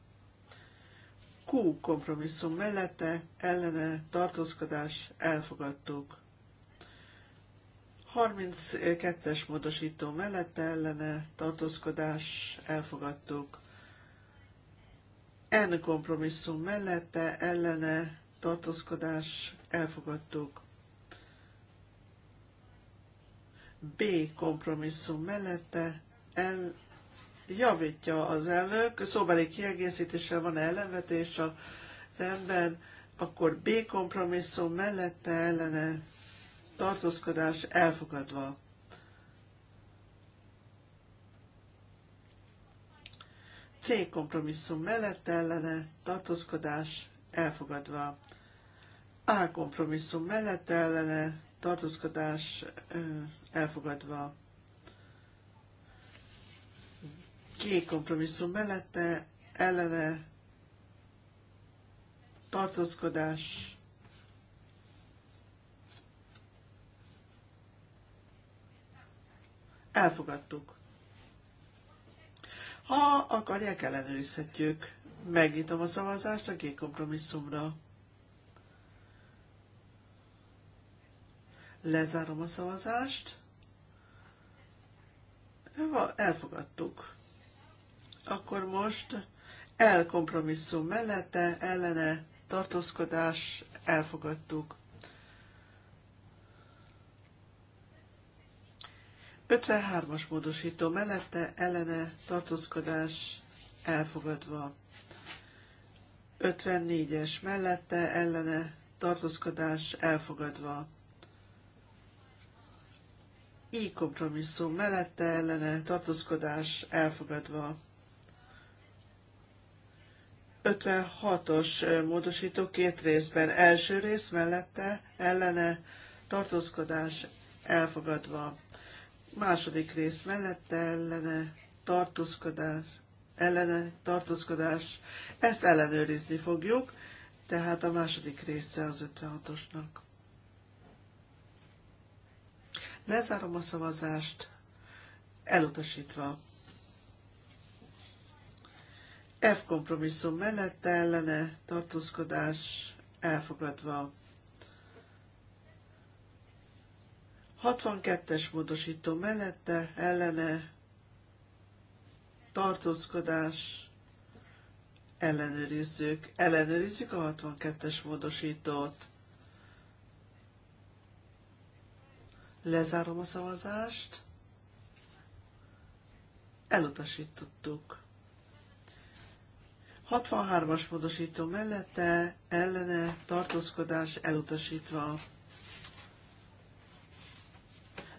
Q kompromisszum mellette ellene tartózkodás elfogadtuk. 32-es módosító mellette ellene tartózkodás elfogadtuk. N kompromisszum mellette ellene tartózkodás elfogadtuk. B kompromisszum mellette el, javítja az elnök. Szóbeli kiegészítéssel van ellenvetés a rendben, akkor B kompromisszum mellette ellene tartózkodás elfogadva. C kompromisszum mellett ellene tartózkodás elfogadva. A kompromisszum mellett ellene tartózkodás elfogadva. Kék kompromisszum mellette ellene tartózkodás elfogadtuk. Ha akarják, ellenőrizhetjük. Megnyitom a szavazást a kék kompromisszumra. Lezárom a szavazást. Elfogadtuk. Akkor most elkompromisszum mellette, ellene, tartózkodás, elfogadtuk. 53-as módosító mellette, ellene, tartózkodás, elfogadva. 54-es mellette, ellene, tartózkodás, elfogadva. I kompromisszum mellette, ellene, tartózkodás, elfogadva. 56-os módosító két részben. Első rész mellette ellene tartózkodás elfogadva. Második rész mellette ellene tartózkodás ellene tartózkodás. Ezt ellenőrizni fogjuk, tehát a második része az 56-osnak. Lezárom a szavazást, elutasítva. F kompromisszum mellette ellene tartózkodás elfogadva. 62-es módosító mellette ellene tartózkodás ellenőrizzük. Ellenőrizzük a 62-es módosítót. Lezárom a szavazást. Elutasítottuk. 63-as módosító mellette ellene tartózkodás elutasítva.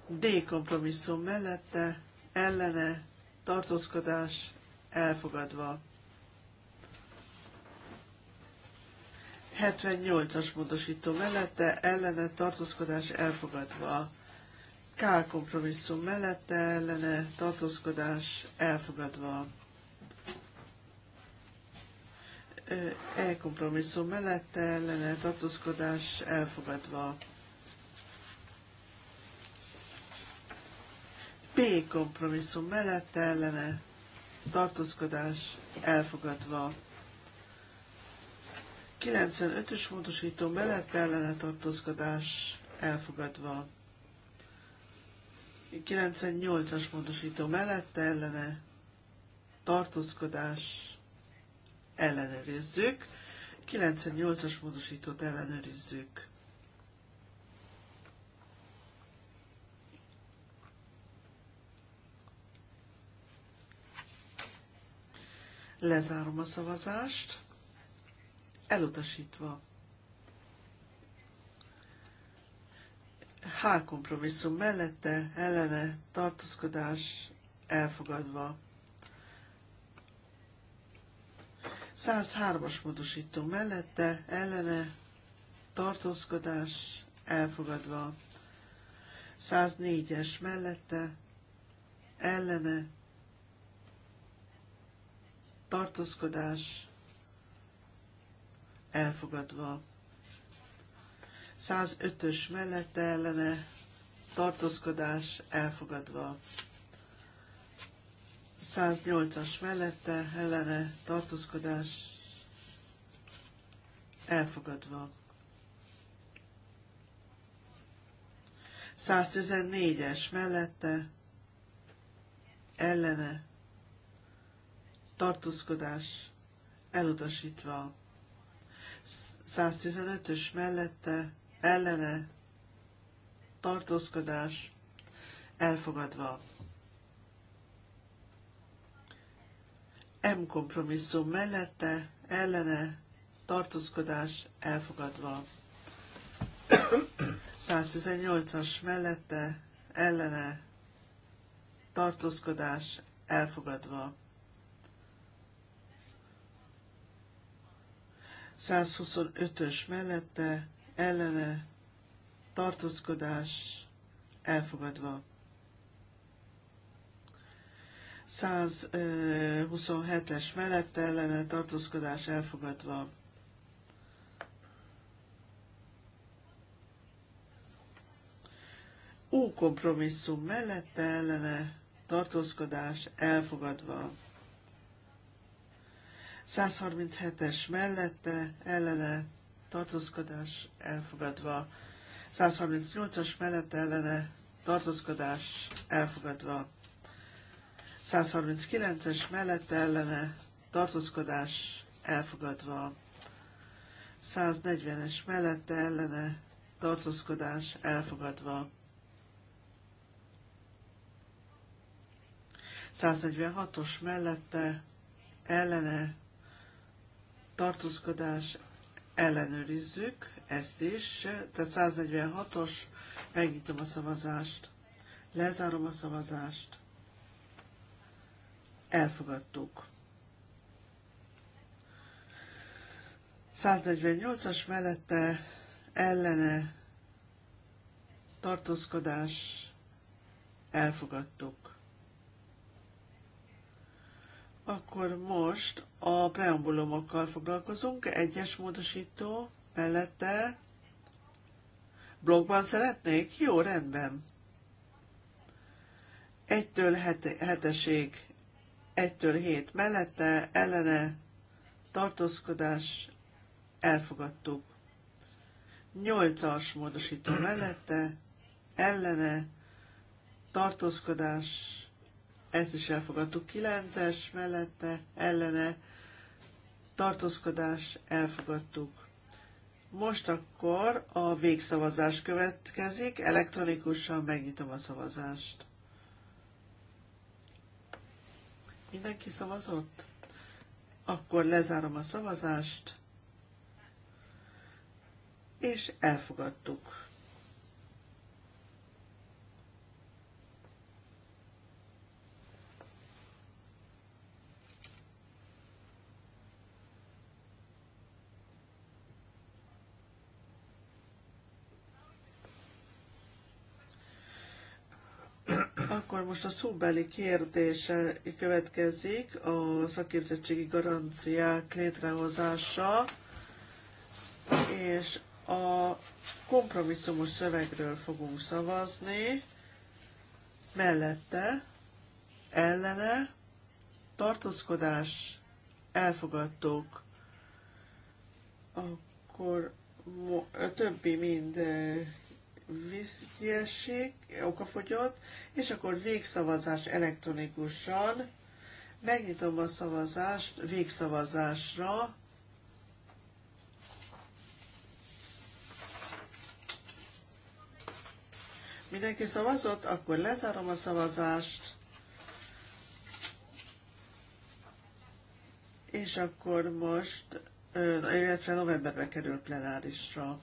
D kompromisszum mellette ellene tartózkodás elfogadva. 78-as módosító mellette ellene tartózkodás elfogadva. K kompromisszum mellette ellene tartózkodás elfogadva. E kompromisszum mellette ellene tartózkodás elfogadva. P kompromisszum mellette ellene tartózkodás elfogadva. 95-ös módosító mellett ellene tartózkodás elfogadva. 98-as módosító mellett ellene tartózkodás ellenőrizzük. 98-as módosítót ellenőrizzük. Lezárom a szavazást. Elutasítva. H kompromisszum mellette ellene tartózkodás elfogadva. 103-as módosító mellette ellene tartózkodás elfogadva. 104-es mellette ellene tartózkodás elfogadva. 105-ös mellette ellene tartózkodás elfogadva. 108-as mellette ellene tartózkodás elfogadva. 114-es mellette ellene tartózkodás elutasítva. 115-ös mellette ellene tartózkodás elfogadva. M kompromisszum mellette, ellene, tartózkodás elfogadva. 118-as mellette, ellene, tartózkodás elfogadva. 125-ös mellette, ellene, tartózkodás elfogadva. 127-es mellette ellene tartózkodás elfogadva. Ó kompromisszum mellette ellene tartózkodás elfogadva. 137-es mellette ellene tartózkodás elfogadva. 138-as mellette ellene tartózkodás elfogadva. 139-es mellette ellene tartózkodás elfogadva. 140-es mellette ellene tartózkodás elfogadva. 146-os mellette ellene tartózkodás ellenőrizzük ezt is, tehát 146-os, megnyitom a szavazást, lezárom a szavazást, elfogadtuk. 148-as mellette ellene tartózkodás elfogadtuk. Akkor most a preambulumokkal foglalkozunk. Egyes módosító mellette blogban szeretnék? Jó, rendben. Egytől hete, heteség 1-től 7 mellette ellene tartózkodás elfogadtuk. 8-as módosító mellette ellene tartózkodás ezt is elfogadtuk. 9-es mellette ellene tartózkodás elfogadtuk. Most akkor a végszavazás következik, elektronikusan megnyitom a szavazást. Mindenki szavazott? Akkor lezárom a szavazást, és elfogadtuk. akkor most a szóbeli kérdése következik, a szakképzettségi garanciák létrehozása, és a kompromisszumos szövegről fogunk szavazni, mellette, ellene, tartózkodás, elfogadtuk, akkor a többi mind kiesik, okafogyott, és akkor végszavazás elektronikusan. Megnyitom a szavazást végszavazásra. Mindenki szavazott, akkor lezárom a szavazást. És akkor most, illetve novemberbe kerül plenárisra.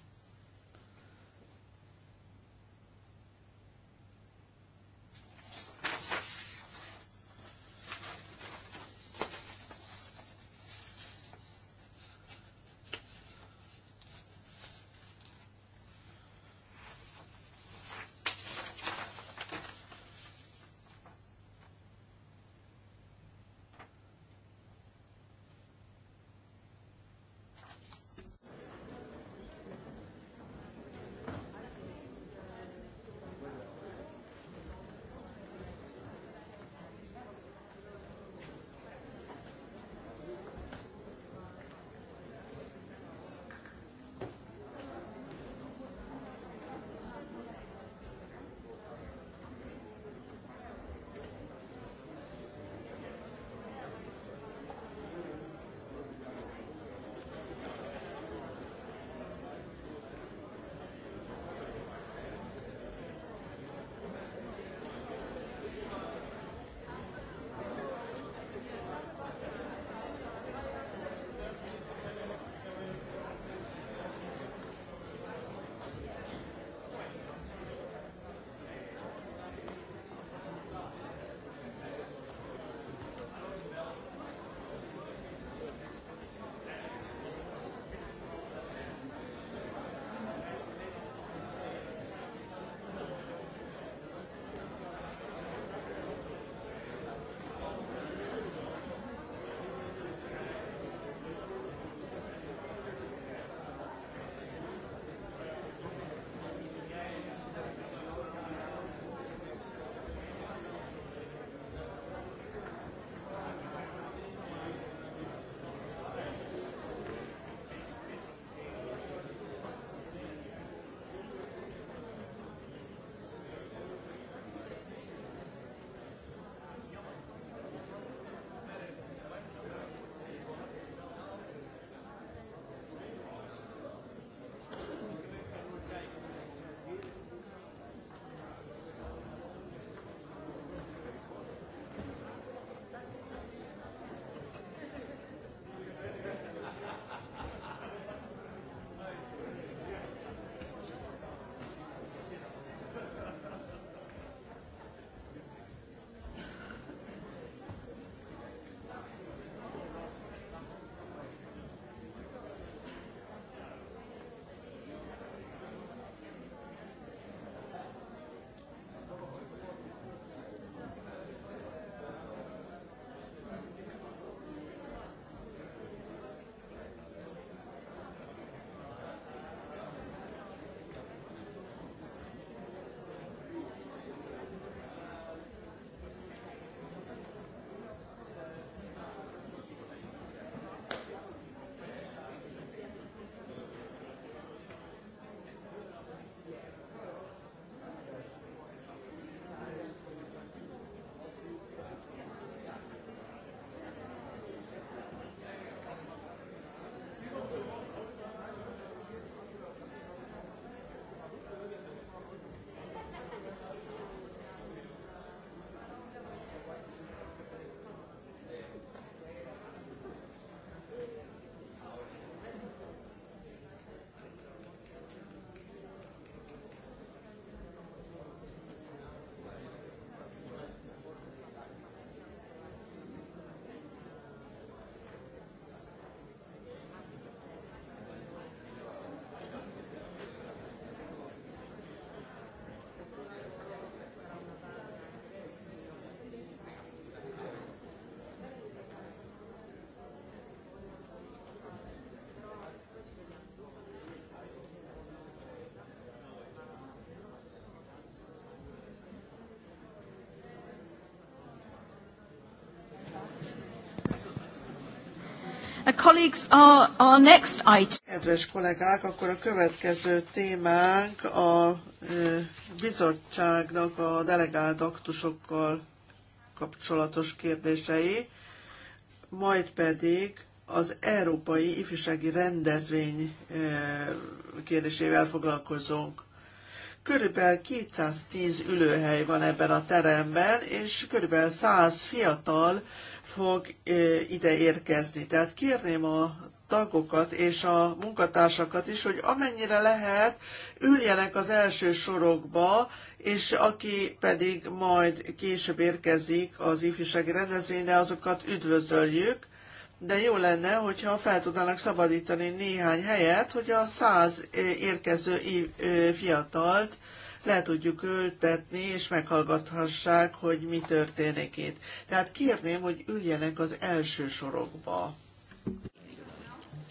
Uh, Kedves kollégák, akkor a következő témánk a uh, bizottságnak a delegált aktusokkal kapcsolatos kérdései, majd pedig az Európai Ifjúsági Rendezvény uh, kérdésével foglalkozunk. Körülbelül 210 ülőhely van ebben a teremben, és körülbelül 100 fiatal fog ide érkezni. Tehát kérném a tagokat és a munkatársakat is, hogy amennyire lehet, üljenek az első sorokba, és aki pedig majd később érkezik az ifjúsági rendezvényre, azokat üdvözöljük, de jó lenne, hogyha fel tudnának szabadítani néhány helyet, hogy a száz érkező fiatalt le tudjuk ültetni, és meghallgathassák, hogy mi történik itt. Tehát kérném, hogy üljenek az első sorokba.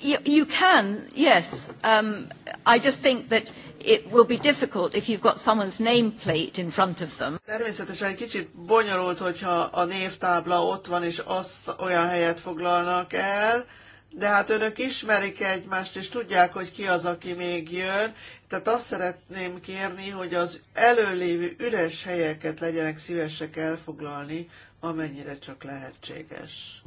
You, you can, yes. Um, I just think that it will be difficult if you've got someone's nameplate in front of them. Természetesen egy kicsit bonyolult, hogyha a névtábla ott van, és azt olyan helyet foglalnak el, de hát önök ismerik egymást, és tudják, hogy ki az, aki még jön. Tehát azt szeretném kérni, hogy az előlévő üres helyeket legyenek szívesek elfoglalni, amennyire csak lehetséges.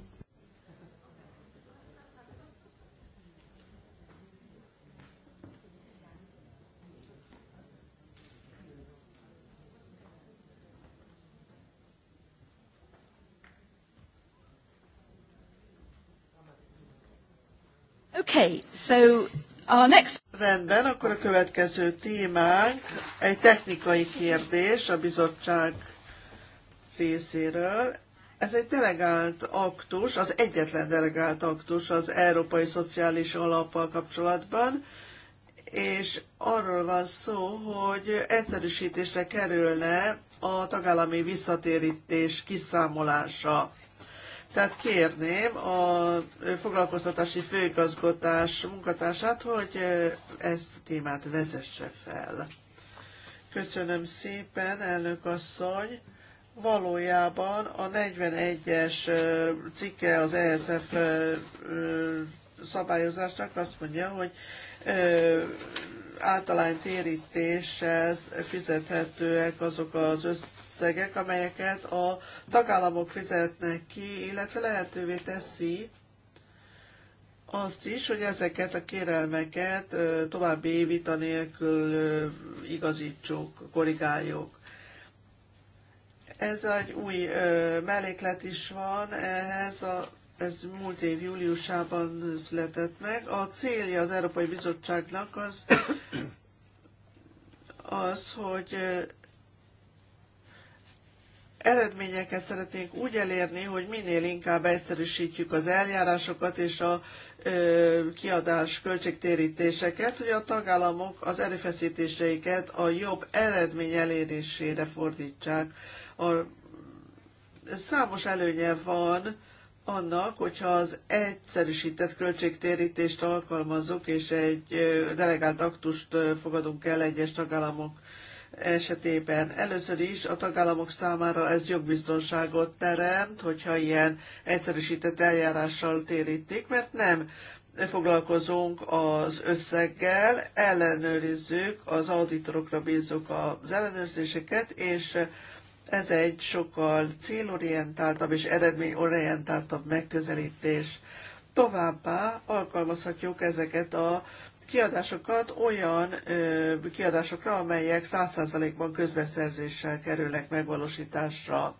Okay, so our next... Rendben, akkor a következő témánk egy technikai kérdés a bizottság részéről. Ez egy delegált aktus, az egyetlen delegált aktus az Európai Szociális Alappal kapcsolatban, és arról van szó, hogy egyszerűsítésre kerülne a tagállami visszatérítés kiszámolása. Tehát kérném a foglalkoztatási főigazgatás munkatársát, hogy e, ezt a témát vezesse fel. Köszönöm szépen, elnök asszony. Valójában a 41-es e, cikke az ESF e, szabályozásnak azt mondja, hogy általány térítéshez fizethetőek azok az össze összegek, amelyeket a tagállamok fizetnek ki, illetve lehetővé teszi azt is, hogy ezeket a kérelmeket további vita nélkül igazítsuk, korrigáljuk. Ez egy új melléklet is van ehhez a ez múlt év júliusában született meg. A célja az Európai Bizottságnak az, az hogy eredményeket szeretnénk úgy elérni, hogy minél inkább egyszerűsítjük az eljárásokat és a kiadás költségtérítéseket, hogy a tagállamok az erőfeszítéseiket a jobb eredmény elérésére fordítsák. A számos előnye van annak, hogyha az egyszerűsített költségtérítést alkalmazzuk, és egy delegált aktust fogadunk el egyes tagállamok esetében. Először is a tagállamok számára ez jogbiztonságot teremt, hogyha ilyen egyszerűsített eljárással térítik, mert nem foglalkozunk az összeggel, ellenőrizzük, az auditorokra bízzuk az ellenőrzéseket, és ez egy sokkal célorientáltabb és eredményorientáltabb megközelítés. Továbbá alkalmazhatjuk ezeket a kiadásokat olyan ö, kiadásokra, amelyek 100%-ban közbeszerzéssel kerülnek megvalósításra.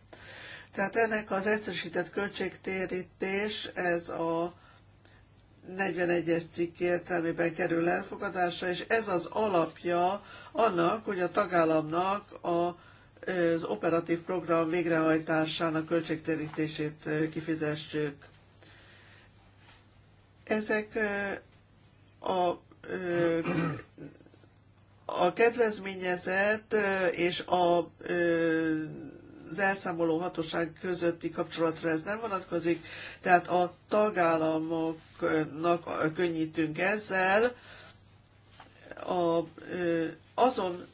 Tehát ennek az egyszerűsített költségtérítés, ez a 41-es cikk értelmében kerül elfogadásra, és ez az alapja annak, hogy a tagállamnak a, az operatív program végrehajtásának költségtérítését kifizessük. Ezek a a kedvezményezett és a, az elszámoló hatóság közötti kapcsolatra ez nem vonatkozik, tehát a tagállamoknak könnyítünk ezzel a, azon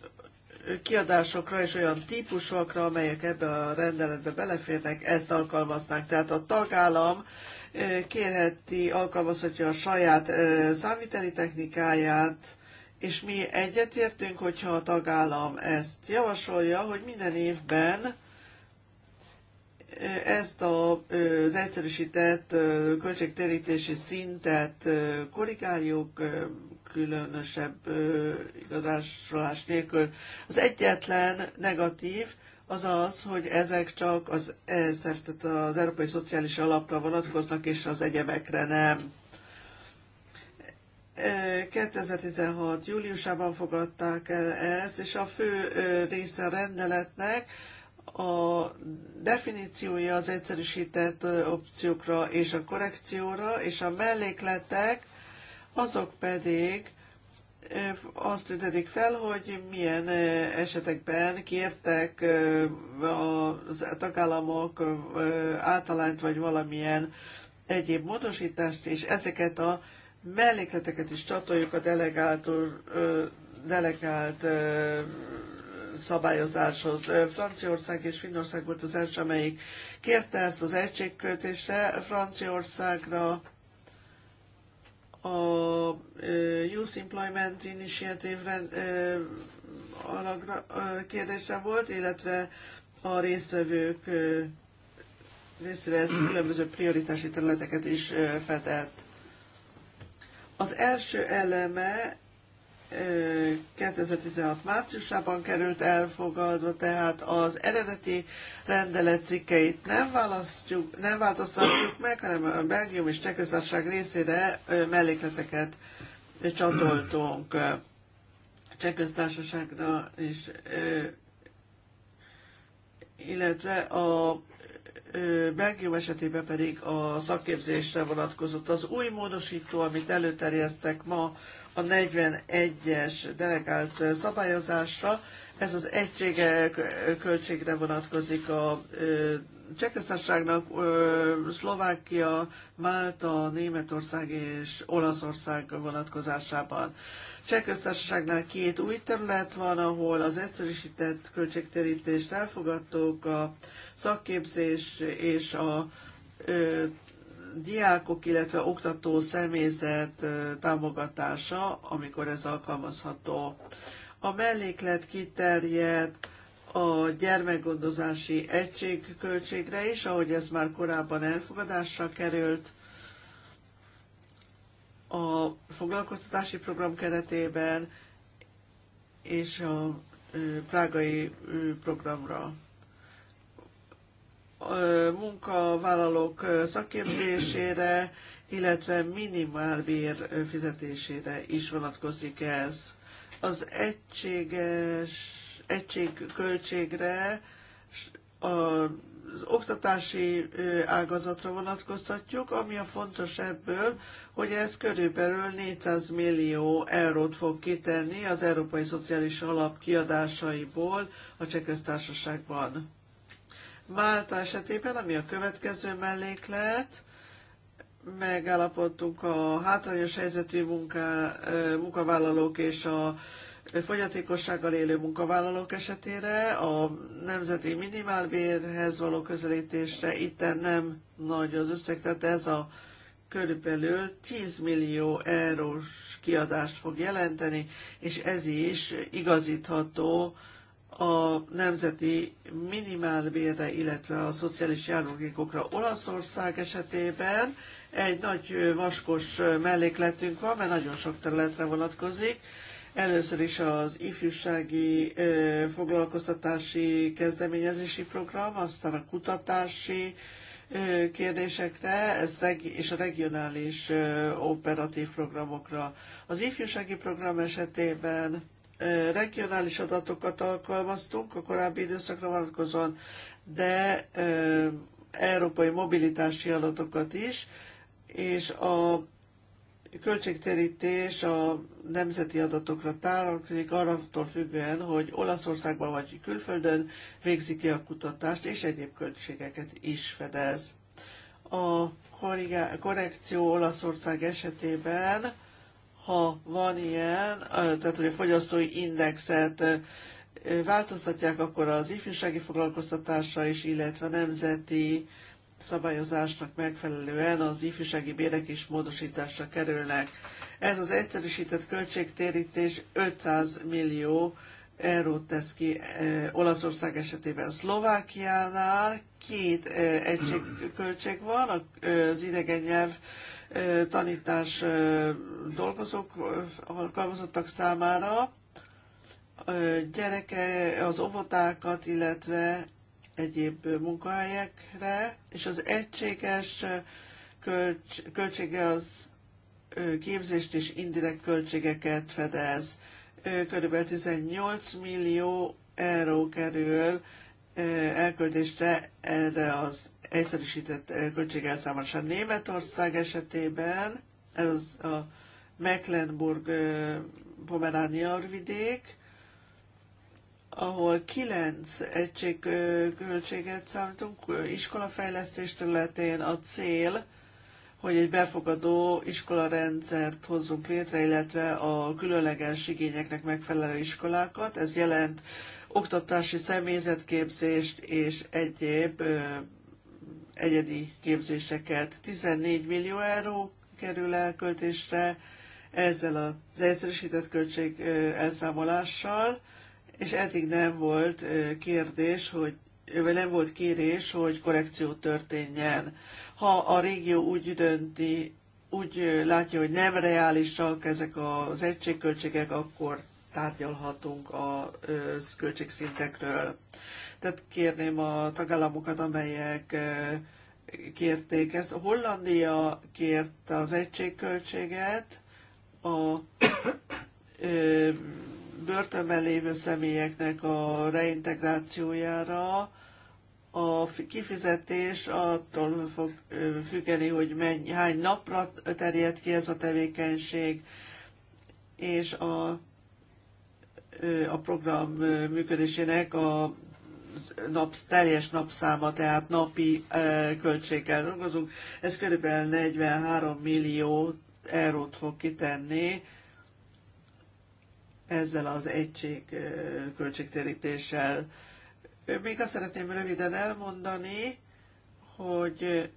kiadásokra és olyan típusokra, amelyek ebbe a rendeletbe beleférnek, ezt alkalmaznánk. Tehát a tagállam kérheti, alkalmazhatja a saját számviteli technikáját, és mi egyetértünk, hogyha a tagállam ezt javasolja, hogy minden évben ezt az egyszerűsített költségtérítési szintet korrigáljuk, különösebb igazásolás nélkül. Az egyetlen negatív, az az, hogy ezek csak az, e, tehát az Európai Szociális Alapra vonatkoznak, és az egyebekre nem. 2016. E, júliusában fogadták el ezt, és a fő e, része a rendeletnek a definíciója az egyszerűsített opciókra és a korrekcióra, és a mellékletek azok pedig az tüntetik fel, hogy milyen esetekben kértek a tagállamok általányt vagy valamilyen egyéb módosítást, és ezeket a mellékleteket is csatoljuk a delegált, delegált szabályozáshoz. Franciaország és Finnország volt az első, amelyik kérte ezt az egységkötésre, Franciaországra a Youth Employment Initiative kérdése volt, illetve a résztvevők részére ezt különböző prioritási területeket is fedett. Az első eleme 2016 márciusában került elfogadva, tehát az eredeti rendelet cikkeit nem, választjuk, nem változtatjuk meg, hanem a Belgium és Csehköztársaság részére mellékleteket csatoltunk. Csehköztársaságra is, illetve a Belgium esetében pedig a szakképzésre vonatkozott az új módosító, amit előterjesztek ma a 41-es delegált szabályozásra. Ez az egysége költségre vonatkozik a Csehköztárságnak Szlovákia, Málta, Németország és Olaszország vonatkozásában. Csehköztársaságnál két új terület van, ahol az egyszerűsített költségterítést elfogadtuk, a szakképzés és a diákok, illetve oktató személyzet támogatása, amikor ez alkalmazható. A melléklet kiterjed a gyermekgondozási egység költségre is, ahogy ez már korábban elfogadásra került a foglalkoztatási program keretében és a prágai programra munkavállalók szakképzésére, illetve minimálbér fizetésére is vonatkozik ez. Az egységes egységköltségre az oktatási ágazatra vonatkoztatjuk, ami a fontos ebből, hogy ez körülbelül 400 millió eurót fog kitenni az Európai Szociális Alap kiadásaiból a Cseh Köztársaságban. Málta esetében, ami a következő melléklet, megállapodtunk a hátrányos helyzetű munká, munkavállalók és a fogyatékossággal élő munkavállalók esetére, a nemzeti minimálbérhez való közelítésre Itt nem nagy az összeg, tehát ez a körülbelül 10 millió eurós kiadást fog jelenteni, és ez is igazítható a nemzeti minimálbérre, illetve a szociális járulékokra Olaszország esetében egy nagy vaskos mellékletünk van, mert nagyon sok területre vonatkozik. Először is az ifjúsági foglalkoztatási kezdeményezési program, aztán a kutatási kérdésekre ez és a regionális operatív programokra. Az ifjúsági program esetében regionális adatokat alkalmaztunk a korábbi időszakra vonatkozóan, de európai mobilitási adatokat is, és a költségtérítés a nemzeti adatokra tárolkodik, arraktól függően, hogy Olaszországban vagy külföldön végzi ki a kutatást, és egyéb költségeket is fedez. A korrekció Olaszország esetében ha van ilyen, tehát hogy a fogyasztói indexet változtatják, akkor az ifjúsági foglalkoztatásra is, illetve nemzeti szabályozásnak megfelelően az ifjúsági bérek is módosításra kerülnek. Ez az egyszerűsített költségtérítés 500 millió eurót tesz ki Olaszország esetében. Szlovákiánál két egység költség van, az idegen nyelv tanítás dolgozók, alkalmazottak számára, gyereke, az óvodákat, illetve egyéb munkahelyekre, és az egységes költs, költsége az képzést és indirekt költségeket fedez. Körülbelül 18 millió euró kerül elköltésre erre az egyszerűsített eh, költségelszámolás. A Németország esetében ez a Mecklenburg eh, Pomeránia vidék, ahol kilenc egység eh, költséget számítunk iskolafejlesztés területén a cél, hogy egy befogadó iskolarendszert hozzunk létre, illetve a különleges igényeknek megfelelő iskolákat. Ez jelent oktatási személyzetképzést és egyéb egyedi képzéseket. 14 millió euró kerül elköltésre ezzel az egyszerűsített költség elszámolással, és eddig nem volt kérdés, hogy vagy nem volt kérés, hogy korrekció történjen. Ha a régió úgy dönti, úgy látja, hogy nem reálisak ezek az egységköltségek, akkor tárgyalhatunk a költségszintekről. Tehát kérném a tagállamokat, amelyek kérték ezt. Hollandia kérte az egységköltséget, a börtönben lévő személyeknek a reintegrációjára, a kifizetés attól fog függeni, hogy mennyi, hány napra terjed ki ez a tevékenység, és a, a program működésének a nap, teljes napszáma, tehát napi eh, költséggel dolgozunk. Ez kb. 43 millió eurót fog kitenni ezzel az egység eh, költségtérítéssel. Még azt szeretném röviden elmondani, hogy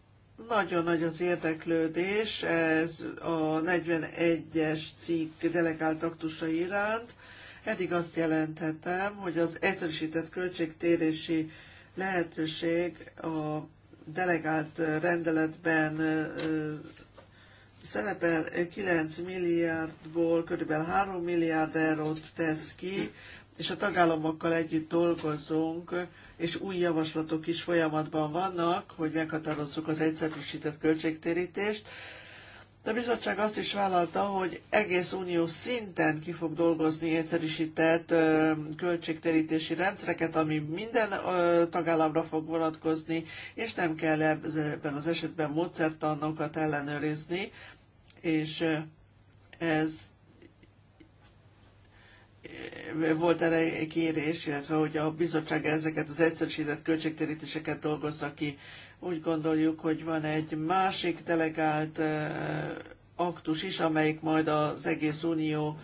nagyon nagy az érdeklődés ez a 41-es cikk delegált aktusa iránt, Eddig azt jelenthetem, hogy az egyszerűsített költségtérési lehetőség a delegált rendeletben szerepel 9 milliárdból kb. 3 milliárd eurót tesz ki, és a tagállamokkal együtt dolgozunk, és új javaslatok is folyamatban vannak, hogy meghatározzuk az egyszerűsített költségtérítést, de a bizottság azt is vállalta, hogy egész unió szinten ki fog dolgozni egyszerűsített költségterítési rendszereket, ami minden tagállamra fog vonatkozni, és nem kell ebben az esetben módszertannokat ellenőrizni, és ez volt erre kérés, illetve hogy a bizottság ezeket az egyszerűsített költségtérítéseket dolgozza ki. Úgy gondoljuk, hogy van egy másik delegált aktus is, amelyik majd az egész unió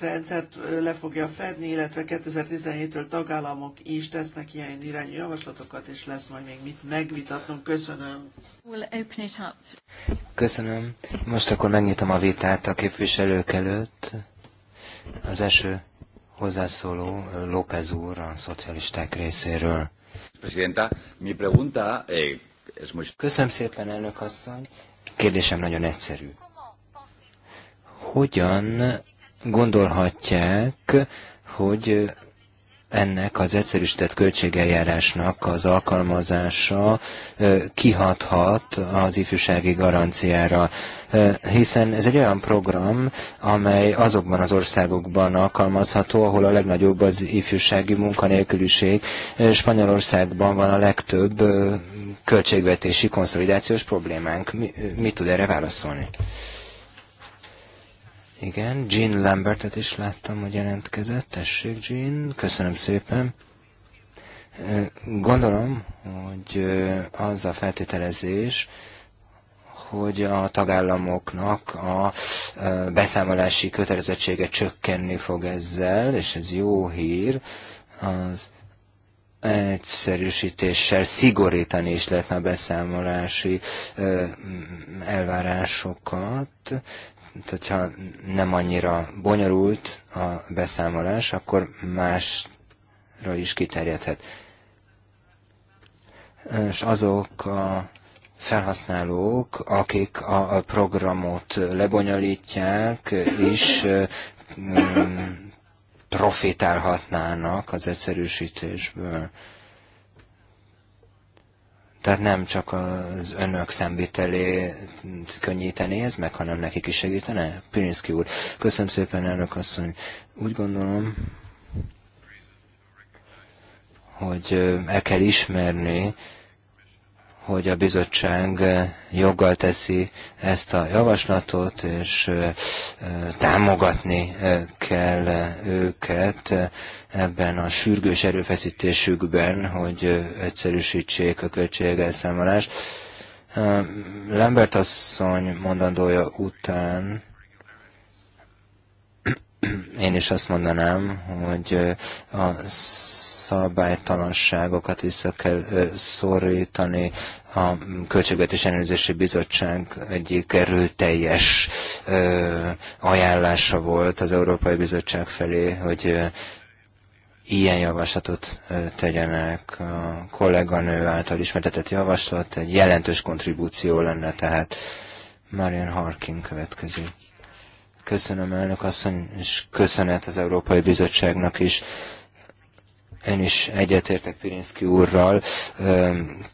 rendszert le fogja fedni, illetve 2017-től tagállamok is tesznek ilyen irányú javaslatokat, és lesz majd még mit megvitatnunk. Köszönöm. Köszönöm. Most akkor megnyitom a vitát a képviselők előtt. Az első hozzászóló López úr a szocialisták részéről. Presidenta, mi pregunta eh, es muy... Köszönöm szépen, elnök asszony. Kérdésem nagyon egyszerű. Hogyan gondolhatják, hogy ennek az egyszerűsített költségeljárásnak az alkalmazása kihathat az ifjúsági garanciára, hiszen ez egy olyan program, amely azokban az országokban alkalmazható, ahol a legnagyobb az ifjúsági munkanélküliség. Spanyolországban van a legtöbb költségvetési konszolidációs problémánk. Mi, mit tud erre válaszolni? Igen, Jean Lambertet is láttam, hogy jelentkezett. Tessék, Jean, köszönöm szépen. Gondolom, hogy az a feltételezés, hogy a tagállamoknak a beszámolási kötelezettsége csökkenni fog ezzel, és ez jó hír, az egyszerűsítéssel szigorítani is lehetne a beszámolási elvárásokat, tehát ha nem annyira bonyolult a beszámolás, akkor másra is kiterjedhet. És azok a felhasználók, akik a programot lebonyolítják, is mm, profitálhatnának az egyszerűsítésből. Tehát nem csak az önök szemvitelét könnyíteni ez meg, hanem nekik is segítene? Pirinszki úr, köszönöm szépen, elnök asszony. Úgy gondolom, hogy el kell ismerni, hogy a bizottság eh, joggal teszi ezt a javaslatot, és eh, eh, támogatni kell őket ebben a sürgős erőfeszítésükben, hogy egyszerűsítsék a költségelszámolást. Lambert asszony mondandója után Én is azt mondanám, hogy a szabálytalanságokat vissza kell szorítani. A Költségvetés Ellenőrzési Bizottság egyik erőteljes ajánlása volt az Európai Bizottság felé, hogy ilyen javaslatot tegyenek. A kolléganő által ismertetett javaslat egy jelentős kontribúció lenne, tehát Marian Harkin következik. Köszönöm elnök asszony, és köszönet az Európai Bizottságnak is. Én is egyetértek Pirinszki úrral.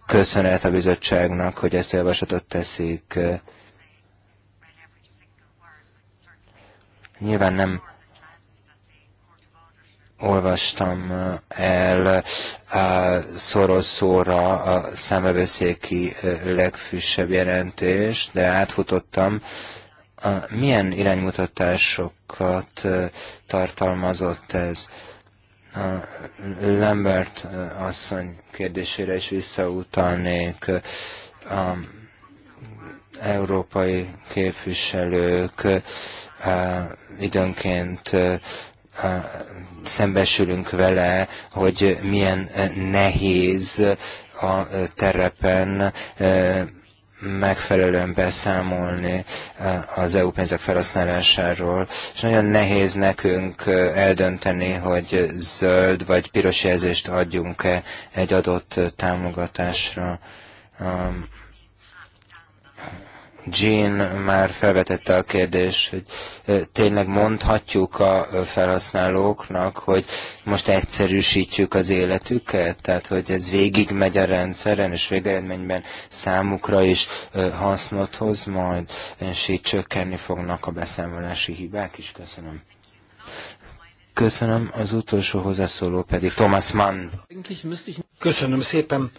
Köszönet a bizottságnak, hogy ezt a javaslatot teszik. Nyilván nem olvastam el szoros szóra a számövőszéki legfrissebb jelentést, de átfutottam milyen iránymutatásokat tartalmazott ez? A Lambert asszony kérdésére is visszautalnék. A európai képviselők időnként szembesülünk vele, hogy milyen nehéz a terepen megfelelően beszámolni eh, az EU pénzek felhasználásáról, és nagyon nehéz nekünk eh, eldönteni, hogy zöld vagy piros jelzést adjunk-e egy adott eh, támogatásra um, Jean már felvetette a kérdést, hogy tényleg mondhatjuk a felhasználóknak, hogy most egyszerűsítjük az életüket, tehát hogy ez végig megy a rendszeren, és végeredményben számukra is hasznot hoz majd, és így csökkenni fognak a beszámolási hibák is. Köszönöm. Köszönöm, az utolsó hozzászóló pedig Thomas Mann. Köszönöm szépen.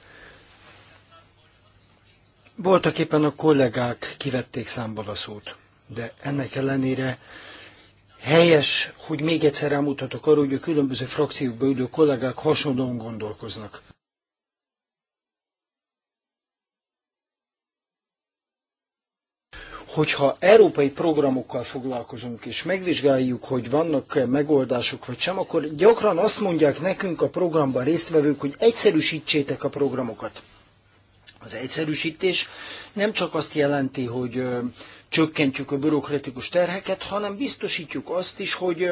Voltak éppen a kollégák kivették számból a szót, de ennek ellenére helyes, hogy még egyszer rámutatok arra, hogy a különböző frakciókba ülő kollégák hasonlóan gondolkoznak. hogyha európai programokkal foglalkozunk és megvizsgáljuk, hogy vannak megoldások vagy sem, akkor gyakran azt mondják nekünk a programban résztvevők, hogy egyszerűsítsétek a programokat. Az egyszerűsítés nem csak azt jelenti, hogy csökkentjük a bürokratikus terheket, hanem biztosítjuk azt is, hogy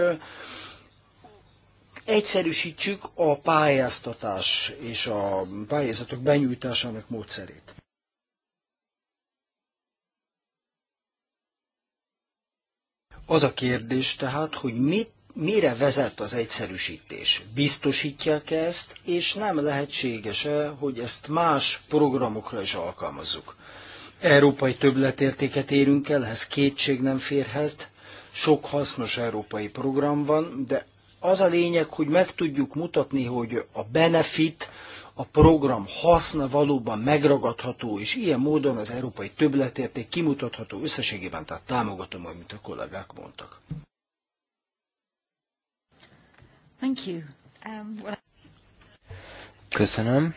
egyszerűsítsük a pályáztatás és a pályázatok benyújtásának módszerét. Az a kérdés tehát, hogy mit mire vezet az egyszerűsítés? Biztosítják -e ezt, és nem lehetséges-e, hogy ezt más programokra is alkalmazzuk? Európai többletértéket érünk el, ez kétség nem férhez, sok hasznos európai program van, de az a lényeg, hogy meg tudjuk mutatni, hogy a benefit, a program haszna valóban megragadható, és ilyen módon az európai többletérték kimutatható összességében, tehát támogatom, amit a kollégák mondtak. Thank you. Um, well... Köszönöm.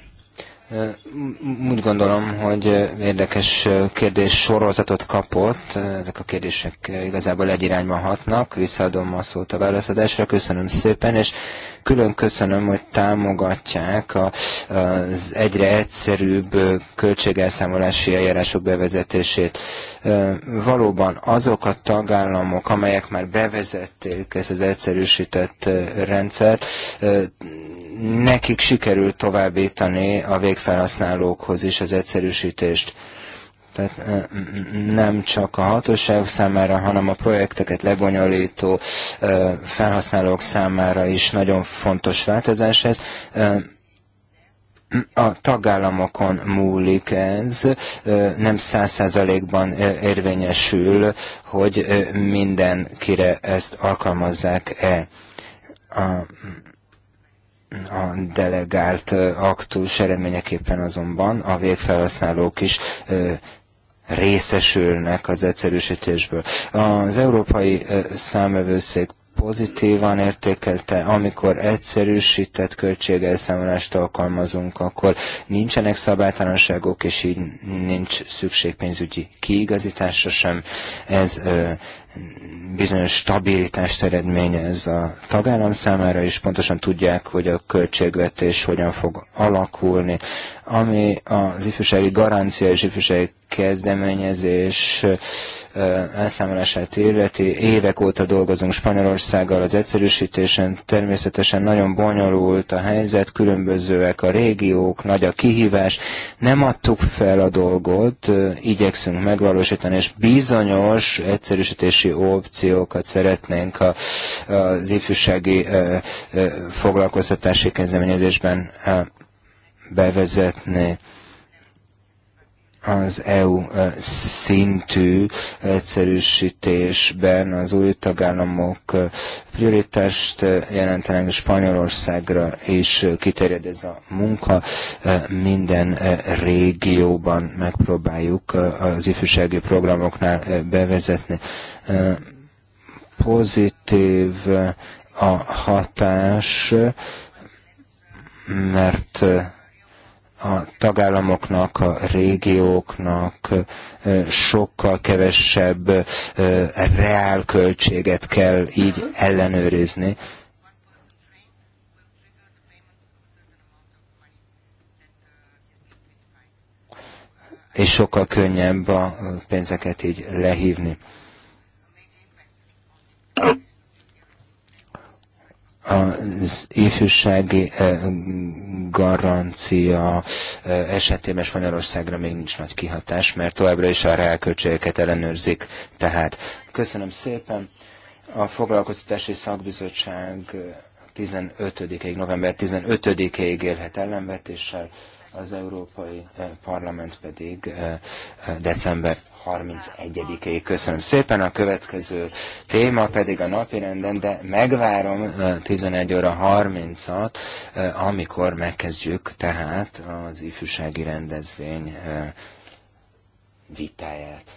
Úgy gondolom, hogy érdekes kérdés sorozatot kapott. Ezek a kérdések igazából egy irányba hatnak. Visszaadom a szót a válaszadásra. Köszönöm szépen, és külön köszönöm, hogy támogatják az egyre egyszerűbb költségelszámolási eljárások bevezetését. Valóban azok a tagállamok, amelyek már bevezették ezt az egyszerűsített rendszert, nekik sikerült továbbítani a végfelhasználókhoz is az egyszerűsítést. Tehát nem csak a hatóság számára, hanem a projekteket lebonyolító felhasználók számára is nagyon fontos változás ez a tagállamokon múlik ez, nem száz százalékban érvényesül, hogy mindenkire ezt alkalmazzák-e. A a delegált aktus eredményeképpen azonban a végfelhasználók is részesülnek az egyszerűsítésből. Az Európai számövőszék pozitívan értékelte, amikor egyszerűsített költségelszámolást alkalmazunk, akkor nincsenek szabálytalanságok, és így nincs szükség pénzügyi kiigazításra sem. Ez ö, bizonyos stabilitást eredményez a tagállam számára, és pontosan tudják, hogy a költségvetés hogyan fog alakulni. Ami az ifjúsági garancia és ifjúsági kezdeményezés elszámolását illeti. Évek óta dolgozunk Spanyolországgal az egyszerűsítésen. Természetesen nagyon bonyolult a helyzet, különbözőek a régiók, nagy a kihívás. Nem adtuk fel a dolgot, igyekszünk megvalósítani, és bizonyos egyszerűsítési megoldási opciókat szeretnénk a, az ifjúsági foglalkoztatási kezdeményezésben bevezetni az EU szintű egyszerűsítésben az új tagállamok prioritást jelentenek, Spanyolországra is kiterjed ez a munka. Minden régióban megpróbáljuk az ifjúsági programoknál bevezetni. Pozitív a hatás, mert a tagállamoknak, a régióknak sokkal kevesebb reál költséget kell így ellenőrizni. És sokkal könnyebb a pénzeket így lehívni. az ifjúsági eh, garancia eh, esetében Spanyolországra még nincs nagy kihatás, mert továbbra is a reálköltségeket ellenőrzik. Tehát köszönöm szépen. A foglalkoztatási szakbizottság 15-ig, eh, november 15-ig élhet ellenvetéssel az Európai eh, Parlament pedig eh, eh, december 31-éig. Köszönöm szépen. A következő téma pedig a napirenden, de megvárom 11 óra 30-at, amikor megkezdjük tehát az ifjúsági rendezvény vitáját.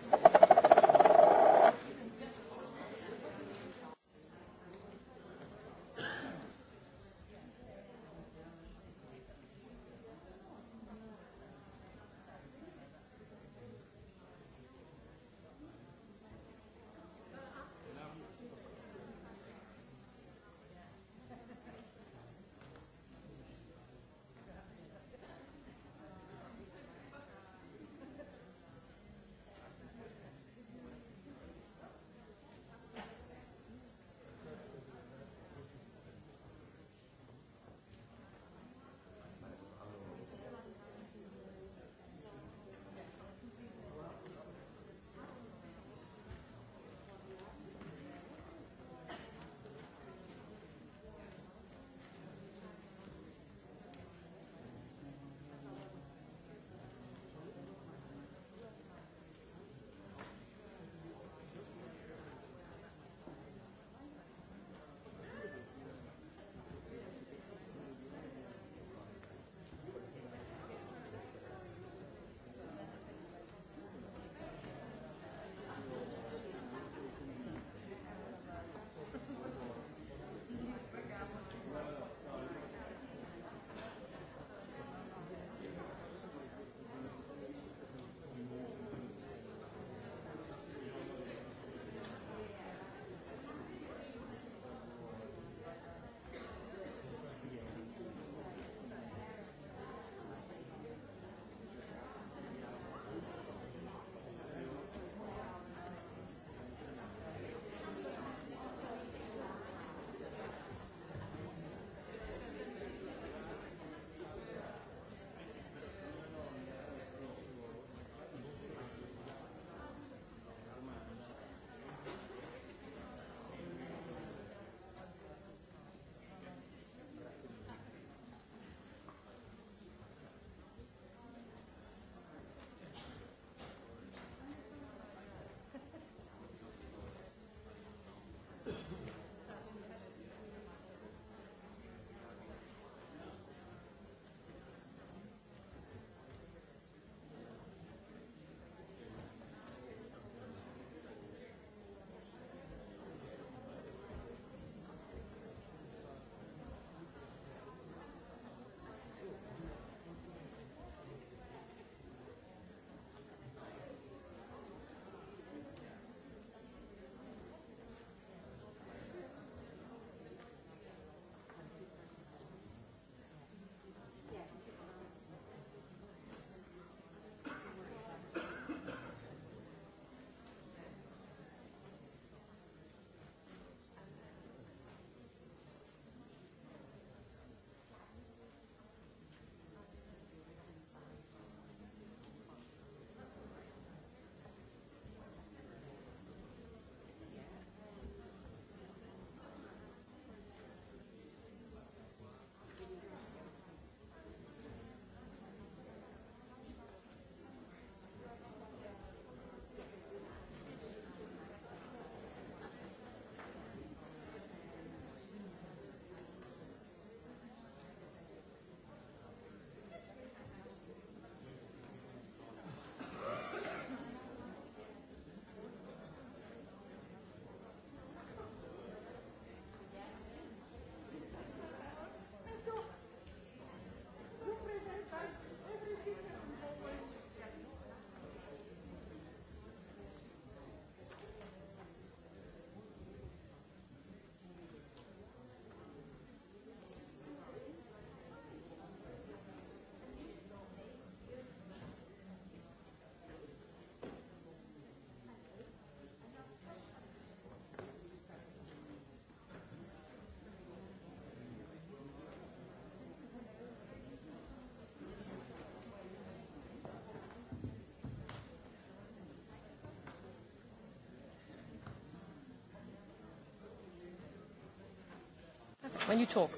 when you talk.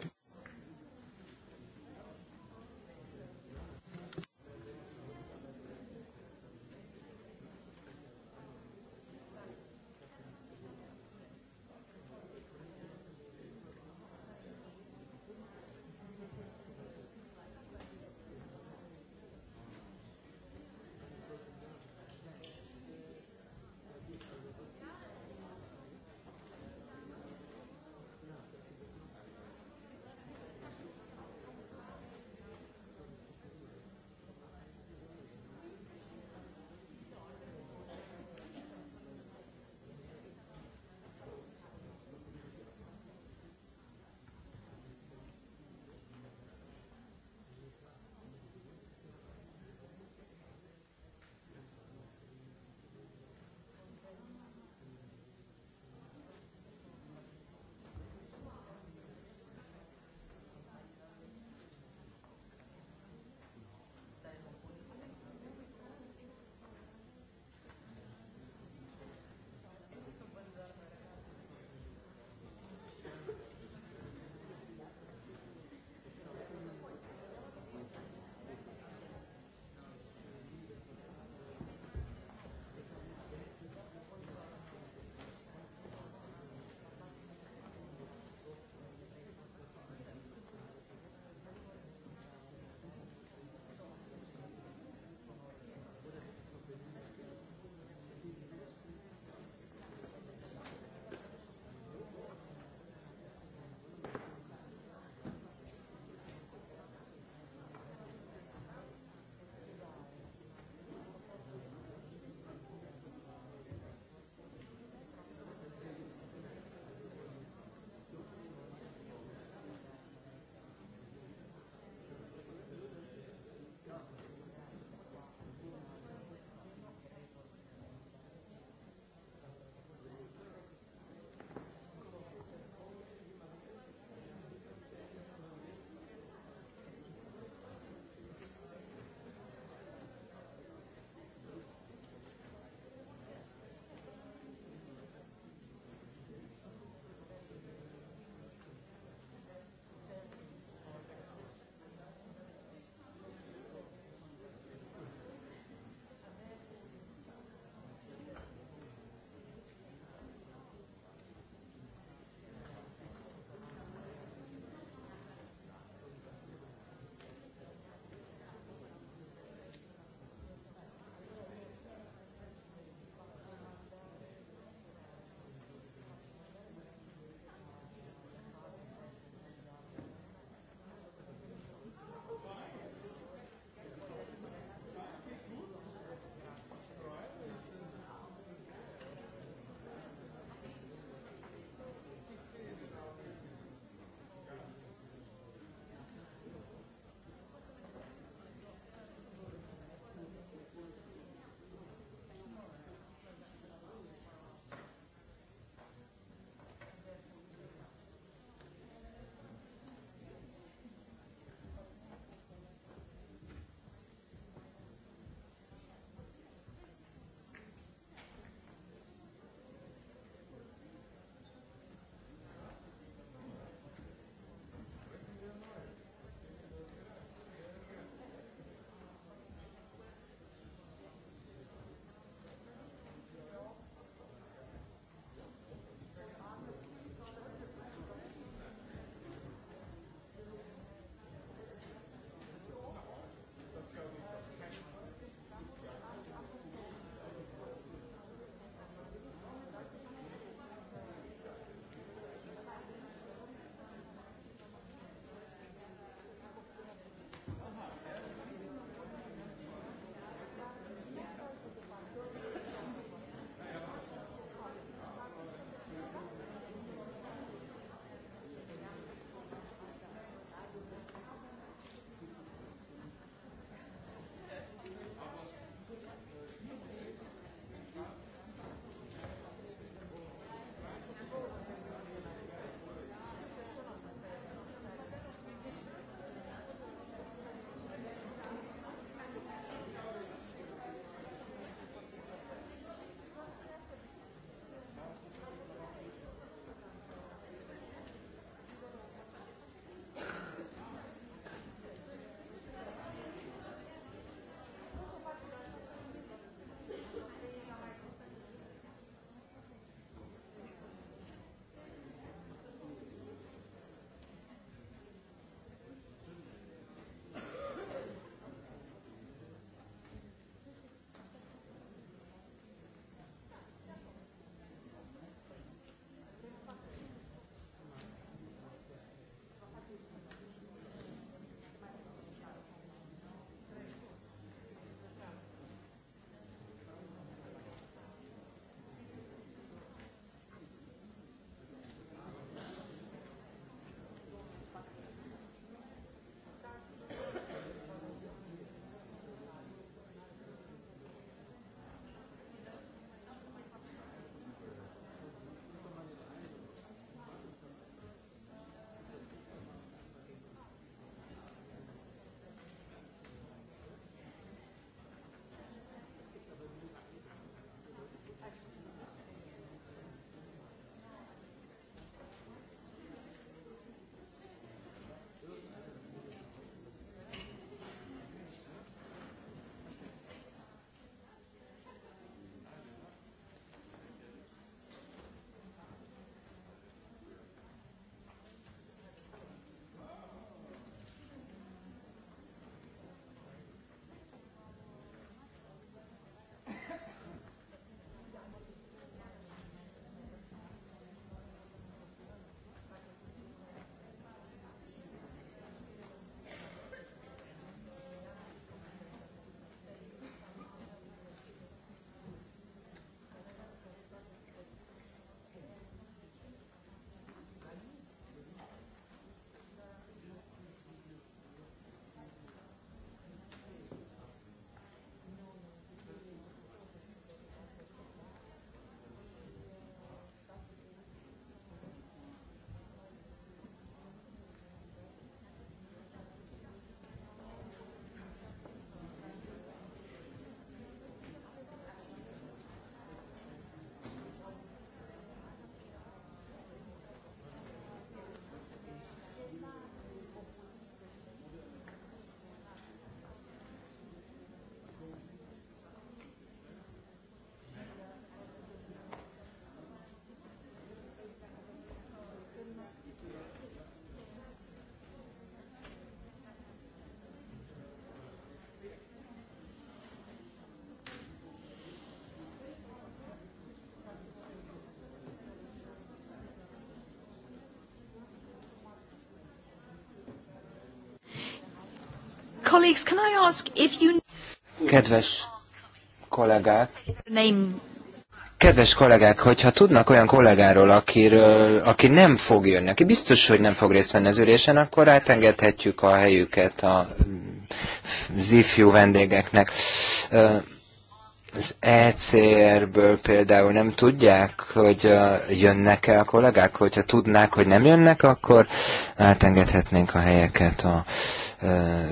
colleagues, can I ask if you... Kedves kollégák, Kedves kollégák, hogyha tudnak olyan kollégáról, akiről, aki nem fog jönni, aki biztos, hogy nem fog részt venni az ülésen, akkor átengedhetjük a helyüket a, zifjú vendégeknek. Az ECR-ből például nem tudják, hogy jönnek-e a kollégák, hogyha tudnák, hogy nem jönnek, akkor átengedhetnénk a helyeket a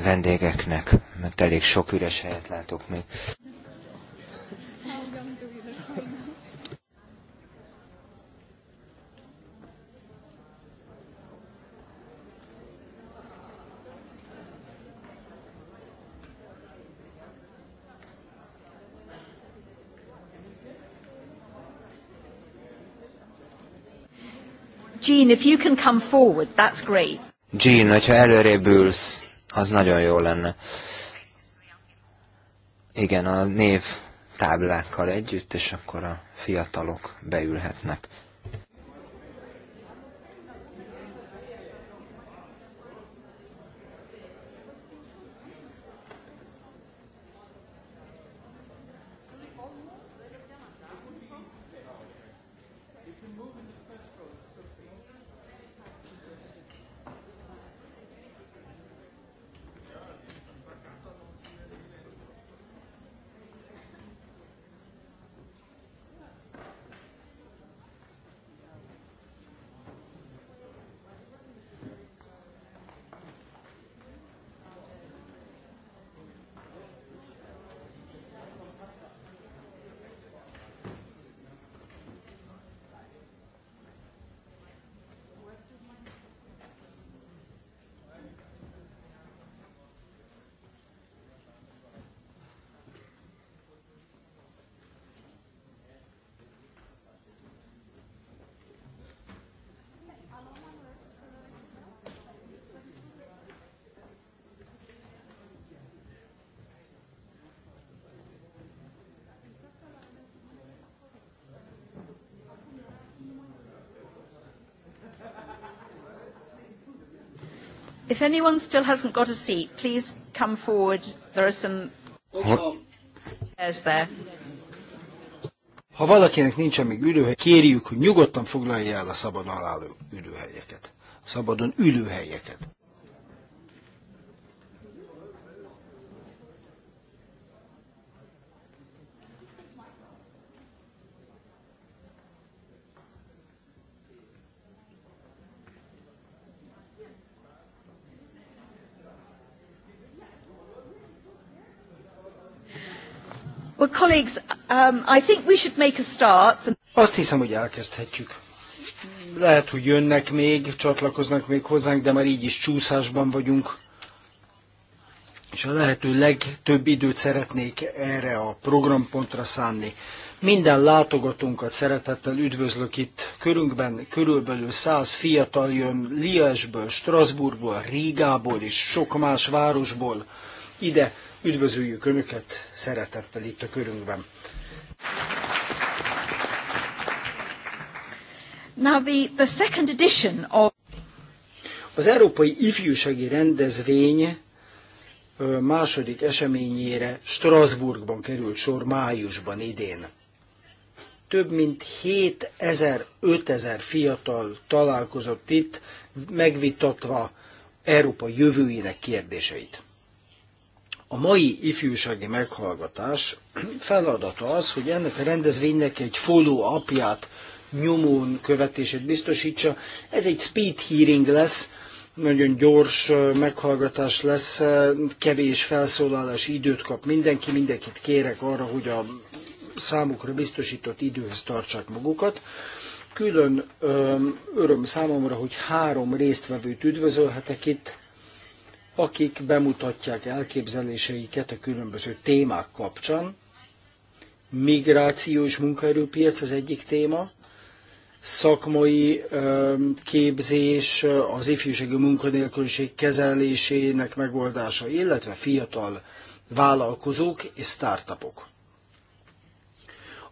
vendégeknek, mert elég sok üres helyet látok még. Jean, if you can come forward, that's great. Jean, hogyha előrébb ülsz, az nagyon jó lenne. Igen, a név táblákkal együtt, és akkor a fiatalok beülhetnek. anyone still hasn't got a seat, please come forward. There are some chairs there. Ha valakinek nincsen még ülőhely, kérjük, hogy nyugodtan foglalja el a szabadon álló ülőhelyeket. szabadon ülőhelyeket. colleagues, um, I think we should make a start. Azt hiszem, hogy elkezdhetjük. Lehet, hogy jönnek még, csatlakoznak még hozzánk, de már így is csúszásban vagyunk. És a lehető legtöbb időt szeretnék erre a programpontra szánni. Minden látogatónkat szeretettel üdvözlök itt körünkben, körülbelül száz fiatal jön Liesből, Strasbourgból, Rigából és sok más városból ide Üdvözöljük Önöket szeretettel itt a körünkben. Now the, the second edition of... Az Európai Ifjúsági Rendezvény második eseményére Strasbourgban került sor májusban idén. Több mint 7000-5000 fiatal találkozott itt, megvitatva Európa jövőjének kérdéseit. A mai ifjúsági meghallgatás feladata az, hogy ennek a rendezvénynek egy follow-upját, nyomón követését biztosítsa. Ez egy speed hearing lesz, nagyon gyors meghallgatás lesz, kevés felszólalás időt kap mindenki, mindenkit kérek arra, hogy a számukra biztosított időhöz tartsák magukat. Külön öröm számomra, hogy három résztvevőt üdvözölhetek itt, akik bemutatják elképzeléseiket a különböző témák kapcsán. Migráció és munkaerőpiac az egyik téma, szakmai képzés, az ifjúsági munkanélküliség kezelésének megoldása, illetve fiatal vállalkozók és startupok.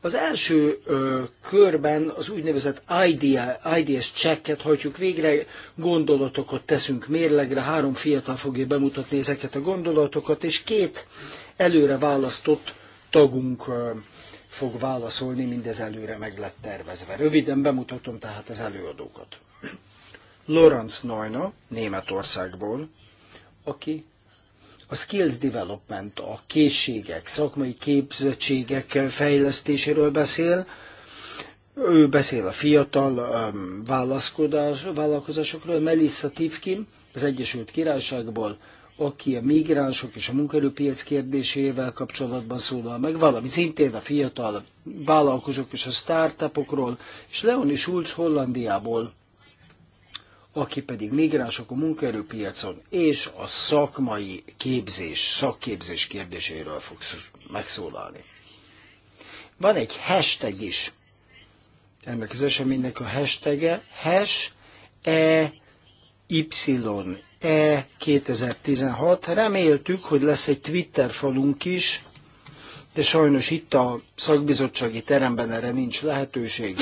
Az első ö, körben az úgynevezett idea, IDS checket hajtjuk végre, gondolatokat teszünk mérlegre, három fiatal fogja bemutatni ezeket a gondolatokat, és két előre választott tagunk ö, fog válaszolni, mindez előre meg lett tervezve. Röviden bemutatom tehát az előadókat. Lorenz Neuner, Németországból, aki a skills development, a készségek, szakmai képzettségek fejlesztéséről beszél, ő beszél a fiatal um, válaszkodás, vállalkozásokról, Melissa Tivkin, az Egyesült Királyságból, aki a migránsok és a munkaerőpiac kérdésével kapcsolatban szólal meg, valami szintén a fiatal vállalkozók és a startupokról, és Leoni Schulz Hollandiából, aki pedig migránsok a munkaerőpiacon és a szakmai képzés, szakképzés kérdéséről fog megszólalni. Van egy hashtag is. Ennek az eseménynek a hashtagge hash e y e 2016. Reméltük, hogy lesz egy Twitter falunk is, de sajnos itt a szakbizottsági teremben erre nincs lehetőség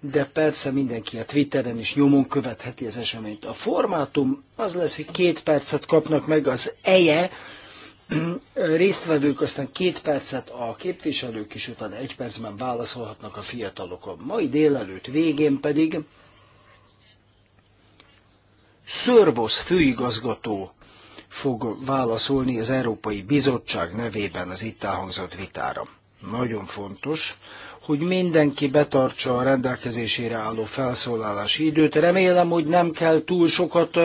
de persze mindenki a Twitteren is nyomon követheti az eseményt. A formátum az lesz, hogy két percet kapnak meg az eje, résztvevők, aztán két percet a képviselők is, utána egy percben válaszolhatnak a A Mai délelőtt végén pedig Szörvosz főigazgató fog válaszolni az Európai Bizottság nevében az itt elhangzott vitára. Nagyon fontos, hogy mindenki betartsa a rendelkezésére álló felszólalási időt. Remélem, hogy nem kell túl sokat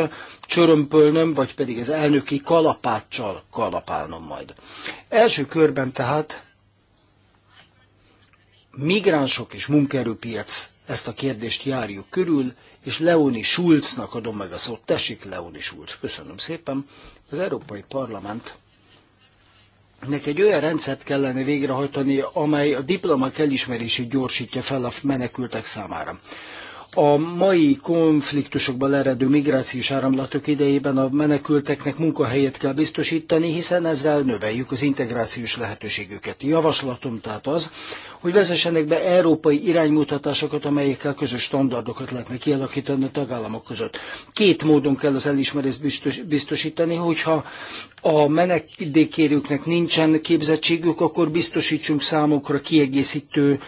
csörömpölnöm, vagy pedig az elnöki kalapáccsal kalapálnom majd. Első körben tehát migránsok és munkaerőpiac ezt a kérdést járjuk körül, és Leoni Schulznak adom meg a szót. Tessék, Leoni Schulz, köszönöm szépen. Az Európai Parlament ennek egy olyan rendszert kellene végrehajtani, amely a diplomák elismerését gyorsítja fel a menekültek számára. A mai konfliktusokból eredő migrációs áramlatok idejében a menekülteknek munkahelyet kell biztosítani, hiszen ezzel növeljük az integrációs lehetőségüket. Javaslatom tehát az, hogy vezessenek be európai iránymutatásokat, amelyekkel közös standardokat lehetne kialakítani a tagállamok között. Két módon kell az elismerést biztosítani, hogyha a menekdékérőknek nincsen képzettségük, akkor biztosítsunk számukra kiegészítő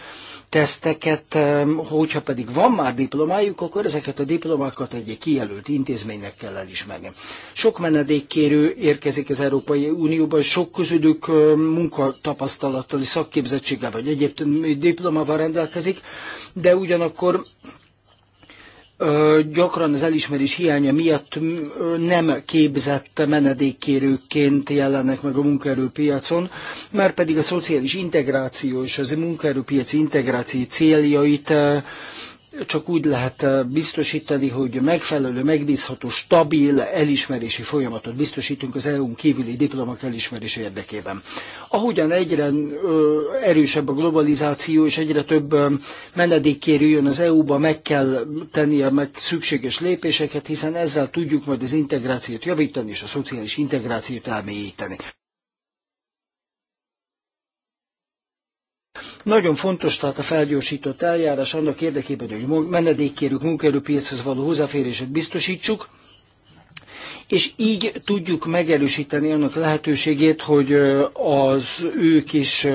teszteket, hogyha pedig van már diplomájuk, akkor ezeket a diplomákat egy kijelölt intézménynek kell elismerni. Sok menedékkérő érkezik az Európai és sok közülük munkatapasztalattal, szakképzettséggel vagy egyéb diplomával rendelkezik, de ugyanakkor gyakran az elismerés hiánya miatt nem képzett menedékkérőként jelennek meg a munkaerőpiacon, már pedig a szociális integráció és az munkaerőpiaci integráció céljait csak úgy lehet eh, biztosítani, hogy megfelelő, megbízható, stabil elismerési folyamatot biztosítunk az EU-n kívüli diplomák elismerése érdekében. Ahogyan egyre erősebb a globalizáció, és egyre több menedékkérő jön az EU-ba, meg kell tennie meg szükséges lépéseket, hiszen ezzel tudjuk majd az integrációt javítani, és a szociális integrációt elmélyíteni. Nagyon fontos tehát a felgyorsított eljárás annak érdekében, hogy menedékkérők munkaerőpiachoz való hozzáférését biztosítsuk, és így tudjuk megerősíteni annak lehetőségét, hogy az ők is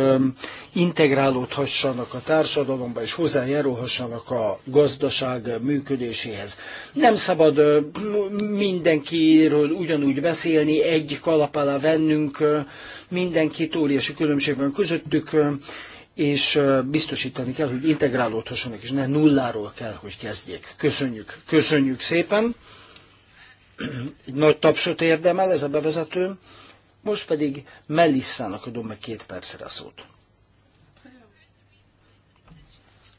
integrálódhassanak a társadalomba, és hozzájárulhassanak a gazdaság működéséhez. Nem szabad mindenkiről ugyanúgy beszélni, egy kalap alá vennünk mindenkit, óriási különbségben közöttük, és biztosítani kell, hogy integrálódhassanak, és ne nulláról kell, hogy kezdjék. Köszönjük, köszönjük szépen. Egy nagy tapsot érdemel ez a bevezető. Most pedig Melissának adom meg két percre a szót.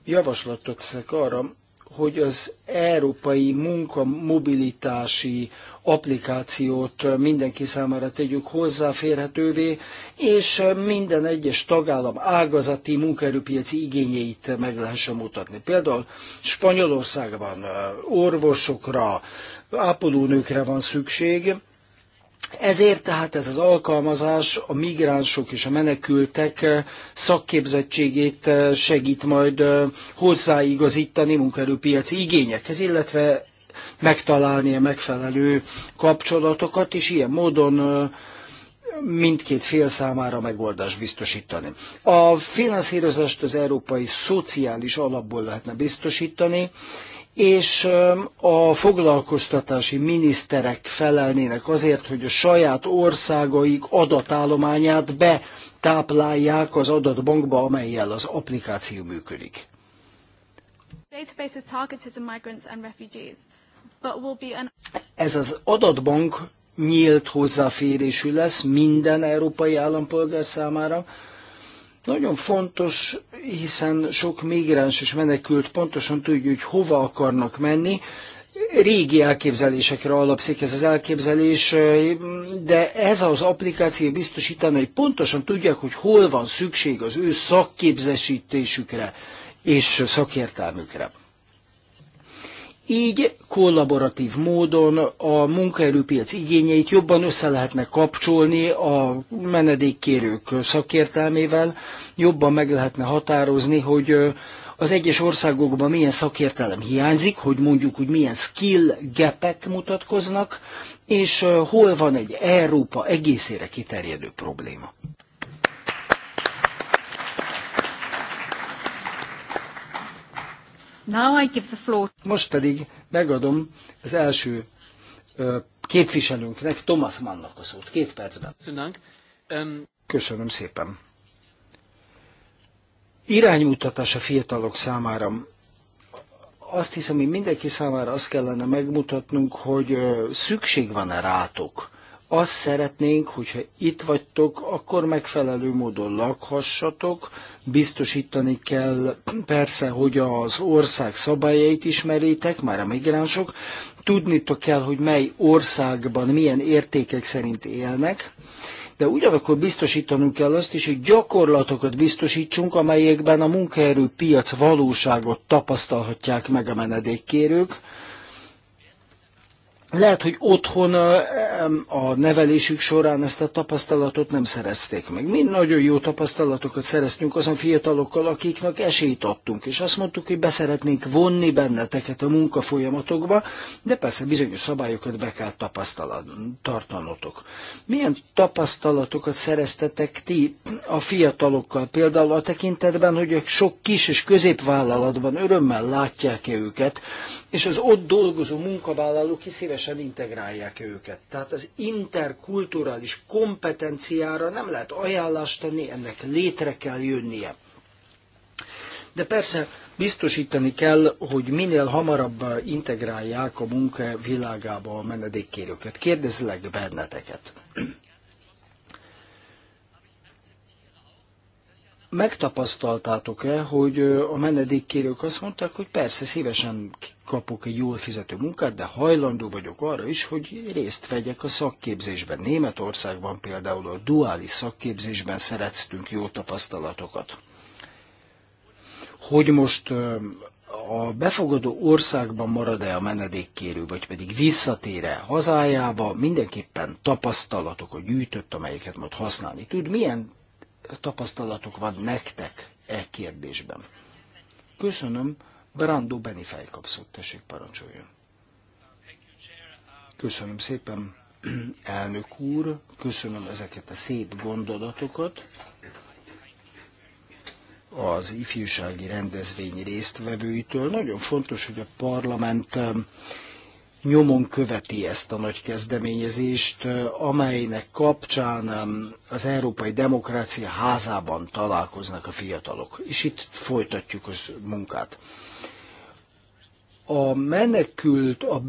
Javaslatot szek arra, hogy az európai munkamobilitási applikációt mindenki számára tegyük hozzáférhetővé, és minden egyes tagállam ágazati munkaerőpiaci igényeit meg lehessen mutatni. Például Spanyolországban orvosokra, ápolónőkre van szükség, ezért tehát ez az alkalmazás a migránsok és a menekültek eh, szakképzettségét eh, segít majd eh, hozzáigazítani munkaerőpiaci igényekhez, illetve megtalálni a megfelelő kapcsolatokat, és ilyen módon mindkét fél számára megoldást biztosítani. A finanszírozást az európai szociális alapból lehetne biztosítani, és a foglalkoztatási miniszterek felelnének azért, hogy a saját országaik adatállományát betáplálják az adatbankba, amelyel az applikáció működik. Ez az adatbank nyílt hozzáférésű lesz minden európai állampolgár számára, nagyon fontos, hiszen sok migráns és menekült pontosan tudja, hogy hova akarnak menni. Régi elképzelésekre alapszik ez az elképzelés, de ez az applikáció biztosítana, hogy pontosan tudják, hogy hol van szükség az ő szakképzesítésükre és szakértelmükre. Így kollaboratív módon a munkaerőpiac igényeit jobban össze lehetne kapcsolni a menedékkérők szakértelmével, jobban meg lehetne határozni, hogy az egyes országokban milyen szakértelem hiányzik, hogy mondjuk hogy milyen skill gapek mutatkoznak, és hol van egy Európa egészére kiterjedő probléma. Now I give the floor. Most pedig megadom az első képviselőnknek, Thomas Mannnak a szót. Két percben. Köszönöm szépen. Iránymutatás a fiatalok számára. Azt hiszem, hogy mindenki számára azt kellene megmutatnunk, hogy szükség van-e rátok azt szeretnénk, hogyha itt vagytok, akkor megfelelő módon lakhassatok. Biztosítani kell persze, hogy az ország szabályait ismeritek, már a migránsok. Tudnitok kell, hogy mely országban milyen értékek szerint élnek de ugyanakkor biztosítanunk kell azt is, hogy gyakorlatokat biztosítsunk, amelyekben a munkaerőpiac valóságot tapasztalhatják meg a menedékkérők, lehet, hogy otthon a nevelésük során ezt a tapasztalatot nem szerezték meg. Mi nagyon jó tapasztalatokat szereztünk azon fiatalokkal, akiknek esélyt adtunk, és azt mondtuk, hogy beszeretnénk vonni benneteket a munkafolyamatokba, de persze bizonyos szabályokat be kell tartanotok. Milyen tapasztalatokat szereztetek ti a fiatalokkal, például a tekintetben, hogy sok kis és középvállalatban örömmel látják-e őket, és az ott dolgozó munkavállalók is szíves teljesen integrálják őket. Tehát az interkulturális kompetenciára nem lehet ajánlást tenni, ennek létre kell jönnie. De persze biztosítani kell, hogy minél hamarabb integrálják a munka világába a menedékkérőket. Kérdezlek benneteket. megtapasztaltátok-e, hogy a menedékkérők azt mondták, hogy persze szívesen kapok egy jól fizető munkát, de hajlandó vagyok arra is, hogy részt vegyek a szakképzésben. Németországban például a duális szakképzésben szereztünk jó tapasztalatokat. Hogy most a befogadó országban marad-e a menedékkérő, vagy pedig visszatér-e hazájába, mindenképpen tapasztalatokat gyűjtött, amelyeket majd használni tud. Milyen tapasztalatok van nektek e kérdésben? Köszönöm, Brando Benifej kapszott, tessék parancsoljon. Köszönöm szépen, elnök úr, köszönöm ezeket a szép gondolatokat. Az ifjúsági rendezvény résztvevőitől nagyon fontos, hogy a parlament nyomon követi ezt a nagy kezdeményezést, amelynek kapcsán az Európai Demokrácia házában találkoznak a fiatalok, és itt folytatjuk az munkát. A menekült, a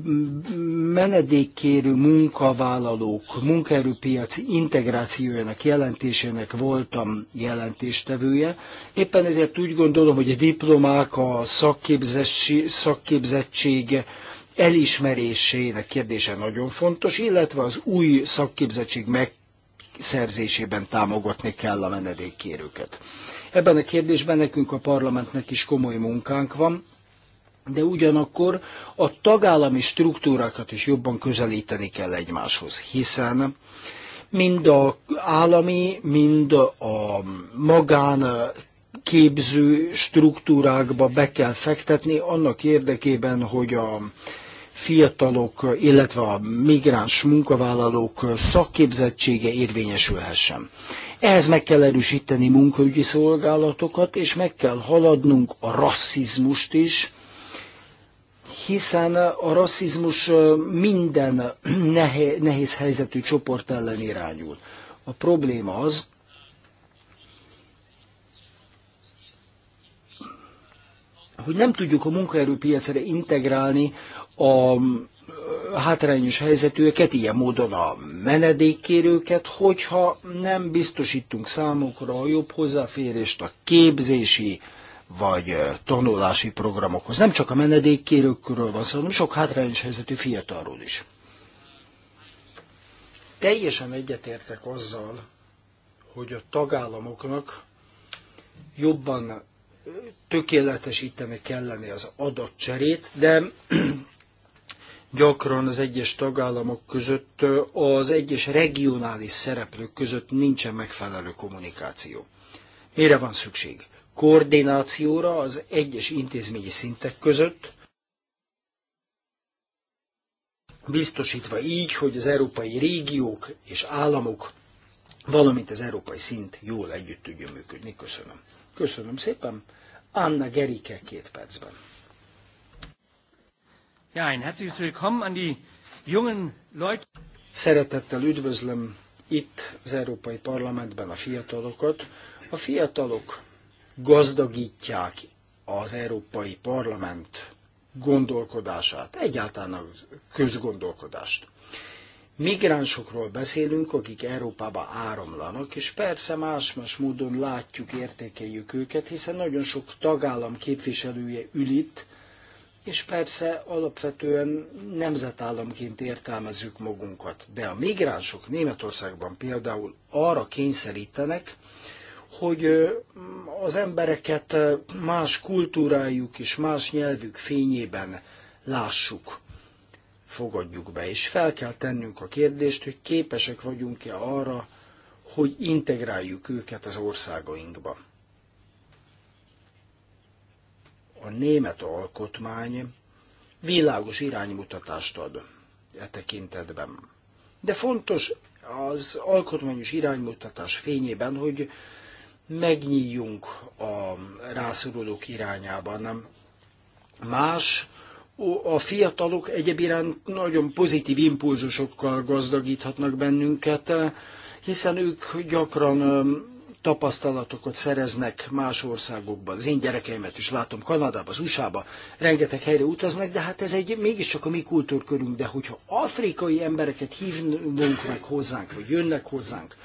menedékkérő munkavállalók munkaerőpiaci integrációjának jelentésének voltam jelentéstevője. Éppen ezért úgy gondolom, hogy a diplomák, a szakképzettség, szakképzettség elismerésének kérdése nagyon fontos, illetve az új szakképzettség megszerzésében támogatni kell a menedékkérőket. Ebben a kérdésben nekünk a parlamentnek is komoly munkánk van, de ugyanakkor a tagállami struktúrákat is jobban közelíteni kell egymáshoz, hiszen mind a állami, mind a magán képző struktúrákba be kell fektetni annak érdekében, hogy a fiatalok, illetve a migráns munkavállalók szakképzettsége érvényesülhessen. Ehhez meg kell erősíteni munkaügyi szolgálatokat, és meg kell haladnunk a rasszizmust is, hiszen a rasszizmus minden nehéz helyzetű csoport ellen irányul. A probléma az, hogy nem tudjuk a munkaerőpiacra integrálni a hátrányos helyzetűeket, ilyen módon a menedékkérőket, hogyha nem biztosítunk számukra a jobb hozzáférést a képzési vagy tanulási programokhoz. Nem csak a menedékkérőkről van szó, hanem sok hátrányos helyzetű fiatalról is. Teljesen egyetértek azzal, hogy a tagállamoknak jobban tökéletesíteni kellene az adatcserét, de gyakran az egyes tagállamok között, az egyes regionális szereplők között nincsen megfelelő kommunikáció. Mire van szükség? Koordinációra az egyes intézményi szintek között, biztosítva így, hogy az európai régiók és államok, valamint az európai szint jól együtt tudjon működni. Köszönöm. Köszönöm szépen. Anna Gerike két percben. Ja, ein herzliches Willkommen an die jungen Leute. Szeretettel üdvözlöm itt az Európai Parlamentben a fiatalokat. A fiatalok gazdagítják az Európai Parlament gondolkodását, egyáltalán a közgondolkodást. Migránsokról beszélünk, akik Európába áramlanak, és persze más-más módon látjuk, értékeljük őket, hiszen nagyon sok tagállam képviselője ül itt, és persze alapvetően nemzetállamként értelmezzük magunkat. De a migránsok Németországban például arra kényszerítenek, hogy az embereket más kultúrájuk és más nyelvük fényében lássuk, fogadjuk be, és fel kell tennünk a kérdést, hogy képesek vagyunk-e arra, hogy integráljuk őket az országainkba. a német alkotmány világos iránymutatást ad e tekintetben. De fontos az alkotmányos iránymutatás fényében, hogy megnyíljunk a rászorulók irányában. Nem? Más a fiatalok egyebiránt nagyon pozitív impulzusokkal gazdagíthatnak bennünket, hiszen ők gyakran tapasztalatokat szereznek más országokban. Az én gyerekeimet is látom Kanadában, az USA-ba, rengeteg helyre utaznak, de hát ez egy mégiscsak a mi kultúrkörünk, de hogyha afrikai embereket hívnunk meg hozzánk, vagy jönnek hozzánk,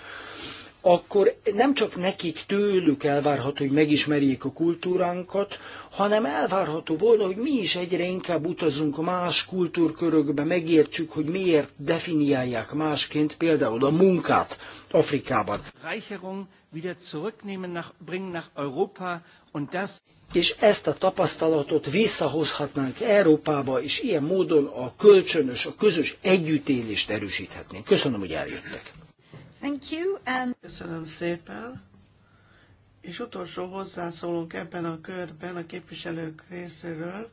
akkor nem csak nekik tőlük elvárható, hogy megismerjék a kultúránkat, hanem elvárható volna, hogy mi is egyre inkább utazunk más kultúrkörökbe, megértsük, hogy miért definiálják másként például a munkát Afrikában. Reicherung wieder zurücknehmen, nach, bringen nach Europa und das és ezt a tapasztalatot visszahozhatnánk Európába, és ilyen módon a kölcsönös, a közös együttélést erősíthetnénk. Köszönöm, hogy eljöttek. Thank you, and... Köszönöm szépen. És utolsó hozzászólunk ebben a körben a képviselők részéről,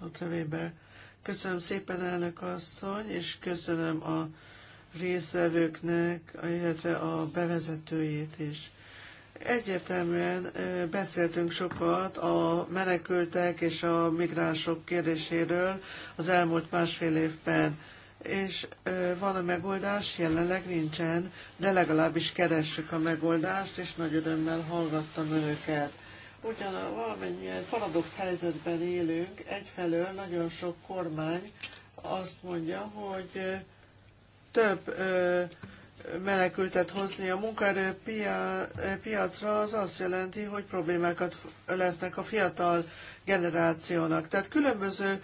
a tövébe. Köszönöm szépen, elnök asszony, és köszönöm a részvevőknek, illetve a bevezetőjét is. Egyértelműen beszéltünk sokat a menekültek és a migránsok kérdéséről az elmúlt másfél évben, és van a megoldás, jelenleg nincsen, de legalábbis keressük a megoldást, és nagy örömmel hallgattam önöket. Ugyan valamennyien paradox helyzetben élünk, egyfelől nagyon sok kormány azt mondja, hogy több menekültet hozni a munkaerőpiacra, az azt jelenti, hogy problémákat lesznek a fiatal generációnak. Tehát különböző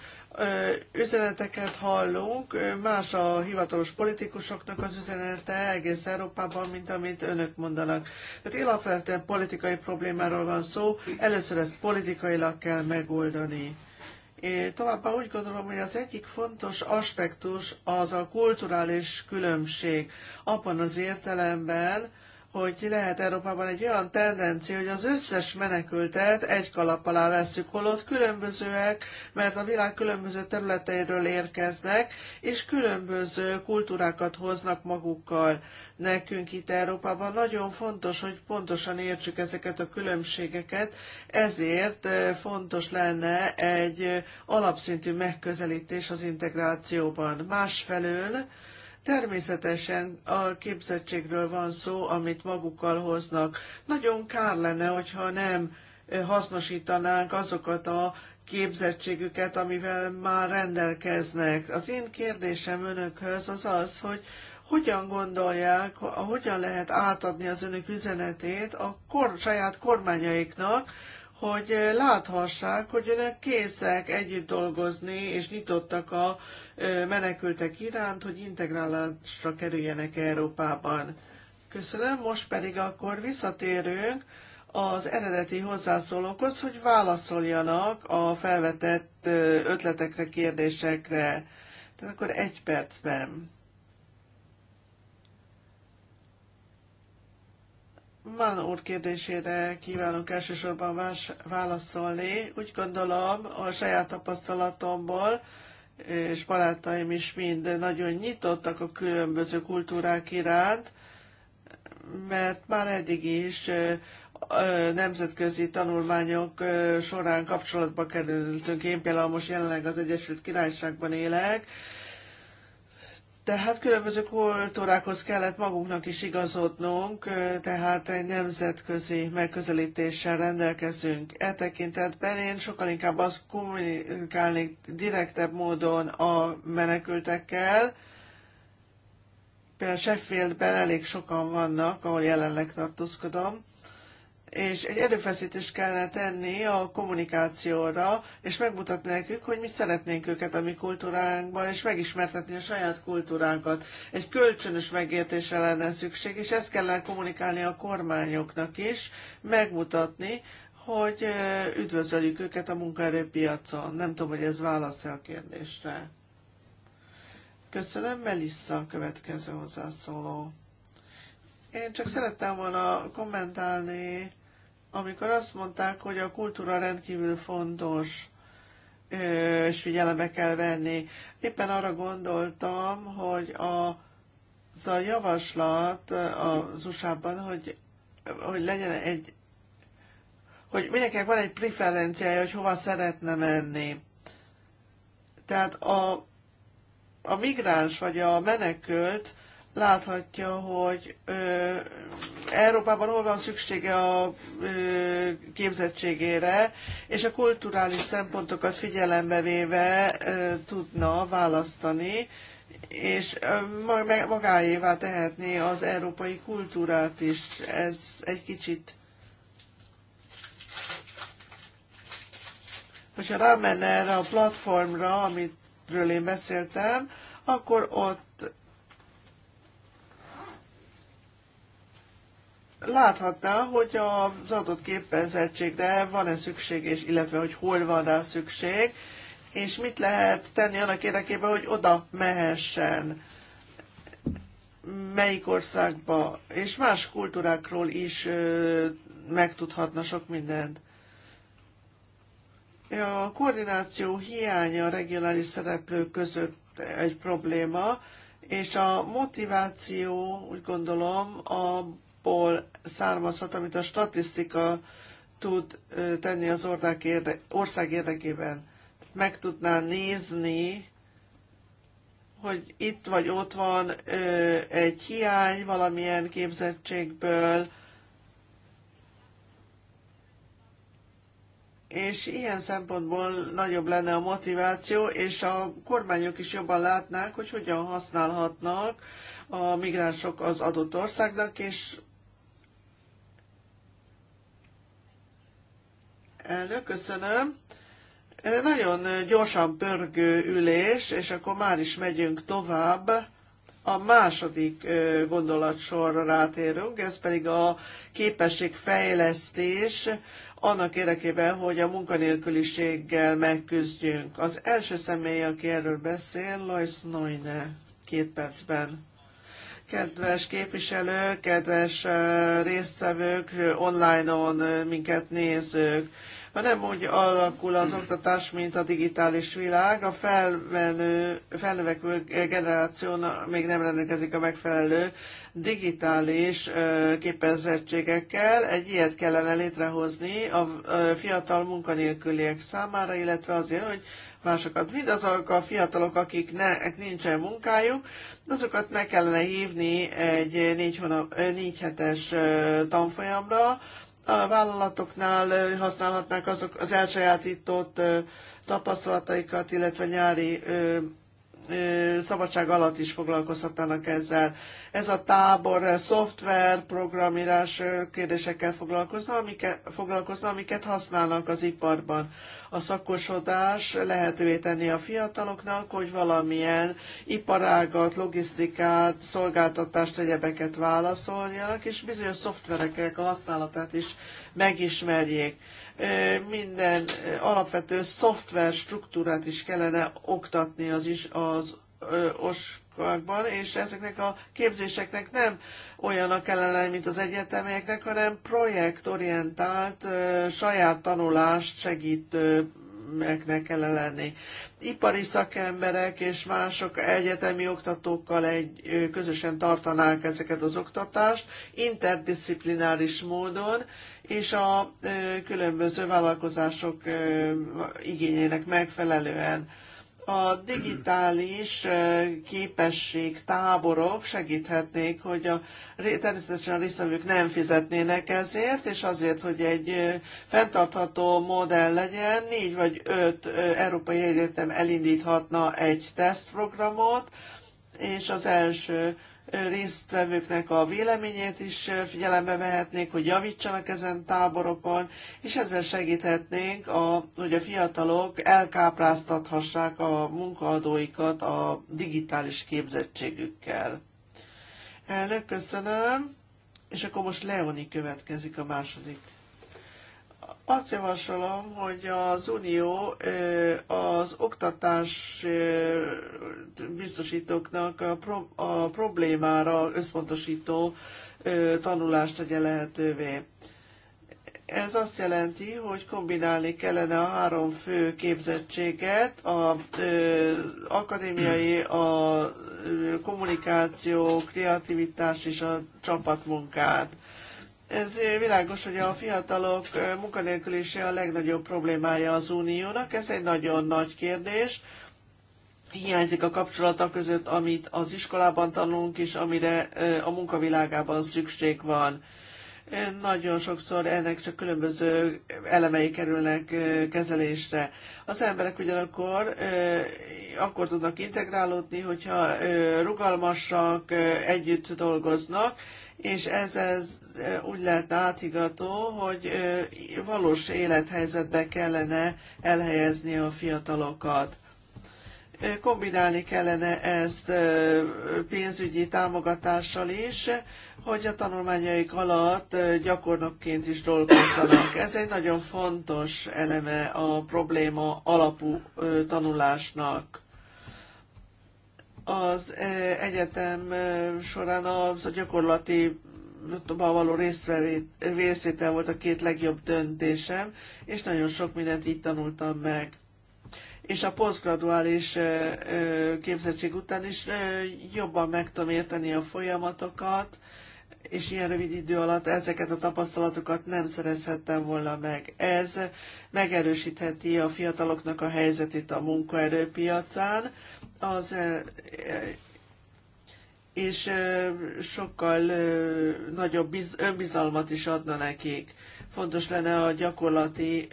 üzeneteket hallunk, más a hivatalos politikusoknak az üzenete egész Európában, mint amit önök mondanak. Tehát alapvetően politikai problémáról van szó, először ezt politikailag kell megoldani továbbá úgy gondolom, hogy az egyik fontos aspektus az a kulturális különbség. Abban az értelemben, hogy lehet Európában egy olyan tendencia, hogy az összes menekültet egy kalap alá veszük, holott különbözőek, mert a világ különböző területeiről érkeznek, és különböző kultúrákat hoznak magukkal. Nekünk itt Európában nagyon fontos, hogy pontosan értsük ezeket a különbségeket, ezért fontos lenne egy alapszintű megközelítés az integrációban. Másfelől, Természetesen a képzettségről van szó, amit magukkal hoznak. Nagyon kár lenne, hogyha nem eh, hasznosítanánk azokat a képzettségüket, amivel már rendelkeznek. Az én kérdésem önökhöz az az, hogy hogyan gondolják, hogyan lehet átadni az önök üzenetét a kor, saját kormányaiknak, hogy eh, láthassák, hogy önök készek együtt dolgozni, és nyitottak a eh, menekültek iránt, hogy integrálásra kerüljenek Európában. Köszönöm, most pedig akkor visszatérünk az eredeti hozzászólókhoz, hogy válaszoljanak a felvetett eh, ötletekre, kérdésekre. Tehát akkor egy percben. man úr kérdésére kívánok elsősorban válaszolni. Úgy gondolom, a saját tapasztalatomból, és barátaim is mind nagyon nyitottak a különböző kultúrák iránt, mert már eddig is nemzetközi tanulmányok során kapcsolatba kerültünk. Én például most jelenleg az Egyesült Királyságban élek, tehát különböző kultúrákhoz kellett magunknak is igazodnunk, tehát egy nemzetközi megközelítéssel rendelkezünk. E tekintetben én sokkal inkább azt kommunikálnék direktebb módon a menekültekkel. Például Sheffieldben elég sokan vannak, ahol jelenleg tartózkodom, és egy erőfeszítést kellene tenni a kommunikációra, és megmutatni nekük, hogy mit szeretnénk őket a mi kultúránkban, és megismertetni a saját kultúránkat. Egy kölcsönös megértésre lenne szükség, és ezt kellene kommunikálni a kormányoknak is, megmutatni, hogy üdvözöljük őket a munkaerőpiacon. Nem tudom, hogy ez válasz -e a kérdésre. Köszönöm, Melissa a következő hozzászóló. Én csak szerettem volna kommentálni amikor azt mondták, hogy a kultúra rendkívül fontos, és figyelembe kell venni. Éppen arra gondoltam, hogy a, az a javaslat az USA-ban, hogy, hogy legyen egy, hogy mindenkinek van egy preferenciája, hogy hova szeretne menni. Tehát a, a migráns vagy a menekült láthatja, hogy ö, Európában hol van szüksége a ö, képzettségére, és a kulturális szempontokat figyelembe véve ö, tudna választani, és ö, magáévá tehetné az európai kultúrát is. Ez egy kicsit hogyha rámenne erre a platformra, amiről én beszéltem, akkor ott láthatná, hogy az adott képezettségre van-e szükség, és illetve hogy hol van rá szükség, és mit lehet tenni annak érdekében, hogy oda mehessen, melyik országba, és más kultúrákról is megtudhatna sok mindent. A koordináció hiánya a regionális szereplők között egy probléma, és a motiváció, úgy gondolom, a ból származhat, amit a statisztika tud tenni az érde, ország érdekében. Meg tudná nézni, hogy itt vagy ott van ö, egy hiány valamilyen képzettségből, és ilyen szempontból nagyobb lenne a motiváció, és a kormányok is jobban látnák, hogy hogyan használhatnak a migránsok az adott országnak, és Elnök, köszönöm. Nagyon gyorsan pörgő ülés, és akkor már is megyünk tovább. A második gondolatsorra rátérünk, ez pedig a képességfejlesztés annak érdekében, hogy a munkanélküliséggel megküzdjünk. Az első személy, aki erről beszél, Lois Noine, két percben. Kedves képviselők, kedves résztvevők, online-on minket nézők, nem úgy alakul az oktatás, mint a digitális világ. A felvenő, felnövekvő generáció még nem rendelkezik a megfelelő digitális képezettségekkel. Egy ilyet kellene létrehozni a fiatal munkanélküliek számára, illetve azért, hogy másokat, azok a fiatalok, akiknek nincsen munkájuk, azokat meg kellene hívni egy négy, hónap, négy hetes tanfolyamra, a vállalatoknál használhatnák azok az elsajátított tapasztalataikat, illetve nyári szabadság alatt is foglalkozhatnának ezzel. Ez a tábor szoftver, programírás kérdésekkel foglalkozna, amiket, foglalkozna, amiket használnak az iparban. A szakosodás lehetővé tenni a fiataloknak, hogy valamilyen iparágat, logisztikát, szolgáltatást, egyebeket válaszoljanak, és bizonyos szoftvereknek a használatát is megismerjék minden alapvető szoftver struktúrát is kellene oktatni az is az oskakban, és ezeknek a képzéseknek nem olyanak kellene, mint az egyetemeknek, hanem projektorientált, saját tanulást segítő meknek kellene lenni. Ipari szakemberek és mások egyetemi oktatókkal egy, közösen tartanák ezeket az oktatást, interdisziplináris módon, és a különböző vállalkozások igényének megfelelően. A digitális képesség táborok segíthetnék, hogy a, természetesen a részvevők nem fizetnének ezért, és azért, hogy egy fenntartható modell legyen, négy vagy öt európai egyetem elindíthatna egy tesztprogramot, és az első résztvevőknek a véleményét is figyelembe vehetnék, hogy javítsanak ezen táborokon, és ezzel segíthetnénk, a, hogy a fiatalok elkápráztathassák a munkaadóikat a digitális képzettségükkel. Elnök, köszönöm, és akkor most Leoni következik a második azt javasolom, hogy az Unió az oktatás biztosítóknak a problémára összpontosító tanulást tegye lehetővé. Ez azt jelenti, hogy kombinálni kellene a három fő képzettséget, az akadémiai, a kommunikáció, kreativitás és a csapatmunkát ez világos, hogy a fiatalok munkanélkülése a legnagyobb problémája az uniónak. Ez egy nagyon nagy kérdés. Hiányzik a kapcsolata között, amit az iskolában tanulunk, és amire a munkavilágában szükség van. Nagyon sokszor ennek csak különböző elemei kerülnek kezelésre. Az emberek ugyanakkor akkor tudnak integrálódni, hogyha rugalmasak, együtt dolgoznak, és ez, ez e, úgy lehet áthigató, hogy e, valós élethelyzetbe kellene elhelyezni a fiatalokat. E, kombinálni kellene ezt pénzügyi támogatással is, hogy a tanulmányaik alatt gyakornokként is dolgozzanak. Ez egy nagyon fontos eleme a probléma alapú tanulásnak az eh, egyetem eh, során az a gyakorlati való részvétel volt a két legjobb döntésem, és nagyon sok mindent így tanultam meg. És a posztgraduális eh, képzettség után is jobban meg tudom érteni a folyamatokat, és ilyen rövid idő alatt ezeket a tapasztalatokat nem szerezhettem volna meg. Ez megerősítheti a fiataloknak a helyzetét a munkaerőpiacán, az és sokkal nagyobb önbizalmat is adna nekik. Fontos lenne a gyakorlati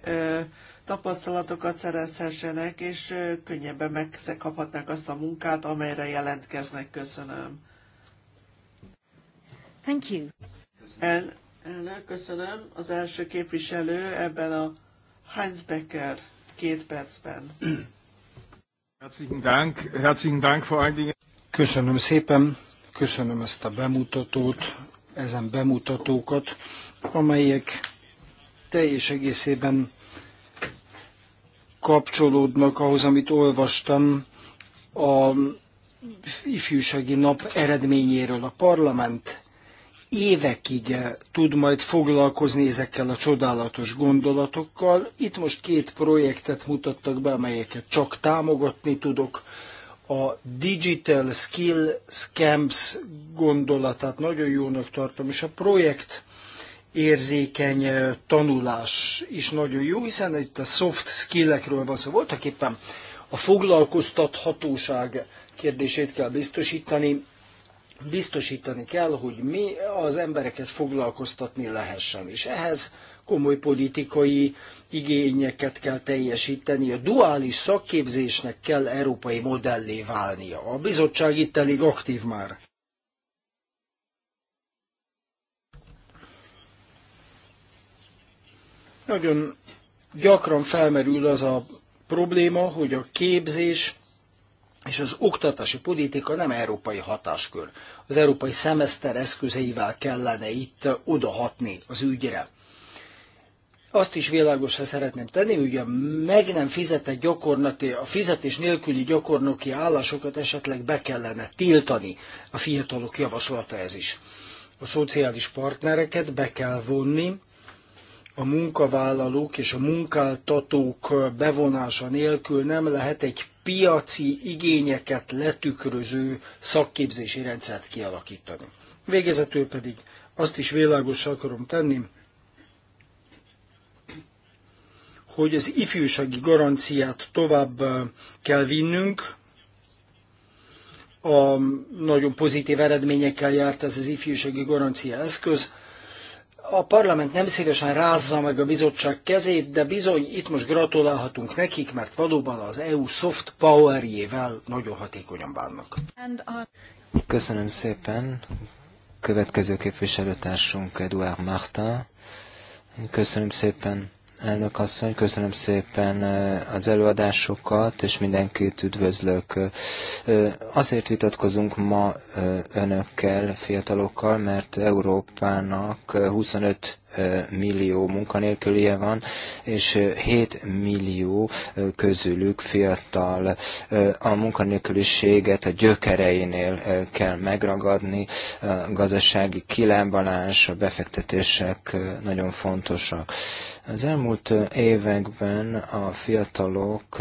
tapasztalatokat szerezhessenek, és könnyebben megkaphatnák azt a munkát, amelyre jelentkeznek. Köszönöm. Thank you. El, elnök, köszönöm. Az első képviselő ebben a Heinz Becker két percben. Köszönöm szépen, köszönöm ezt a bemutatót, ezen bemutatókat, amelyek teljes egészében kapcsolódnak ahhoz, amit olvastam a ifjúsági nap eredményéről. A parlament évekig eh, tud majd foglalkozni ezekkel a csodálatos gondolatokkal. Itt most két projektet mutattak be, amelyeket csak támogatni tudok. A Digital Skill Scams gondolatát nagyon jónak tartom, és a projekt érzékeny eh, tanulás is nagyon jó, hiszen itt a soft skillekről van szó. Voltak éppen a foglalkoztathatóság kérdését kell biztosítani, biztosítani kell, hogy mi az embereket foglalkoztatni lehessen. És ehhez komoly politikai igényeket kell teljesíteni. A duális szakképzésnek kell európai modellé válnia. A bizottság itt elég aktív már. Nagyon gyakran felmerül az a probléma, hogy a képzés és az oktatási politika nem európai hatáskör. Az európai szemeszter eszközeivel kellene itt odahatni az ügyre. Azt is világosra szeretném tenni, hogy a meg nem fizetett gyakornati, a fizetés nélküli gyakornoki állásokat esetleg be kellene tiltani. A fiatalok javaslata ez is. A szociális partnereket be kell vonni, a munkavállalók és a munkáltatók bevonása nélkül nem lehet egy piaci igényeket letükröző szakképzési rendszert kialakítani. Végezetül pedig azt is világosra akarom tenni, hogy az ifjúsági garanciát tovább kell vinnünk. A nagyon pozitív eredményekkel járt ez az ifjúsági garancia eszköz a parlament nem szívesen rázza meg a bizottság kezét, de bizony itt most gratulálhatunk nekik, mert valóban az EU soft powerjével nagyon hatékonyan bánnak. Köszönöm szépen. Következő képviselőtársunk Eduard Martin. Köszönöm szépen elnök asszony, köszönöm szépen az előadásokat, és mindenkit üdvözlök. Azért vitatkozunk ma önökkel, fiatalokkal, mert Európának 25 millió munkanélkülie van, és 7 millió közülük fiatal. A munkanélküliséget a gyökereinél kell megragadni, a gazdasági kilábalás, a befektetések nagyon fontosak. Az elmúlt években a fiatalok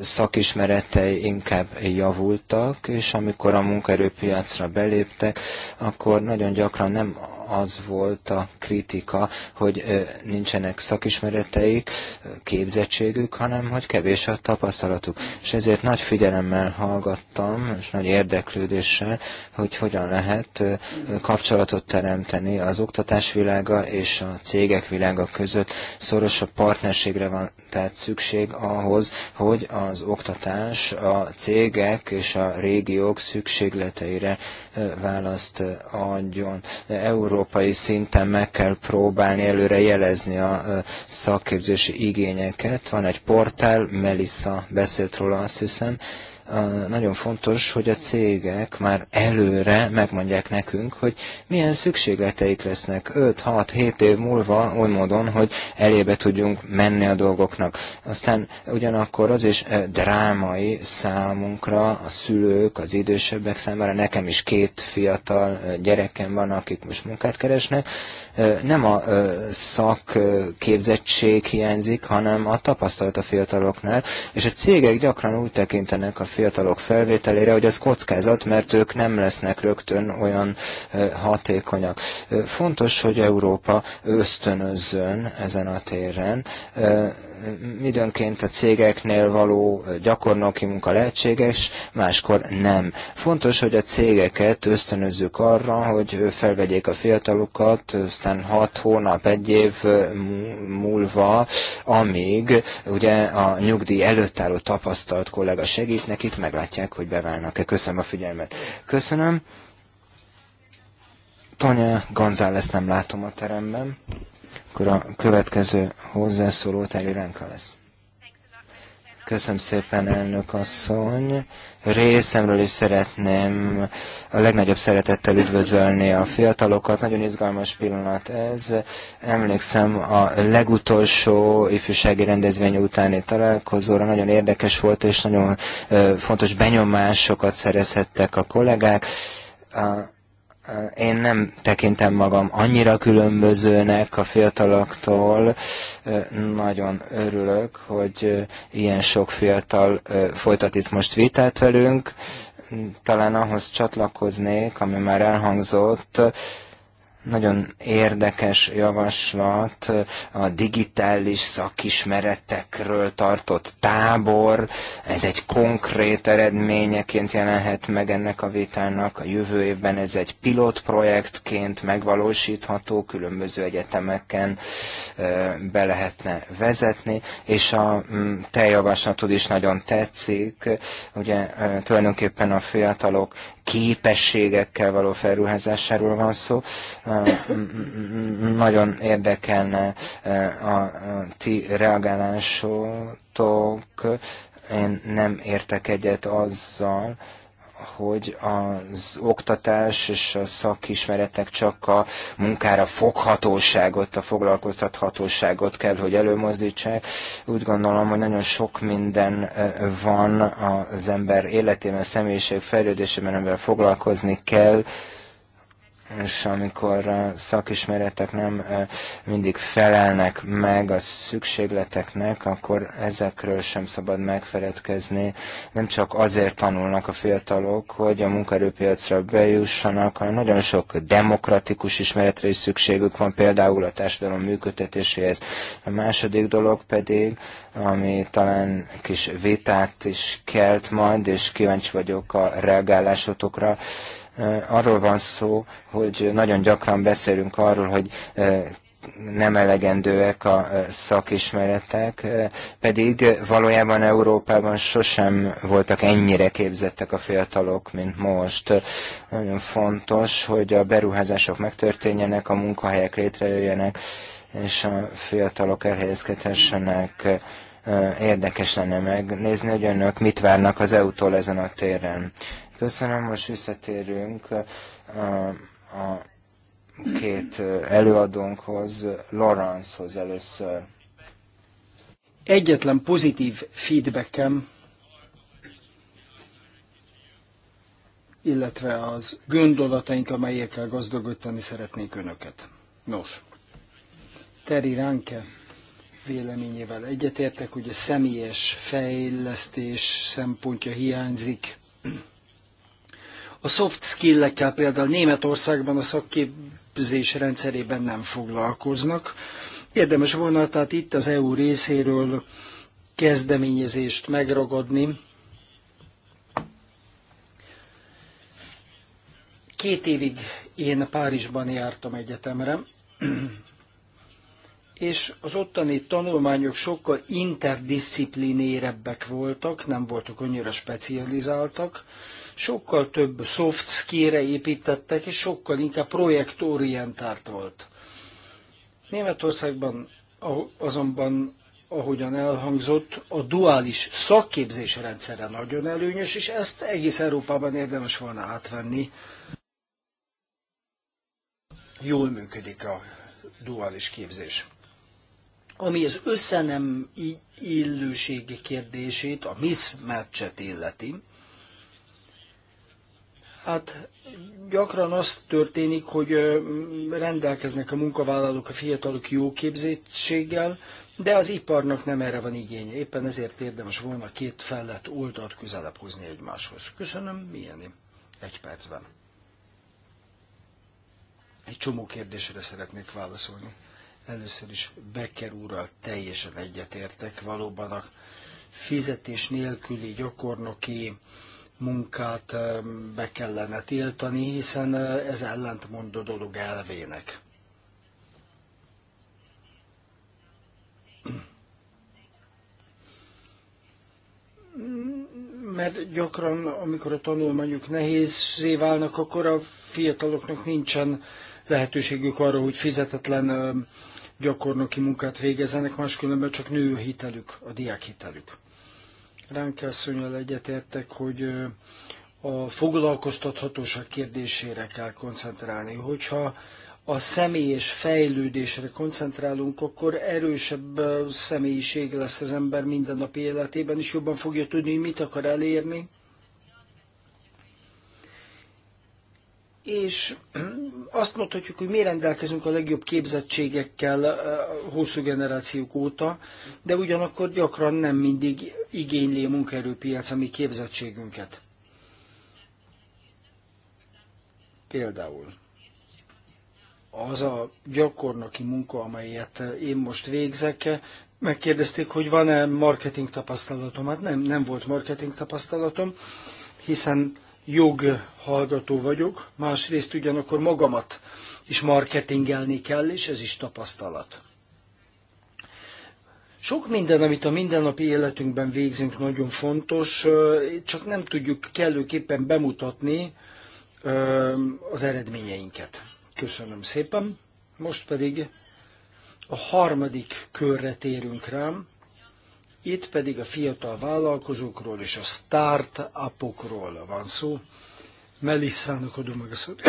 szakismeretei inkább javultak, és amikor a munkaerőpiacra beléptek, akkor nagyon gyakran nem az volt a kritika, hogy nincsenek szakismereteik, képzettségük, hanem hogy kevés a tapasztalatuk. És ezért nagy figyelemmel hallgattam, és nagy érdeklődéssel, hogy hogyan lehet kapcsolatot teremteni az oktatás világa és a cégek világa között. Szorosabb partnerségre van tehát szükség ahhoz, hogy az oktatás a cégek és a régiók szükségleteire választ adjon. Euró európai szinten meg kell próbálni előre jelezni a szakképzési igényeket. Van egy portál, Melissa beszélt róla azt hiszem, nagyon fontos, hogy a cégek már előre megmondják nekünk, hogy milyen szükségleteik lesznek 5-6-7 év múlva oly módon, hogy elébe tudjunk menni a dolgoknak. Aztán ugyanakkor az is drámai számunkra, a szülők, az idősebbek számára, nekem is két fiatal gyerekem van, akik most munkát keresnek, nem a szakképzettség hiányzik, hanem a tapasztalat a fiataloknál, és a cégek gyakran úgy tekintenek a fiatalok felvételére, hogy az kockázat, mert ők nem lesznek rögtön olyan hatékonyak. Fontos, hogy Európa ösztönözzön ezen a téren, időnként a cégeknél való gyakornoki munka lehetséges, máskor nem. Fontos, hogy a cégeket ösztönözzük arra, hogy felvegyék a fiatalokat, aztán hat hónap, egy év múlva, amíg ugye a nyugdíj előtt álló tapasztalt kollega segít nekik, meglátják, hogy beválnak-e. Köszönöm a figyelmet. Köszönöm. Tanya González nem látom a teremben akkor a következő hozzászóló Terry Renka lesz. Köszönöm szépen, elnök asszony. Részemről is szeretném a legnagyobb szeretettel üdvözölni a fiatalokat. Nagyon izgalmas pillanat ez. Emlékszem a legutolsó ifjúsági rendezvény utáni találkozóra. Nagyon érdekes volt, és nagyon fontos benyomásokat szerezhettek a kollégák. A én nem tekintem magam annyira különbözőnek a fiataloktól. Nagyon örülök, hogy ilyen sok fiatal folytat itt most vitát velünk. Talán ahhoz csatlakoznék, ami már elhangzott, nagyon érdekes javaslat a digitális szakismeretekről tartott tábor. Ez egy konkrét eredményeként jelenhet meg ennek a vitának. A jövő évben ez egy pilotprojektként megvalósítható, különböző egyetemeken be lehetne vezetni, és a mm, te javaslatod is nagyon tetszik. Ugye tulajdonképpen a fiatalok képességekkel való felruházásáról van szó. Nagyon érdekelne e, a ti reagálásotok. Én nem értek egyet azzal, hogy az oktatás és a szakismeretek csak a munkára foghatóságot, a foglalkoztathatóságot kell, hogy előmozdítsák. Úgy gondolom, hogy nagyon sok minden van az ember életében, személyiség fejlődésében, amivel foglalkozni kell, és amikor a szakismeretek nem mindig felelnek meg a szükségleteknek, akkor ezekről sem szabad megfeledkezni. Nem csak azért tanulnak a fiatalok, hogy a munkaerőpiacra bejussanak, hanem nagyon sok demokratikus ismeretre is szükségük van, például a társadalom működtetéséhez. A második dolog pedig, ami talán kis vitát is kelt majd, és kíváncsi vagyok a reagálásotokra, Arról van szó, hogy nagyon gyakran beszélünk arról, hogy nem elegendőek a szakismeretek, pedig valójában Európában sosem voltak ennyire képzettek a fiatalok, mint most. Nagyon fontos, hogy a beruházások megtörténjenek, a munkahelyek létrejöjjenek, és a fiatalok elhelyezkedhessenek. Érdekes lenne megnézni, hogy önök mit várnak az EU-tól ezen a téren. Köszönöm, most visszatérünk a két előadónkhoz, Lawrencehoz először. Egyetlen pozitív feedbackem, illetve az gondolataink, amelyekkel gazdagodtani szeretnék önöket. Nos, Teri Ránke véleményével egyetértek, hogy a személyes fejlesztés szempontja hiányzik a soft skill-ekkel például Németországban a szakképzés rendszerében nem foglalkoznak. Érdemes volna tehát itt az EU részéről kezdeményezést megragadni. Két évig én Párizsban jártam egyetemre, és az ottani tanulmányok sokkal interdisziplinérebbek voltak, nem voltak annyira specializáltak, sokkal több soft skill-re építettek, és sokkal inkább projektorientált volt. Németországban azonban, ahogyan elhangzott, a duális szakképzés rendszere nagyon előnyös, és ezt egész Európában érdemes volna átvenni. Jól működik a duális képzés. Ami az összenem illőségi kérdését, a mismatchet illeti, hát gyakran az történik, hogy rendelkeznek a munkavállalók, a fiatalok jó képzettséggel, de az iparnak nem erre van igénye. Éppen ezért érdemes volna két fellett oldalt közelebb hozni egymáshoz. Köszönöm, milyen Egy percben. Egy csomó kérdésre szeretnék válaszolni. Először is Becker úrral teljesen egyetértek valóban a fizetés nélküli gyakornoki munkát be kellene tiltani, hiszen ez ellentmond a dolog elvének. Mert gyakran, amikor a tanulmányok nehézé válnak, akkor a fiataloknak nincsen lehetőségük arra, hogy fizetetlen gyakornoki munkát végezzenek, máskülönben csak nő a hitelük, a diák hitelük. Ránk asszonyal egyetértek, hogy a foglalkoztathatóság kérdésére kell koncentrálni. Hogyha a személyes fejlődésre koncentrálunk, akkor erősebb személyiség lesz az ember mindennapi életében, és jobban fogja tudni, hogy mit akar elérni, és azt mondhatjuk, hogy mi rendelkezünk a legjobb képzettségekkel eh, hosszú generációk óta, de ugyanakkor gyakran nem mindig igényli a munkaerőpiac a mi képzettségünket. Például az a gyakornoki munka, amelyet én most végzek, megkérdezték, hogy van-e marketing tapasztalatom. Hát nem, nem volt marketing tapasztalatom, hiszen joghallgató vagyok, másrészt ugyanakkor magamat is marketingelni kell, és ez is tapasztalat. Sok minden, amit a mindennapi életünkben végzünk, nagyon fontos, csak nem tudjuk kellőképpen bemutatni az eredményeinket. Köszönöm szépen. Most pedig a harmadik körre térünk rám. Itt pedig a fiatal vállalkozókról és a start-upokról van szó. Melissának adom meg a szót.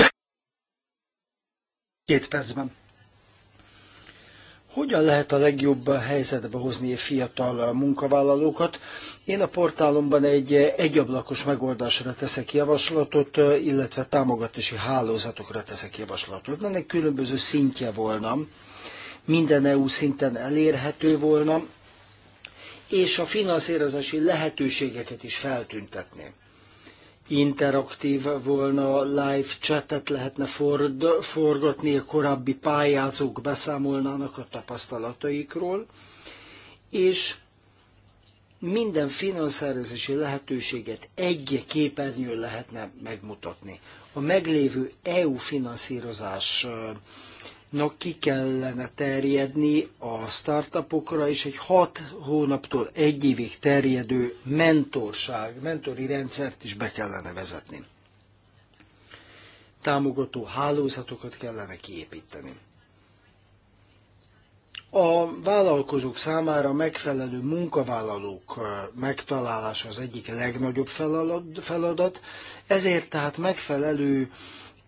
Két percben. Hogyan lehet a legjobb helyzetbe hozni a fiatal munkavállalókat? Én a portálomban egy egyablakos megoldásra teszek javaslatot, illetve támogatási hálózatokra teszek javaslatot. Ennek különböző szintje volna, minden EU szinten elérhető volna, és a finanszírozási lehetőségeket is feltüntetném. Interaktív volna, live chatet lehetne ford, forgatni, a korábbi pályázók beszámolnának a tapasztalataikról, és minden finanszírozási lehetőséget egy képernyőn lehetne megmutatni. A meglévő EU finanszírozás Na, ki kellene terjedni a startupokra, és egy hat hónaptól egy évig terjedő mentorság, mentori rendszert is be kellene vezetni. Támogató hálózatokat kellene kiépíteni. A vállalkozók számára megfelelő munkavállalók megtalálása az egyik legnagyobb feladat, ezért tehát megfelelő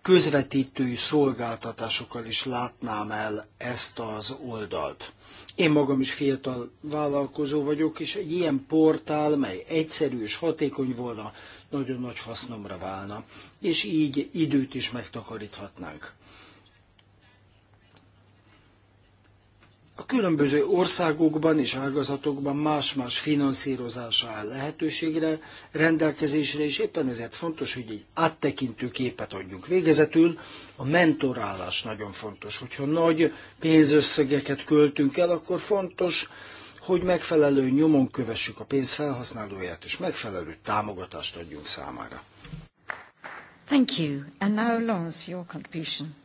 közvetítői szolgáltatásokkal is látnám el ezt az oldalt. Én magam is fiatal vállalkozó vagyok, és egy ilyen portál, mely egyszerű és hatékony volna, nagyon nagy hasznomra válna, és így időt is megtakaríthatnánk. A különböző országokban és ágazatokban más-más finanszírozása áll lehetőségre, rendelkezésre, és éppen ezért fontos, hogy egy áttekintő képet adjunk. Végezetül a mentorálás nagyon fontos. Hogyha nagy pénzösszegeket költünk el, akkor fontos, hogy megfelelő nyomon kövessük a pénz felhasználóját, és megfelelő támogatást adjunk számára. Thank you. And now, Lawrence, your contribution.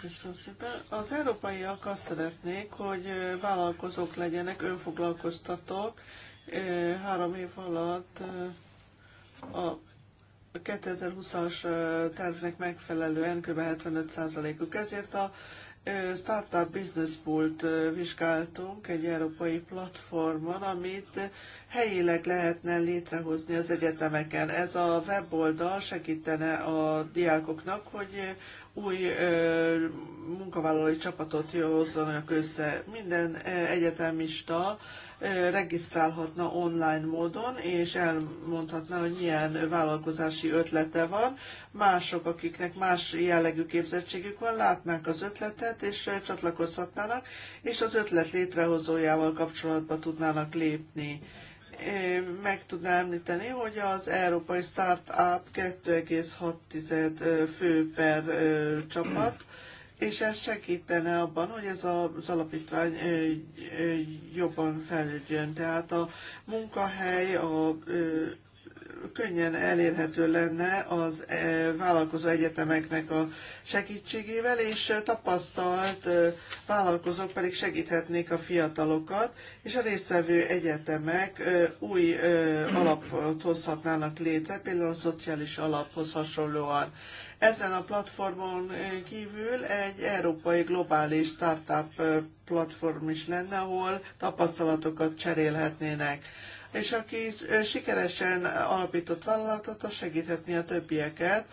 Köszönöm szépen. Az európaiak azt szeretnék, hogy vállalkozók legyenek, önfoglalkoztatók. Három év alatt a 2020-as tervnek megfelelően kb. 75%-uk. Ezért a Startup Business Pool-t vizsgáltunk egy európai platformon, amit helyileg lehetne létrehozni az egyetemeken. Ez a weboldal segítene a diákoknak, hogy új munkavállalói csapatot hozzanak össze. Minden egyetemista regisztrálhatna online módon, és elmondhatna, hogy milyen vállalkozási ötlete van. Mások, akiknek más jellegű képzettségük van, látnák az ötletet, és csatlakozhatnának, és az ötlet létrehozójával kapcsolatba tudnának lépni meg tudná említeni, hogy az európai startup 2,6 fő per csapat, és ez segítene abban, hogy ez az alapítvány jobban fejlődjön. Tehát a munkahely, a könnyen elérhető lenne az eh, vállalkozó egyetemeknek a segítségével, és eh, tapasztalt eh, vállalkozók pedig segíthetnék a fiatalokat, és a résztvevő egyetemek új alapot hozhatnának létre, például a szociális alaphoz hasonlóan. Ezen a platformon kívül egy európai globális startup platform is lenne, ahol tapasztalatokat cserélhetnének és aki sikeresen alapított vállalatot, az segíthetni a többieket,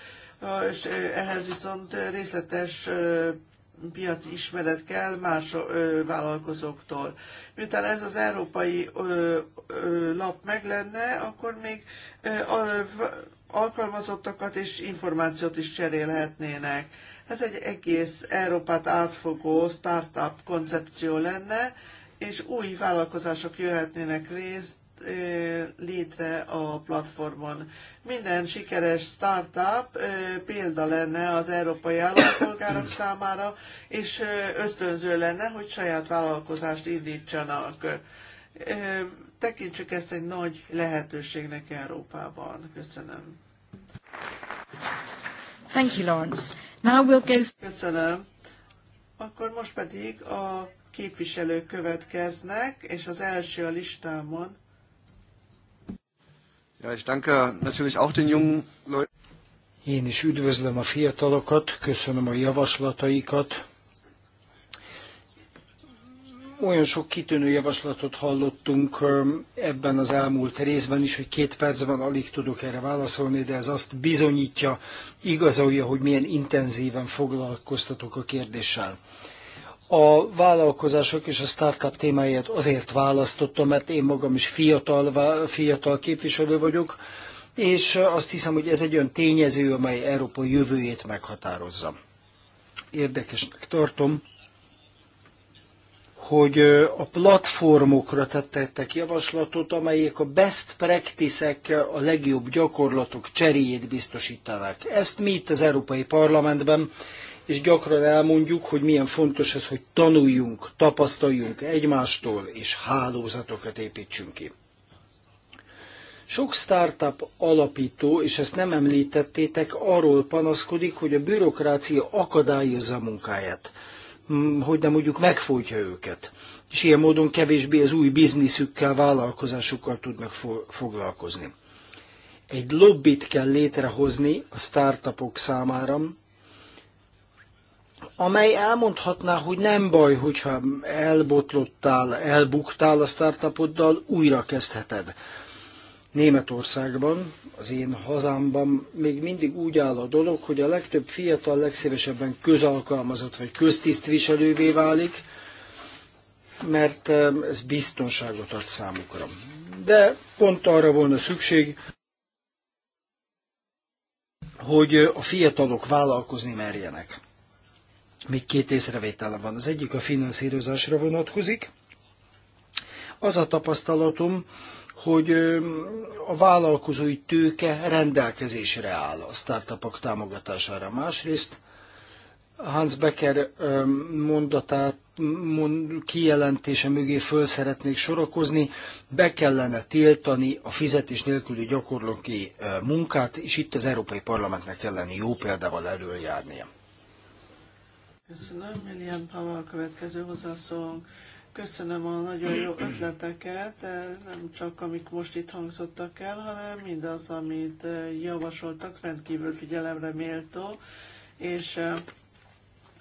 és ehhez viszont részletes piaci ismeret kell más vállalkozóktól. Miután ez az európai lap meg lenne, akkor még alkalmazottakat és információt is cserélhetnének. Ez egy egész Európát átfogó startup koncepció lenne, és új vállalkozások jöhetnének részt, létre a platformon. Minden sikeres startup példa lenne az európai állampolgárok számára, és ösztönző lenne, hogy saját vállalkozást indítsanak. Tekintsük ezt egy nagy lehetőségnek Európában. Köszönöm. Thank you, Lawrence. Now we'll go... Köszönöm. Akkor most pedig a képviselők következnek, és az első a listámon Ja, ich danke natürlich auch den jungen Leuten. Én is üdvözlöm a fiatalokat, köszönöm a javaslataikat. Olyan sok kitűnő javaslatot hallottunk ebben az elmúlt részben is, hogy két percben alig tudok erre válaszolni, de ez azt bizonyítja, igazolja, hogy milyen intenzíven foglalkoztatok a kérdéssel a vállalkozások és a startup témáját azért választottam, mert én magam is fiatal, fiatal képviselő vagyok, és azt hiszem, hogy ez egy olyan tényező, amely Európa jövőjét meghatározza. Érdekesnek tartom, hogy a platformokra tettek javaslatot, amelyek a best practice a legjobb gyakorlatok cseréjét biztosítanák. Ezt mi itt az Európai Parlamentben és gyakran elmondjuk, hogy milyen fontos ez, hogy tanuljunk, tapasztaljunk egymástól, és hálózatokat építsünk ki. Sok startup alapító, és ezt nem említettétek, arról panaszkodik, hogy a bürokrácia akadályozza a munkáját, mm, hogy nem mondjuk megfojtja őket, és ilyen módon kevésbé az új bizniszükkel, vállalkozásukkal tudnak fo- foglalkozni. Egy lobbit kell létrehozni a startupok számára, amely elmondhatná, hogy nem baj, hogyha elbotlottál, elbuktál a startupoddal, újra kezdheted. Németországban, az én hazámban még mindig úgy áll a dolog, hogy a legtöbb fiatal legszívesebben közalkalmazott vagy köztisztviselővé válik, mert ez biztonságot ad számukra. De pont arra volna szükség, hogy a fiatalok vállalkozni merjenek. Még két észrevétele van. Az egyik a finanszírozásra vonatkozik. Az a tapasztalatom, hogy a vállalkozói tőke rendelkezésre áll a startupok támogatására. Másrészt Hans Becker mondatát, kijelentése mögé föl szeretnék sorakozni, be kellene tiltani a fizetés nélküli gyakorlóki munkát, és itt az Európai Parlamentnek kellene jó példával járnia. Köszönöm, William Pavel következő hozzászólunk. Köszönöm a nagyon jó ötleteket, eh, nem csak amik most itt hangzottak el, hanem mindaz, amit eh, javasoltak, rendkívül figyelemre méltó, és eh,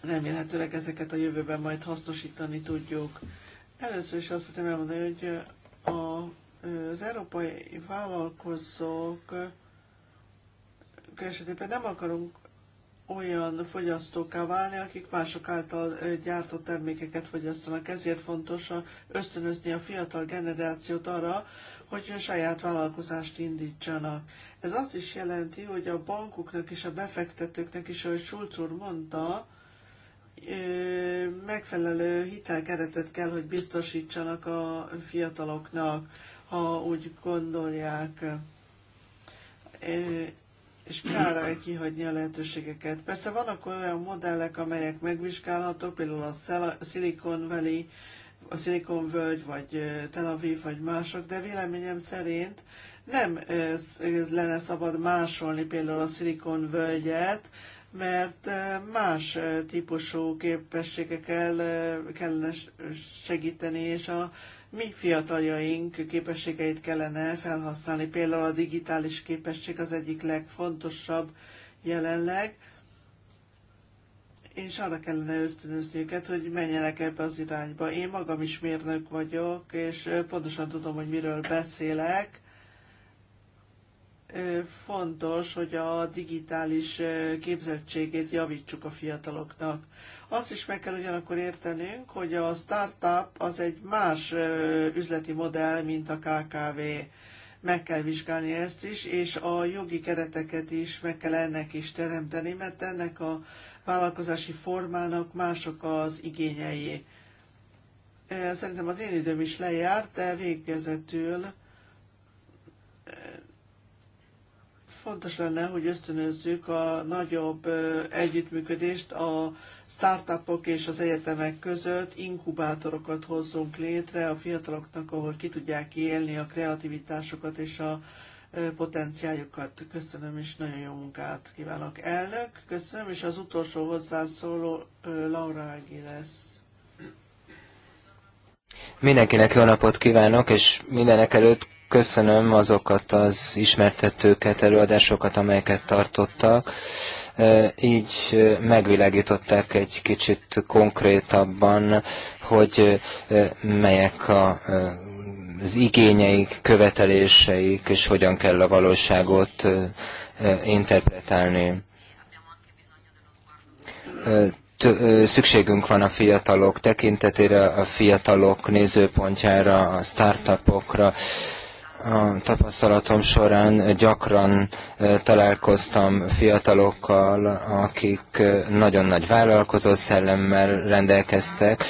remélhetőleg ezeket a jövőben majd hasznosítani tudjuk. Először is azt szeretném elmondani, hogy a, az európai vállalkozók esetében nem akarunk olyan fogyasztóká válni, akik mások által gyártott termékeket fogyasztanak. Ezért fontos ösztönözni a fiatal generációt arra, hogy saját vállalkozást indítsanak. Ez azt is jelenti, hogy a bankoknak és a befektetőknek is, ahogy Schulz úr mondta, megfelelő hitelkeretet kell, hogy biztosítsanak a fiataloknak, ha úgy gondolják és kár kihagyni a lehetőségeket. Persze vannak olyan modellek, amelyek megvizsgálhatók, például a Silicon Valley, a Silicon völgy, vagy Tel Aviv, vagy mások, de véleményem szerint nem lenne szabad másolni például a Silicon völgyet, mert más típusú képességekkel kellene segíteni, és a mi fiataljaink képességeit kellene felhasználni. Például a digitális képesség az egyik legfontosabb jelenleg, és arra kellene ösztönözni őket, hogy menjenek ebbe az irányba. Én magam is mérnök vagyok, és pontosan tudom, hogy miről beszélek, fontos, hogy a digitális képzettségét javítsuk a fiataloknak. Azt is meg kell ugyanakkor értenünk, hogy a startup az egy más üzleti modell, mint a KKV. Meg kell vizsgálni ezt is, és a jogi kereteket is meg kell ennek is teremteni, mert ennek a vállalkozási formának mások az igényei. Szerintem az én időm is lejárt, de végezetül fontos lenne, hogy ösztönözzük a nagyobb együttműködést a startupok és az egyetemek között, inkubátorokat hozzunk létre a fiataloknak, ahol ki tudják élni a kreativitásokat és a potenciáljukat. Köszönöm, és nagyon jó munkát kívánok. Elnök, köszönöm, és az utolsó hozzászóló Laura Ági lesz. Mindenkinek jó napot kívánok, és mindenek előtt köszönöm azokat az ismertetőket, előadásokat, amelyeket tartottak. Így megvilágították egy kicsit konkrétabban, hogy melyek a az igényeik, követeléseik, és hogyan kell a valóságot interpretálni. Szükségünk van a fiatalok tekintetére, a fiatalok nézőpontjára, a startupokra, a tapasztalatom során gyakran találkoztam fiatalokkal, akik nagyon nagy vállalkozó szellemmel rendelkeztek,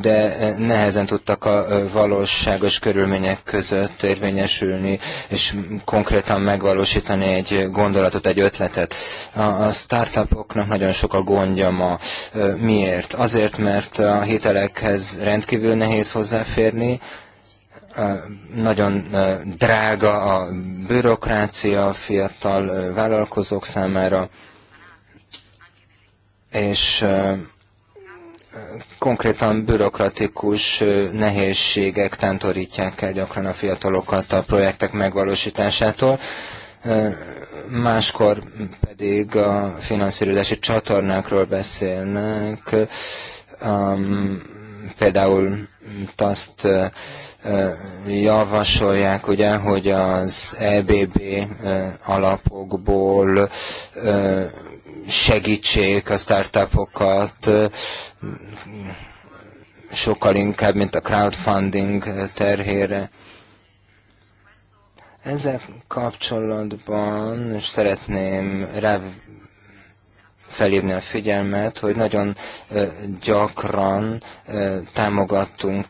de nehezen tudtak a valóságos körülmények között érvényesülni, és konkrétan megvalósítani egy gondolatot, egy ötletet. A startupoknak nagyon sok a gondja ma. Miért? Azért, mert a hitelekhez rendkívül nehéz hozzáférni, nagyon drága a bürokrácia a fiatal vállalkozók számára, és konkrétan bürokratikus nehézségek tántorítják el gyakran a fiatalokat a projektek megvalósításától, máskor pedig a finanszírozási csatornákról beszélnek, például azt javasolják, ugye, hogy az EBB alapokból segítsék a startupokat sokkal inkább, mint a crowdfunding terhére. Ezzel kapcsolatban szeretném rá felhívni a figyelmet, hogy nagyon gyakran támogattunk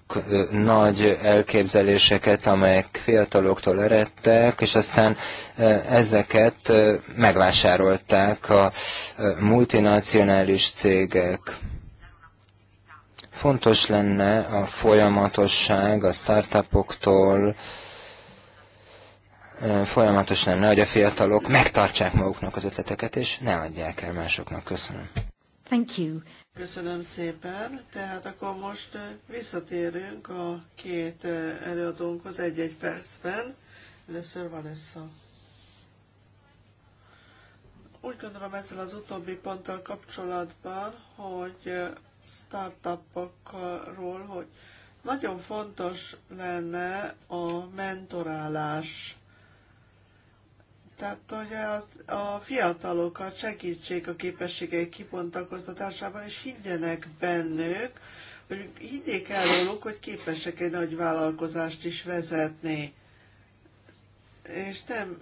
nagy elképzeléseket, amelyek fiataloktól eredtek, és aztán ezeket megvásárolták a multinacionális cégek fontos lenne a folyamatosság a startupoktól, folyamatosan ne, hogy a fiatalok megtartsák maguknak az ötleteket, és ne adják el másoknak. Köszönöm. Thank you. Köszönöm szépen. Tehát akkor most visszatérünk a két előadónkhoz egy-egy percben. Először Vanessa. Úgy gondolom ezzel az utóbbi ponttal kapcsolatban, hogy startupokról, hogy nagyon fontos lenne a mentorálás tehát, hogy az, a fiatalokat segítsék a képességeik kibontakoztatásában, és higgyenek bennük, hogy higgyék el róluk, hogy képesek egy nagy vállalkozást is vezetni. És nem...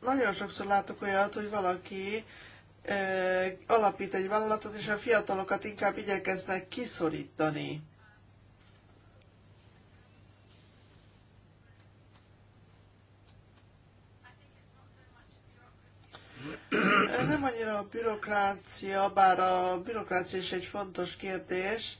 Nagyon sokszor látok olyat, hogy valaki alapít egy vállalatot, és a fiatalokat inkább igyekeznek kiszorítani. Ez nem annyira a bürokrácia, bár a bürokrácia is egy fontos kérdés,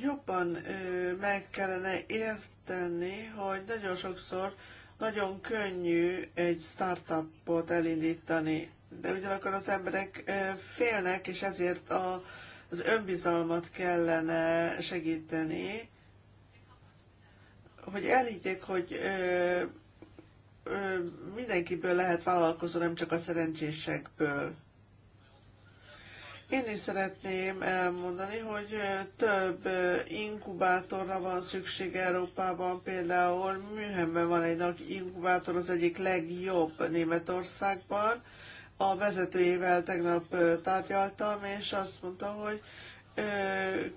jobban ö, meg kellene érteni, hogy nagyon sokszor nagyon könnyű egy startupot elindítani, de ugyanakkor az emberek ö, félnek, és ezért a, az önbizalmat kellene segíteni, hogy elhiggyék, hogy ö, ö, mindenkiből lehet vállalkozó, nem csak a szerencsésekből. Én is szeretném elmondani, hogy több inkubátorra van szükség Európában, például Műhemben van egy nagy inkubátor, az egyik legjobb Németországban. A vezetőjével tegnap tárgyaltam, és azt mondta, hogy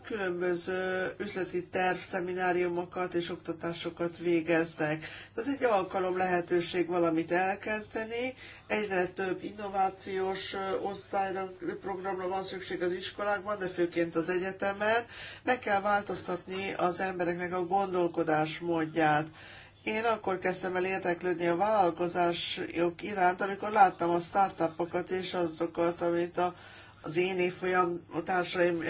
különböző üzleti terv, szemináriumokat és oktatásokat végeznek. Ez egy alkalom lehetőség valamit elkezdeni, egyre több innovációs osztályra, programra van szükség az iskolákban, de főként az egyetemen. Meg kell változtatni az embereknek a gondolkodás módját. Én akkor kezdtem el érdeklődni a vállalkozások iránt, amikor láttam a startupokat és azokat, amit a az én évfolyam, a társaim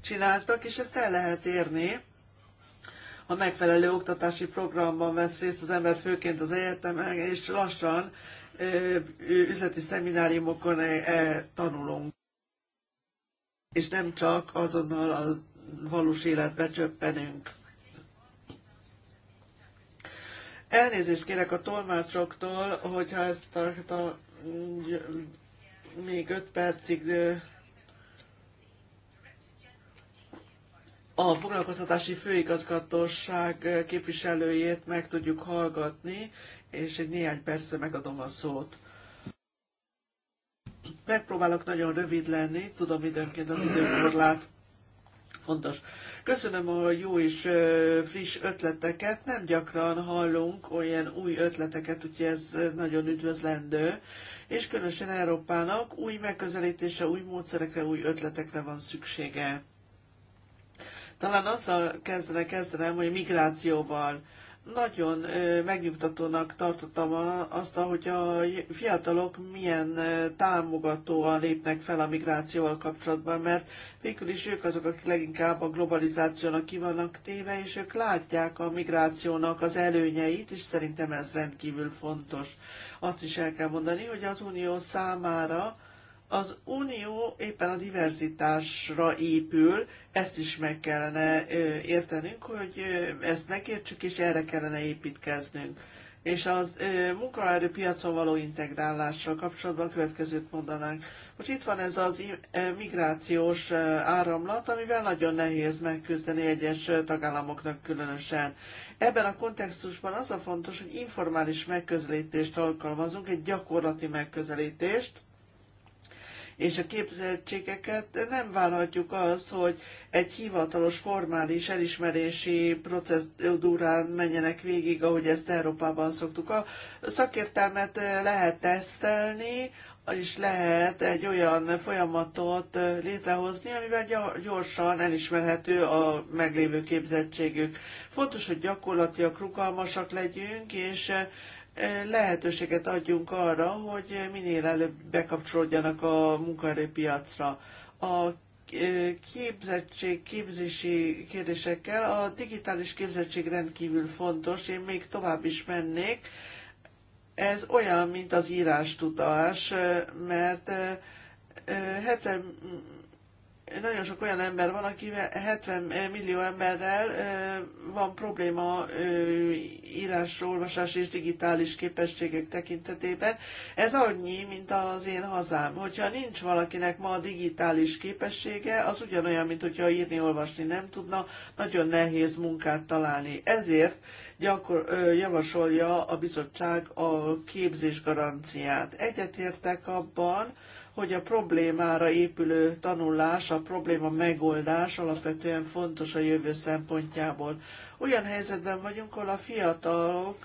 csináltak, és ezt el lehet érni. A megfelelő oktatási programban vesz részt az ember, főként az egyetemen, és lassan üzleti szemináriumokon e, e, tanulunk. És nem csak azonnal a valós életbe csöppenünk. Elnézést kérek a tolmácsoktól, hogyha ezt a még 5 percig a foglalkoztatási főigazgatóság képviselőjét meg tudjuk hallgatni, és egy néhány persze megadom a szót. Megpróbálok nagyon rövid lenni, tudom időnként az időkorlát fontos. Köszönöm a jó és friss ötleteket. Nem gyakran hallunk olyan új ötleteket, úgyhogy ez nagyon üdvözlendő és különösen Európának új megközelítése, új módszerekre, új ötletekre van szüksége. Talán azzal kezdene kezdenem, hogy migrációval nagyon megnyugtatónak tartottam azt, hogy a fiatalok milyen támogatóan lépnek fel a migrációval kapcsolatban, mert végül is ők azok, akik leginkább a globalizációnak ki vannak téve, és ők látják a migrációnak az előnyeit, és szerintem ez rendkívül fontos azt is el kell mondani, hogy az unió számára az unió éppen a diverzitásra épül, ezt is meg kellene értenünk, hogy ezt megértsük, és erre kellene építkeznünk és az munkaerőpiacon való integrálással kapcsolatban következőt mondanánk. Most itt van ez az migrációs áramlat, amivel nagyon nehéz megküzdeni egyes tagállamoknak különösen. Ebben a kontextusban az a fontos, hogy informális megközelítést alkalmazunk, egy gyakorlati megközelítést, és a képzettségeket nem várhatjuk azt, hogy egy hivatalos, formális elismerési procedúrán menjenek végig, ahogy ezt Európában szoktuk. A szakértelmet lehet tesztelni, és lehet egy olyan folyamatot létrehozni, amivel gyorsan elismerhető a meglévő képzettségük. Fontos, hogy gyakorlatilag rugalmasak legyünk, és lehetőséget adjunk arra, hogy minél előbb bekapcsolódjanak a munkaerőpiacra. A eh, képzettség, képzési kérdésekkel a digitális képzettség rendkívül fontos, én még tovább is mennék. Ez olyan, mint az írás tudás, eh, mert 70 eh, nagyon sok olyan ember van, akivel 70 millió emberrel van probléma írás, olvasás és digitális képességek tekintetében. Ez annyi, mint az én hazám. Hogyha nincs valakinek ma a digitális képessége, az ugyanolyan, mint hogyha írni, olvasni nem tudna, nagyon nehéz munkát találni. Ezért gyakor, javasolja a bizottság a képzés garanciát. Egyetértek abban, hogy a problémára épülő tanulás, a probléma megoldás alapvetően fontos a jövő szempontjából olyan helyzetben vagyunk, ahol a fiatalok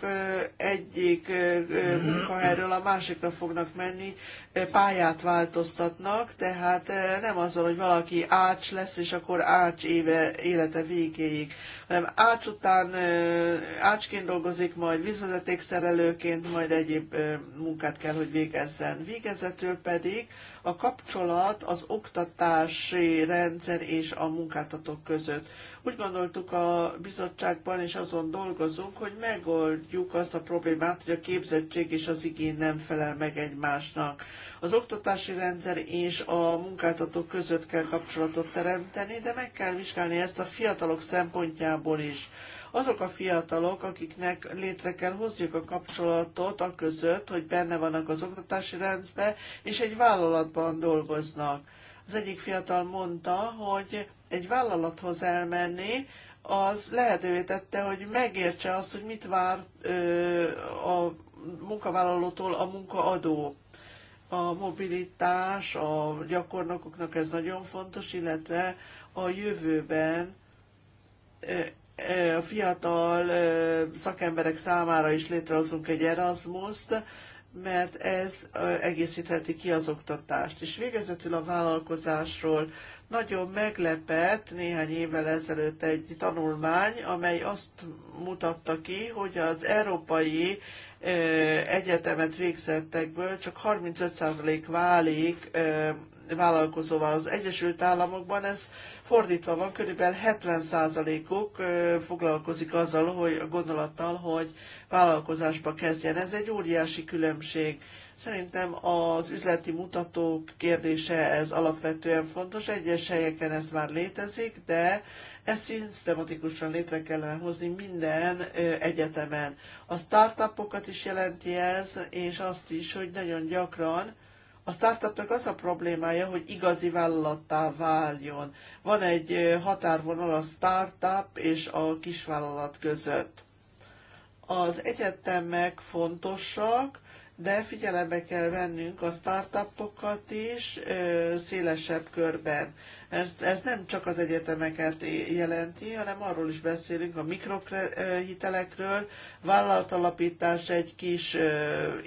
egyik mhm. munkahelyről a másikra fognak menni, pályát változtatnak, tehát nem az van, hogy valaki ács lesz, és akkor ács éve, élete végéig, hanem ács után ácsként dolgozik, majd vízvezetékszerelőként, majd egyéb munkát kell, hogy végezzen. Végezetül pedig a kapcsolat az oktatási rendszer és a munkáltatók között. Úgy gondoltuk a bizottságban, és azon dolgozunk, hogy megoldjuk azt a problémát, hogy a képzettség és az igény nem felel meg egymásnak. Az oktatási rendszer és a munkáltatók között kell kapcsolatot teremteni, de meg kell vizsgálni ezt a fiatalok szempontjából is azok a fiatalok, akiknek létre kell hozniuk a kapcsolatot a között, hogy benne vannak az oktatási rendszerben és egy vállalatban dolgoznak. Az egyik fiatal mondta, hogy egy vállalathoz elmenni, az lehetővé tette, hogy megértse azt, hogy mit vár ö, a munkavállalótól a munkaadó. A mobilitás, a gyakornokoknak ez nagyon fontos, illetve a jövőben a fiatal szakemberek számára is létrehozunk egy Erasmus-t, mert ez egészítheti ki az oktatást. És végezetül a vállalkozásról nagyon meglepett néhány évvel ezelőtt egy tanulmány, amely azt mutatta ki, hogy az európai egyetemet végzettekből csak 35% válik vállalkozóval. Az Egyesült Államokban ez fordítva van, körülbelül 70%-uk foglalkozik azzal, hogy a gondolattal, hogy vállalkozásba kezdjen. Ez egy óriási különbség. Szerintem az üzleti mutatók kérdése ez alapvetően fontos. Egyes helyeken ez már létezik, de ezt szisztematikusan létre kellene hozni minden egyetemen. A startupokat is jelenti ez, és azt is, hogy nagyon gyakran a startupnak az a problémája, hogy igazi vállalattá váljon. Van egy határvonal a startup és a kisvállalat között. Az egyetemek fontosak, de figyelembe kell vennünk a startupokat is szélesebb körben. Ez, ez nem csak az egyetemeket jelenti, hanem arról is beszélünk a mikrohitelekről, vállalatalapítás, egy kis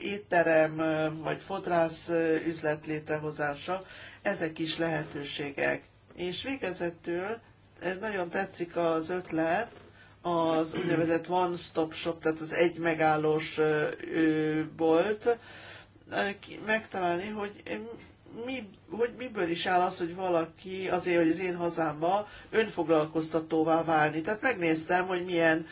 étterem vagy fodrász üzlet létrehozása, ezek is lehetőségek. És végezetül nagyon tetszik az ötlet, az úgynevezett one-stop shop, tehát az egy megállós bolt, megtalálni, hogy mi, hogy miből is áll az, hogy valaki azért, hogy az én hazámba önfoglalkoztatóvá válni. Tehát megnéztem, hogy milyen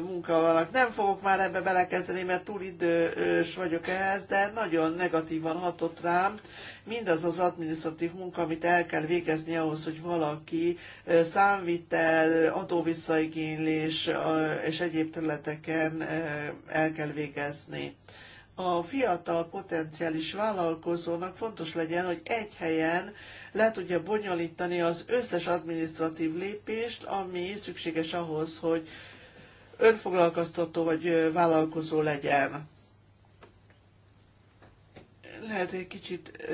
munka vannak. Hát nem fogok már ebbe belekezdeni, mert túl idős vagyok ehhez, de nagyon negatívan hatott rám mindaz az adminisztratív munka, amit el kell végezni ahhoz, hogy valaki számvitel, adóvisszaigénylés és egyéb területeken el kell végezni a fiatal potenciális vállalkozónak fontos legyen, hogy egy helyen le tudja bonyolítani az összes administratív lépést, ami szükséges ahhoz, hogy önfoglalkoztató vagy vállalkozó legyen. Lehet egy kicsit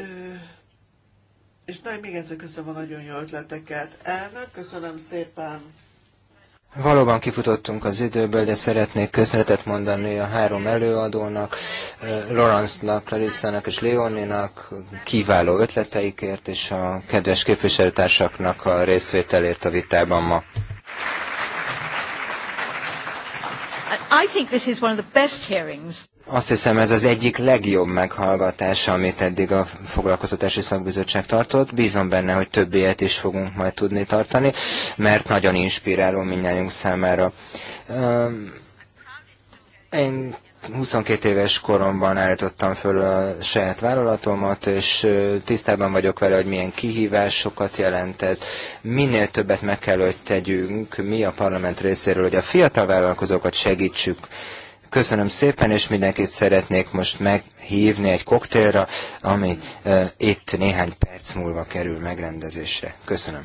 és nagyon még egyszer köszönöm a nagyon jó ötleteket. Elnök, köszönöm szépen! Valóban kifutottunk az időből, de szeretnék köszönetet mondani a három előadónak, eh, Lawrence-nak, Clarissa-nak és Leoninak kiváló ötleteikért, és a kedves képviselőtársaknak a részvételért a vitában ma. I think this is one of the best hearings. Azt hiszem ez az egyik legjobb meghallgatása, amit eddig a Foglalkoztatási Szakbizottság tartott. Bízom benne, hogy több ilyet is fogunk majd tudni tartani, mert nagyon inspiráló mindnyájunk számára. Én 22 éves koromban állítottam föl a saját vállalatomat, és tisztában vagyok vele, hogy milyen kihívásokat jelent ez. Minél többet meg kell, hogy tegyünk mi a parlament részéről, hogy a fiatal vállalkozókat segítsük Köszönöm szépen, és mindenkit szeretnék most meghívni egy koktélra, ami itt néhány perc múlva kerül megrendezésre. Köszönöm.